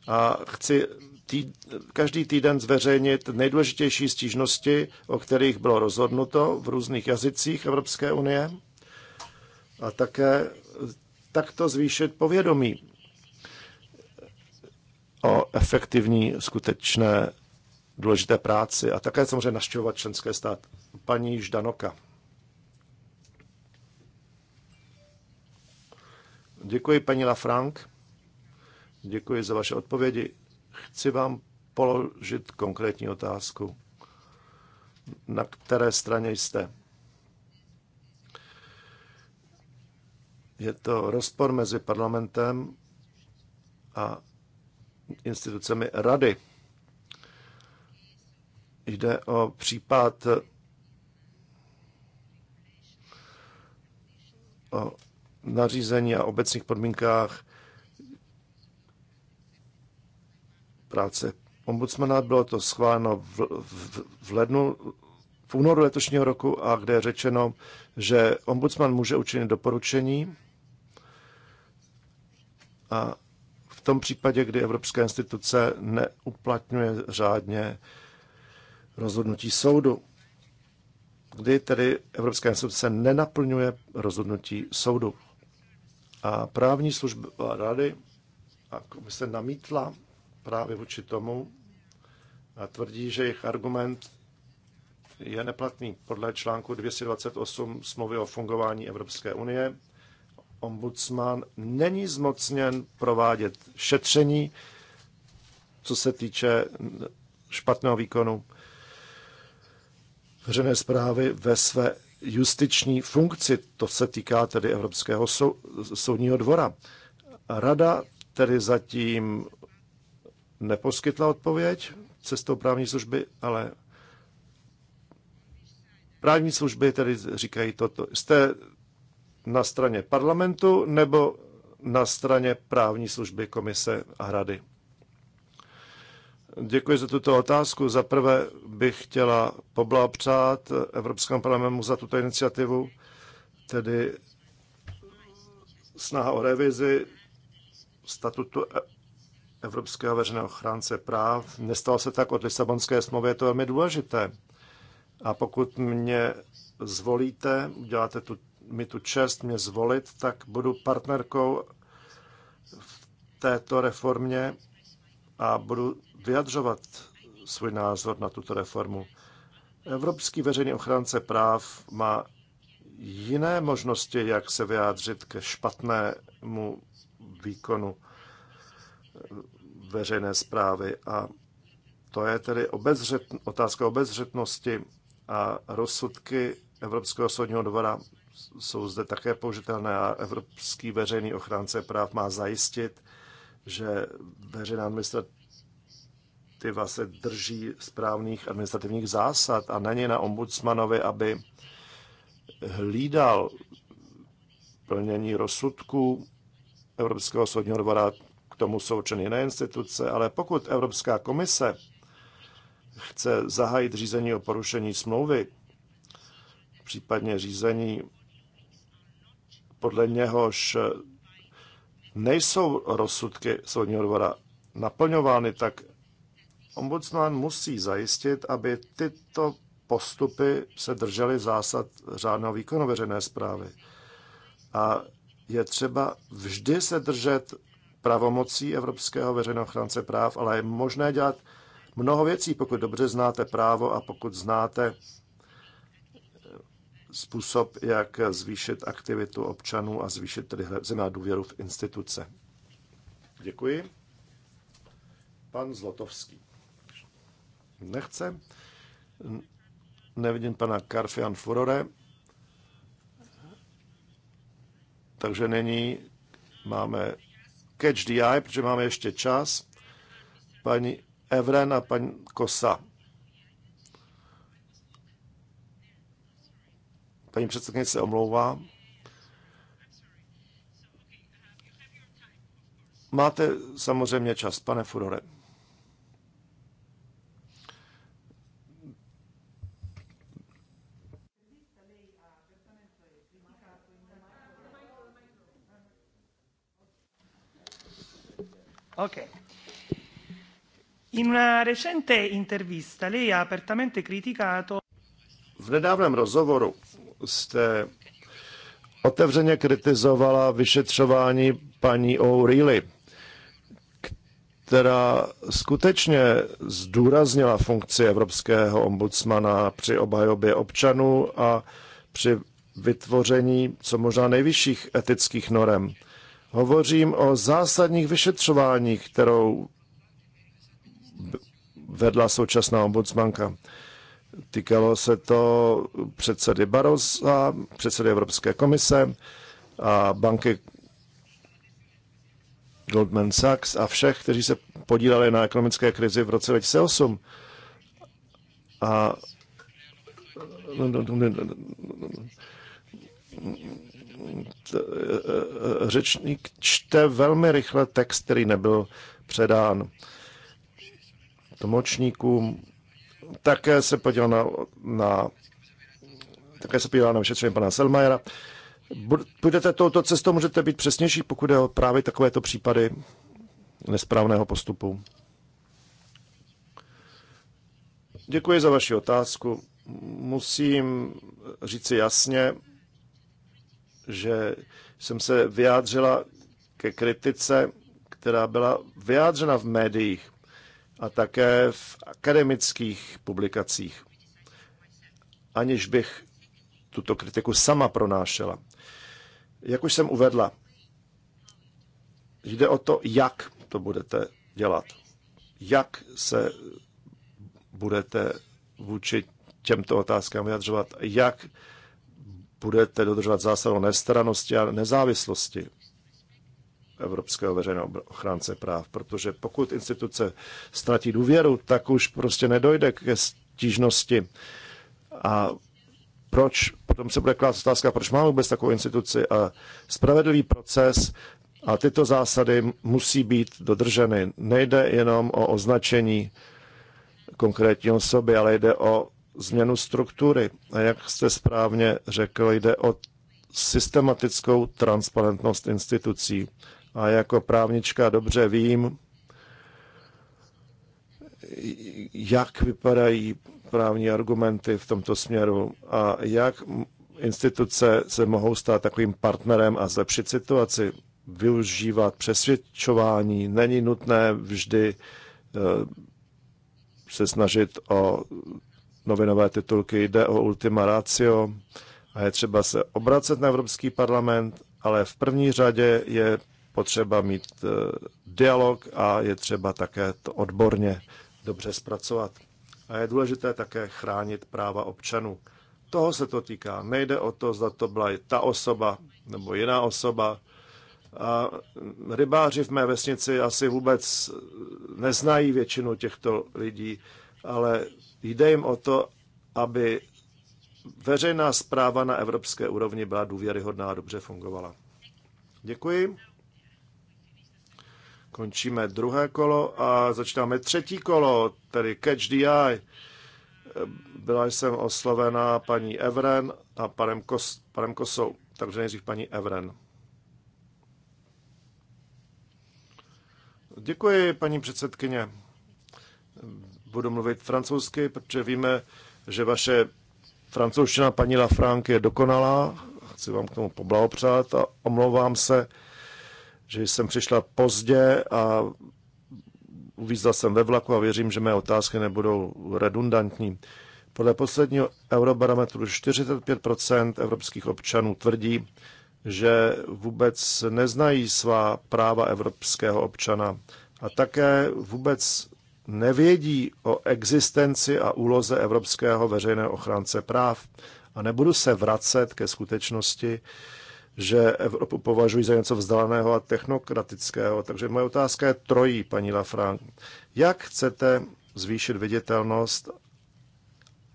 A chci tý, každý týden zveřejnit nejdůležitější stížnosti, o kterých bylo rozhodnuto v různých jazycích Evropské unie a také eh, takto zvýšit povědomí o efektivní, skutečné, důležité práci a také samozřejmě naštěvovat členské stát. Paní Ždanoka. Děkuji, paní Lafranc. Děkuji za vaše odpovědi. Chci vám položit konkrétní otázku. Na které straně jste? Je to rozpor mezi parlamentem a institucemi rady. Jde o případ o nařízení a obecných podmínkách práce ombudsmana. Bylo to schváleno v, v, v lednu, v únoru letošního roku a kde je řečeno, že ombudsman může učinit doporučení a v tom případě, kdy Evropská instituce neuplatňuje řádně rozhodnutí soudu, kdy tedy Evropská instituce nenaplňuje rozhodnutí soudu. A právní služba rady a komise namítla právě vůči tomu a tvrdí, že jejich argument je neplatný podle článku 228 smlouvy o fungování Evropské unie. Ombudsman není zmocněn provádět šetření, co se týče špatného výkonu veřejné zprávy ve své justiční funkci. To se týká tedy Evropského sou, soudního dvora. Rada tedy zatím neposkytla odpověď cestou právní služby, ale právní služby tedy říkají toto. Jste na straně parlamentu nebo na straně právní služby komise a Hrady. Děkuji za tuto otázku. Za prvé bych chtěla poblahopřát Evropskému parlamentu za tuto iniciativu, tedy snaha o revizi statutu Evropského veřejného ochránce práv. Nestalo se tak od Lisabonské smlouvy, je to velmi důležité. A pokud mě zvolíte, uděláte tu, mi tu čest mě zvolit, tak budu partnerkou v této reformě a budu vyjadřovat svůj názor na tuto reformu. Evropský veřejný ochránce práv má jiné možnosti, jak se vyjádřit ke špatnému výkonu veřejné zprávy. A to je tedy obezřet, otázka obezřetnosti a rozsudky Evropského soudního dvora jsou zde také použitelné a Evropský veřejný ochránce práv má zajistit, že veřejná administrativa se drží správných administrativních zásad a není na ombudsmanovi, aby hlídal plnění rozsudků Evropského soudního dvora tomu jsou členy jiné instituce, ale pokud Evropská komise chce zahájit řízení o porušení smlouvy, případně řízení podle něhož nejsou rozsudky soudního dvora naplňovány, tak ombudsman musí zajistit, aby tyto postupy se držely zásad řádného výkonu veřejné zprávy. A je třeba vždy se držet pravomocí Evropského veřejného ochránce práv, ale je možné dělat mnoho věcí, pokud dobře znáte právo a pokud znáte způsob, jak zvýšit aktivitu občanů a zvýšit tedy zemá důvěru v instituce. Děkuji. Pan Zlotovský. Nechce. Nevidím pana Karfian Furore. Takže není. Máme Catch the Eye, protože máme ještě čas. Paní Evren a paní Kosa. Paní předsedkyně se omlouvá. Máte samozřejmě čas, pane Furore. una recente intervista lei ha apertamente criticato v nedávném rozhovoru jste otevřeně kritizovala vyšetřování paní O'Reilly, která skutečně zdůraznila funkci evropského ombudsmana při obhajobě občanů a při vytvoření co možná nejvyšších etických norem. Hovořím o zásadních vyšetřováních, kterou vedla současná ombudsmanka. Týkalo se to předsedy Barosa, předsedy Evropské komise a banky Goldman Sachs a všech, kteří se podíleli na ekonomické krizi v roce 2008. A řečník čte velmi rychle text, který nebyl předán tlumočníkům. Také se podíval na, na také se podíval na vyšetření pana Selmajera. Budete touto cestou, můžete být přesnější, pokud je o právě takovéto případy nesprávného postupu. Děkuji za vaši otázku. Musím říci jasně, že jsem se vyjádřila ke kritice, která byla vyjádřena v médiích a také v akademických publikacích, aniž bych tuto kritiku sama pronášela. Jak už jsem uvedla, jde o to, jak to budete dělat. Jak se budete vůči těmto otázkám vyjadřovat, jak budete dodržovat zásadu nestranosti a nezávislosti. Evropského veřejného ochránce práv, protože pokud instituce ztratí důvěru, tak už prostě nedojde ke stížnosti. A proč, potom se bude klást otázka, proč máme vůbec takovou instituci a spravedlivý proces a tyto zásady musí být dodrženy. Nejde jenom o označení konkrétní osoby, ale jde o změnu struktury. A jak jste správně řekl, jde o systematickou transparentnost institucí a jako právnička dobře vím, jak vypadají právní argumenty v tomto směru a jak instituce se mohou stát takovým partnerem a zlepšit situaci. Využívat přesvědčování není nutné vždy eh, se snažit o novinové titulky. Jde o ultima ratio a je třeba se obracet na Evropský parlament, ale v první řadě je potřeba mít eh, dialog a je třeba také to odborně dobře zpracovat. A je důležité také chránit práva občanů. Toho se to týká. Nejde o to, zda to byla ta osoba nebo jiná osoba. A rybáři v mé vesnici asi vůbec neznají většinu těchto lidí, ale jde jim o to, aby veřejná zpráva na evropské úrovni byla důvěryhodná a dobře fungovala. Děkuji. Končíme druhé kolo a začínáme třetí kolo, tedy Catch the Eye. Byla jsem oslovena paní Evren a panem, Kos, panem Kosou, takže nejdřív paní Evren. Děkuji, paní předsedkyně. Budu mluvit francouzsky, protože víme, že vaše francouzština paní Lafranc je dokonalá. Chci vám k tomu poblahopřát a omlouvám se, že jsem přišla pozdě a uvízla jsem ve vlaku a věřím, že mé otázky nebudou redundantní. Podle posledního eurobarometru 45% evropských občanů tvrdí, že vůbec neznají svá práva evropského občana a také vůbec nevědí o existenci a úloze Evropského veřejného ochránce práv. A nebudu se vracet ke skutečnosti, že Evropu považují za něco vzdáleného a technokratického. Takže moje otázka je trojí, paní Lafranc. Jak chcete zvýšit viditelnost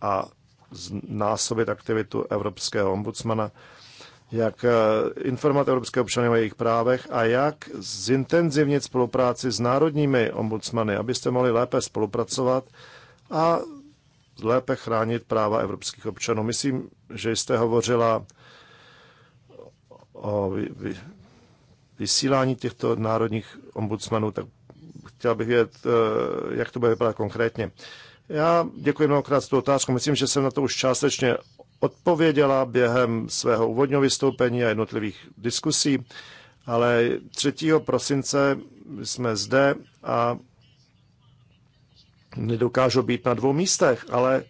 a znásobit aktivitu evropského ombudsmana, jak eh, informovat evropské občany o jejich právech a jak zintenzivnit spolupráci s národními ombudsmany, abyste mohli lépe spolupracovat a lépe chránit práva evropských občanů. Myslím, že jste hovořila o vysílání těchto národních ombudsmanů, tak chtěl bych vědět, eh, jak to bude vypadat konkrétně. Já děkuji mnohokrát za tu otázku. Myslím, že jsem na to už částečně odpověděla během svého úvodního vystoupení a jednotlivých diskusí, ale 3. prosince jsme zde a nedokážu být na dvou místech, ale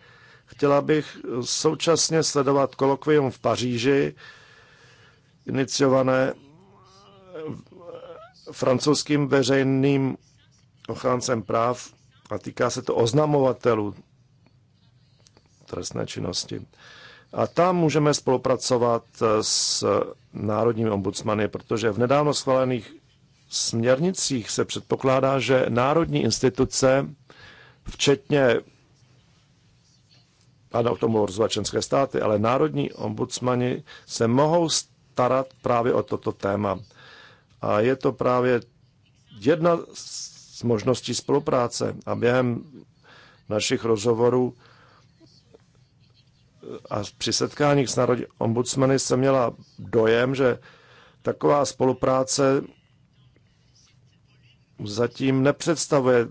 chtěla bych současně sledovat kolokvium v Paříži iniciované eh, francouzským veřejným ochráncem práv a týká se to oznamovatelů trestné činnosti. A tam můžeme spolupracovat eh, s národními ombudsmany, protože v nedávno schválených směrnicích se předpokládá, že národní instituce, včetně ano, k tomu státy, ale národní ombudsmani se mohou starat právě o toto téma. A je to právě jedna z možností spolupráce. A během našich rozhovorů a při setkáních s národní ombudsmany jsem měla dojem, že taková spolupráce zatím nepředstavuje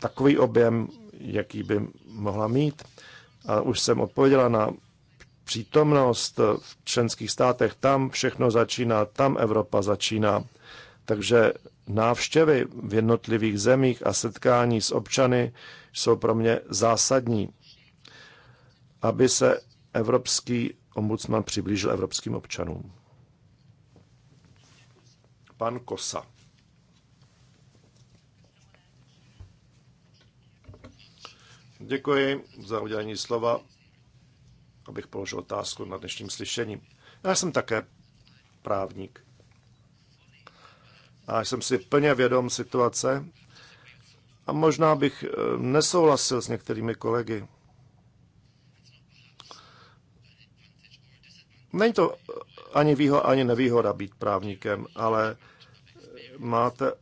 takový objem, jaký by mohla mít. A už jsem odpověděla na přítomnost v členských státech, tam všechno začíná, tam Evropa začíná. Takže návštěvy v jednotlivých zemích a setkání s občany jsou pro mě zásadní, aby se evropský ombudsman přiblížil evropským občanům. Pan Kosa. Děkuji za udělení slova abych položil otázku na dnešním slyšení. Já jsem také právník. A jsem si plně vědom situace a možná bych eh, nesouhlasil s některými kolegy. Není to ani výhoda, ani nevýhoda být právníkem, ale máte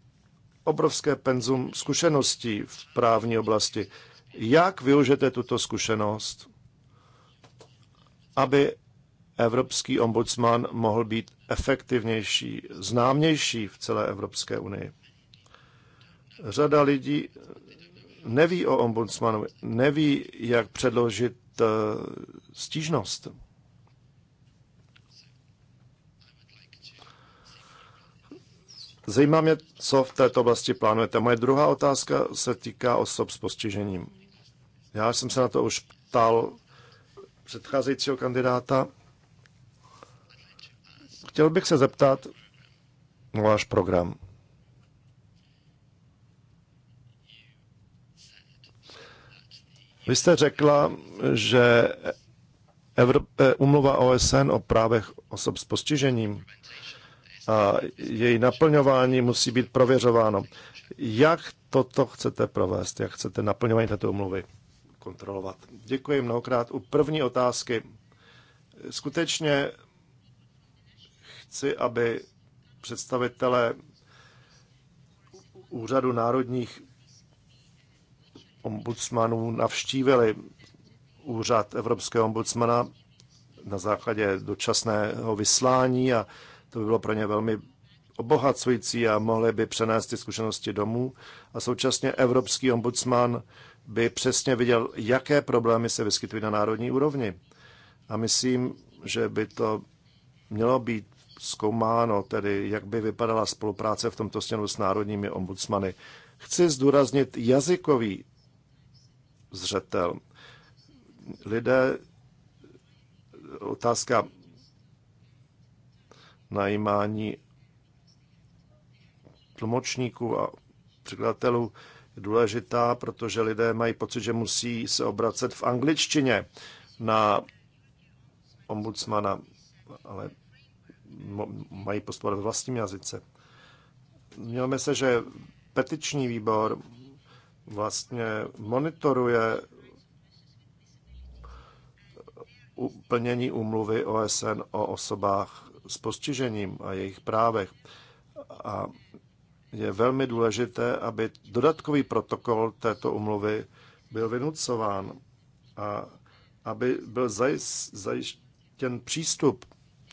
obrovské penzum zkušeností v právní oblasti. Jak využijete tuto zkušenost aby evropský ombudsman mohl být efektivnější, známější v celé Evropské unii. Řada lidí neví o ombudsmanu, neví, jak předložit eh, stížnost. Zajímá mě, co v této oblasti plánujete. Moje druhá otázka se týká osob s postižením. Já jsem se na to už ptal předcházejícího kandidáta. Chtěl bych se zeptat na váš program. Vy jste řekla, že Evrop- eh, umluva OSN o právech osob s postižením a její naplňování musí být prověřováno. Jak toto chcete provést? Jak chcete naplňování této umluvy? kontrolovat. Děkuji mnohokrát. U první otázky. Skutečně chci, aby představitelé úřadu národních ombudsmanů navštívili úřad Evropského ombudsmana na základě dočasného vyslání a to by bylo pro ně velmi obohacující a mohli by přenést ty zkušenosti domů. A současně Evropský ombudsman by přesně viděl, jaké problémy se vyskytují na národní úrovni. A myslím, že by to mělo být zkoumáno, tedy jak by vypadala spolupráce v tomto směru s národními ombudsmany. Chci zdůraznit jazykový zřetel. Lidé, otázka najímání tlumočníků a překladatelů důležitá, protože lidé mají pocit, že musí se obracet v angličtině na ombudsmana, ale mají postupovat ve vlastním jazyce. Mělme se, že petiční výbor vlastně monitoruje plnění úmluvy OSN o osobách s postižením a jejich právech. A je velmi důležité, aby dodatkový protokol této umluvy byl vynucován a aby byl zajištěn přístup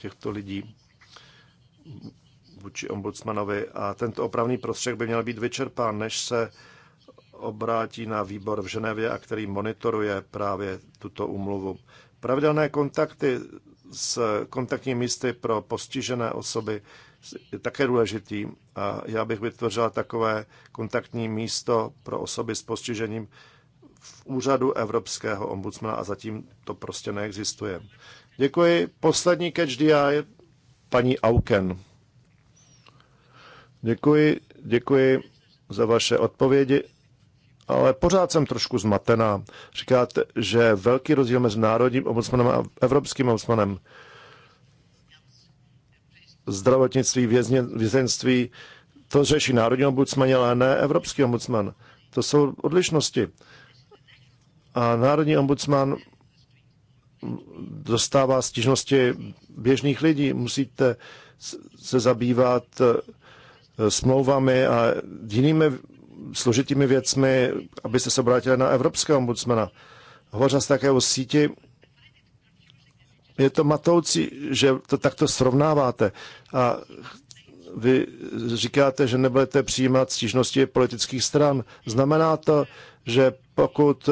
těchto lidí vůči ombudsmanovi a tento opravný prostředek by měl být vyčerpán, než se obrátí na výbor v Ženevě a který monitoruje právě tuto umluvu. Pravidelné kontakty s kontaktními místy pro postižené osoby také důležitý. A já bych vytvořila takové kontaktní místo pro osoby s postižením v úřadu Evropského ombudsmana a zatím to prostě neexistuje. Děkuji. Poslední catch eye, paní Auken. Děkuji, děkuji za vaše odpovědi, ale pořád jsem trošku zmatená. Říkáte, že velký rozdíl mezi národním ombudsmanem a evropským ombudsmanem zdravotnictví, vězně, vězenství, to řeší národní ombudsman, ale ne evropský ombudsman. To jsou odlišnosti. A národní ombudsman dostává stížnosti běžných lidí. Musíte se zabývat eh, smlouvami a jinými složitými věcmi, abyste se obrátili na evropského ombudsmana. Hovořil jste také o síti je to matoucí, že to takto srovnáváte. A vy říkáte, že nebudete přijímat stížnosti politických stran. Znamená to, že pokud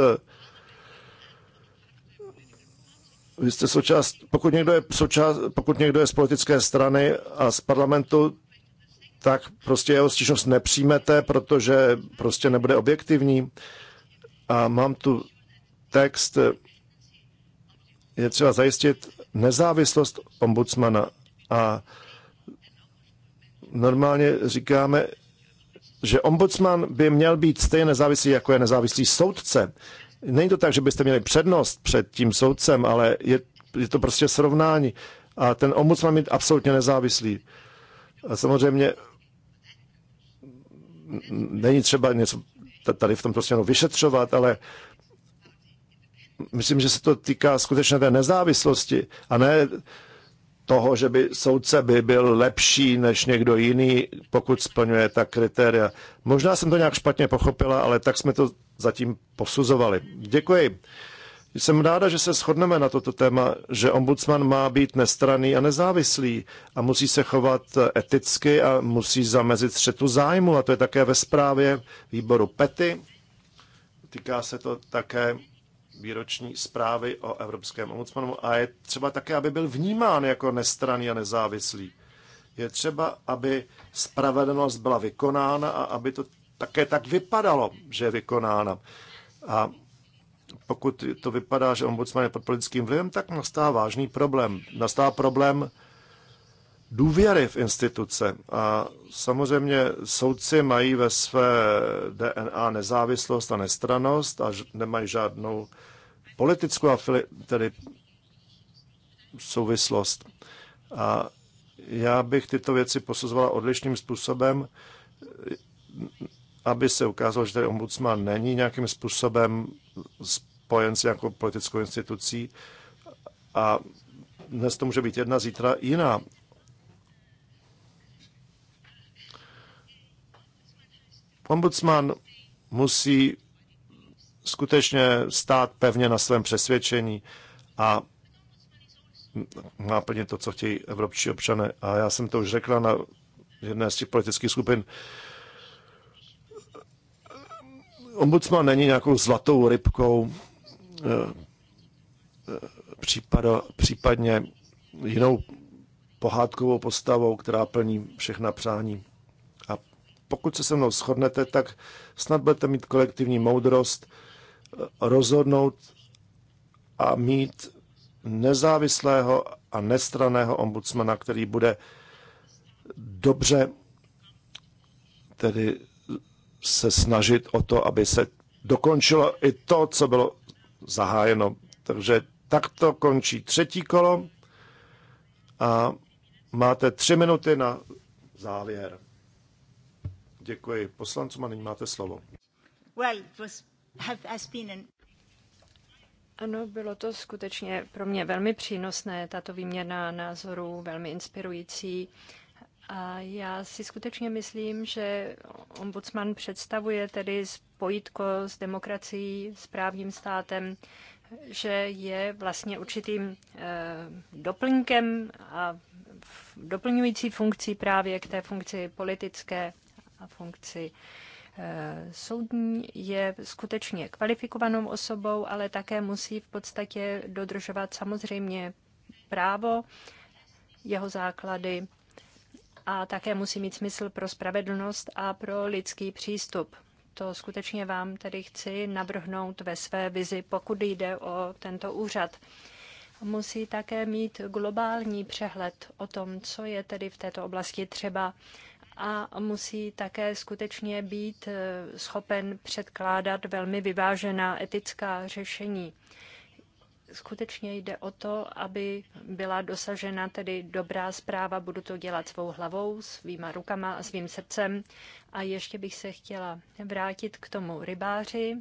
vy jste součást, pokud někdo je, součást, pokud někdo je z politické strany a z parlamentu, tak prostě jeho stížnost nepřijmete, protože prostě nebude objektivní. A mám tu text je třeba zajistit nezávislost ombudsmana. A normálně říkáme, že ombudsman by měl být stejně nezávislý, jako je nezávislý soudce. Není to tak, že byste měli přednost před tím soudcem, ale je, je to prostě srovnání. A ten ombudsman být absolutně nezávislý. A samozřejmě není třeba něco tady v tom prostě jenom vyšetřovat, ale myslím, že se to týká skutečně té nezávislosti a ne toho, že by soudce by byl lepší než někdo jiný, pokud splňuje ta kritéria. Možná jsem to nějak špatně pochopila, ale tak jsme to zatím posuzovali. Děkuji. Jsem ráda, že se shodneme na toto téma, že ombudsman má být nestraný a nezávislý a musí se chovat eticky a musí zamezit střetu zájmu. A to je také ve zprávě výboru PETY. Týká se to také výroční zprávy o Evropském ombudsmanu a je třeba také, aby byl vnímán jako nestraný a nezávislý. Je třeba, aby spravedlnost byla vykonána a aby to také tak vypadalo, že je vykonána. A pokud to vypadá, že ombudsman je pod politickým vlivem, tak nastává vážný problém. Nastává problém důvěry v instituce. A samozřejmě soudci mají ve své DNA nezávislost a nestranost a nemají žádnou politickou afili- tedy souvislost. A já bych tyto věci posuzovala odlišným způsobem, aby se ukázalo, že tady ombudsman není nějakým způsobem spojen s nějakou politickou institucí a dnes to může být jedna, zítra jiná. Ombudsman musí skutečně stát pevně na svém přesvědčení a plně to, co chtějí evropští občané. A já jsem to už řekla na jedné z těch politických skupin. Ombudsman není nějakou zlatou rybkou, eh, eh, případa, případně jinou pohádkovou postavou, která plní všechna přání pokud se se mnou shodnete, tak snad budete mít kolektivní moudrost eh, rozhodnout a mít nezávislého a nestraného ombudsmana, který bude dobře tedy se snažit o to, aby se dokončilo i to, co bylo zahájeno. Takže takto končí třetí kolo a máte tři minuty na závěr. Děkuji poslancům a nyní máte slovo. Ano, bylo to skutečně pro mě velmi přínosné, tato výměna názorů, velmi inspirující. A já si skutečně myslím, že ombudsman představuje tedy spojitko s demokracií, s právním státem, že je vlastně určitým eh, doplňkem a doplňující funkcí právě k té funkci politické a funkci eh, soudní je skutečně kvalifikovanou osobou, ale také musí v podstatě dodržovat samozřejmě právo, jeho základy a také musí mít smysl pro spravedlnost a pro lidský přístup. To skutečně vám tedy chci navrhnout ve své vizi, pokud jde o tento úřad. Musí také mít globální přehled o tom, co je tedy v této oblasti třeba a musí také skutečně být eh, schopen předkládat velmi vyvážená etická řešení. Skutečně jde o to, aby byla dosažena tedy dobrá zpráva. Budu to dělat svou hlavou, svýma rukama a svým srdcem. A ještě bych se chtěla vrátit k tomu rybáři,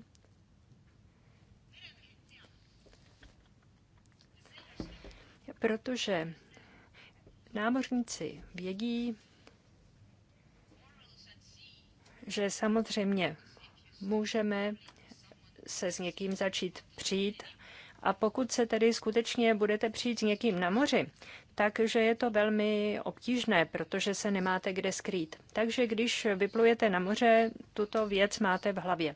protože námořníci vědí, že samozřejmě můžeme se s někým začít přijít a pokud se tedy skutečně budete přijít s někým na moři, takže je to velmi obtížné, protože se nemáte kde skrýt. Takže když vyplujete na moře, tuto věc máte v hlavě.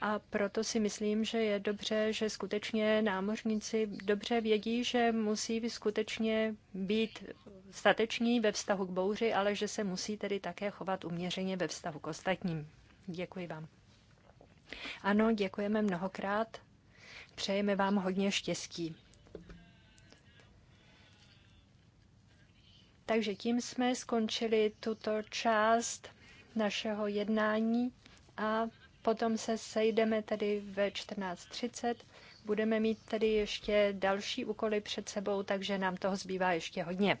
A proto si myslím, že je dobře, že skutečně námořníci dobře vědí, že musí skutečně být stateční ve vztahu k bouři, ale že se musí tedy také chovat uměřeně ve vztahu k ostatním. Děkuji vám. Ano, děkujeme mnohokrát. Přejeme vám hodně štěstí. Takže tím jsme skončili tuto část našeho jednání a Potom se sejdeme tedy ve 14.30. Budeme mít tedy ještě další úkoly před sebou, takže nám toho zbývá ještě hodně.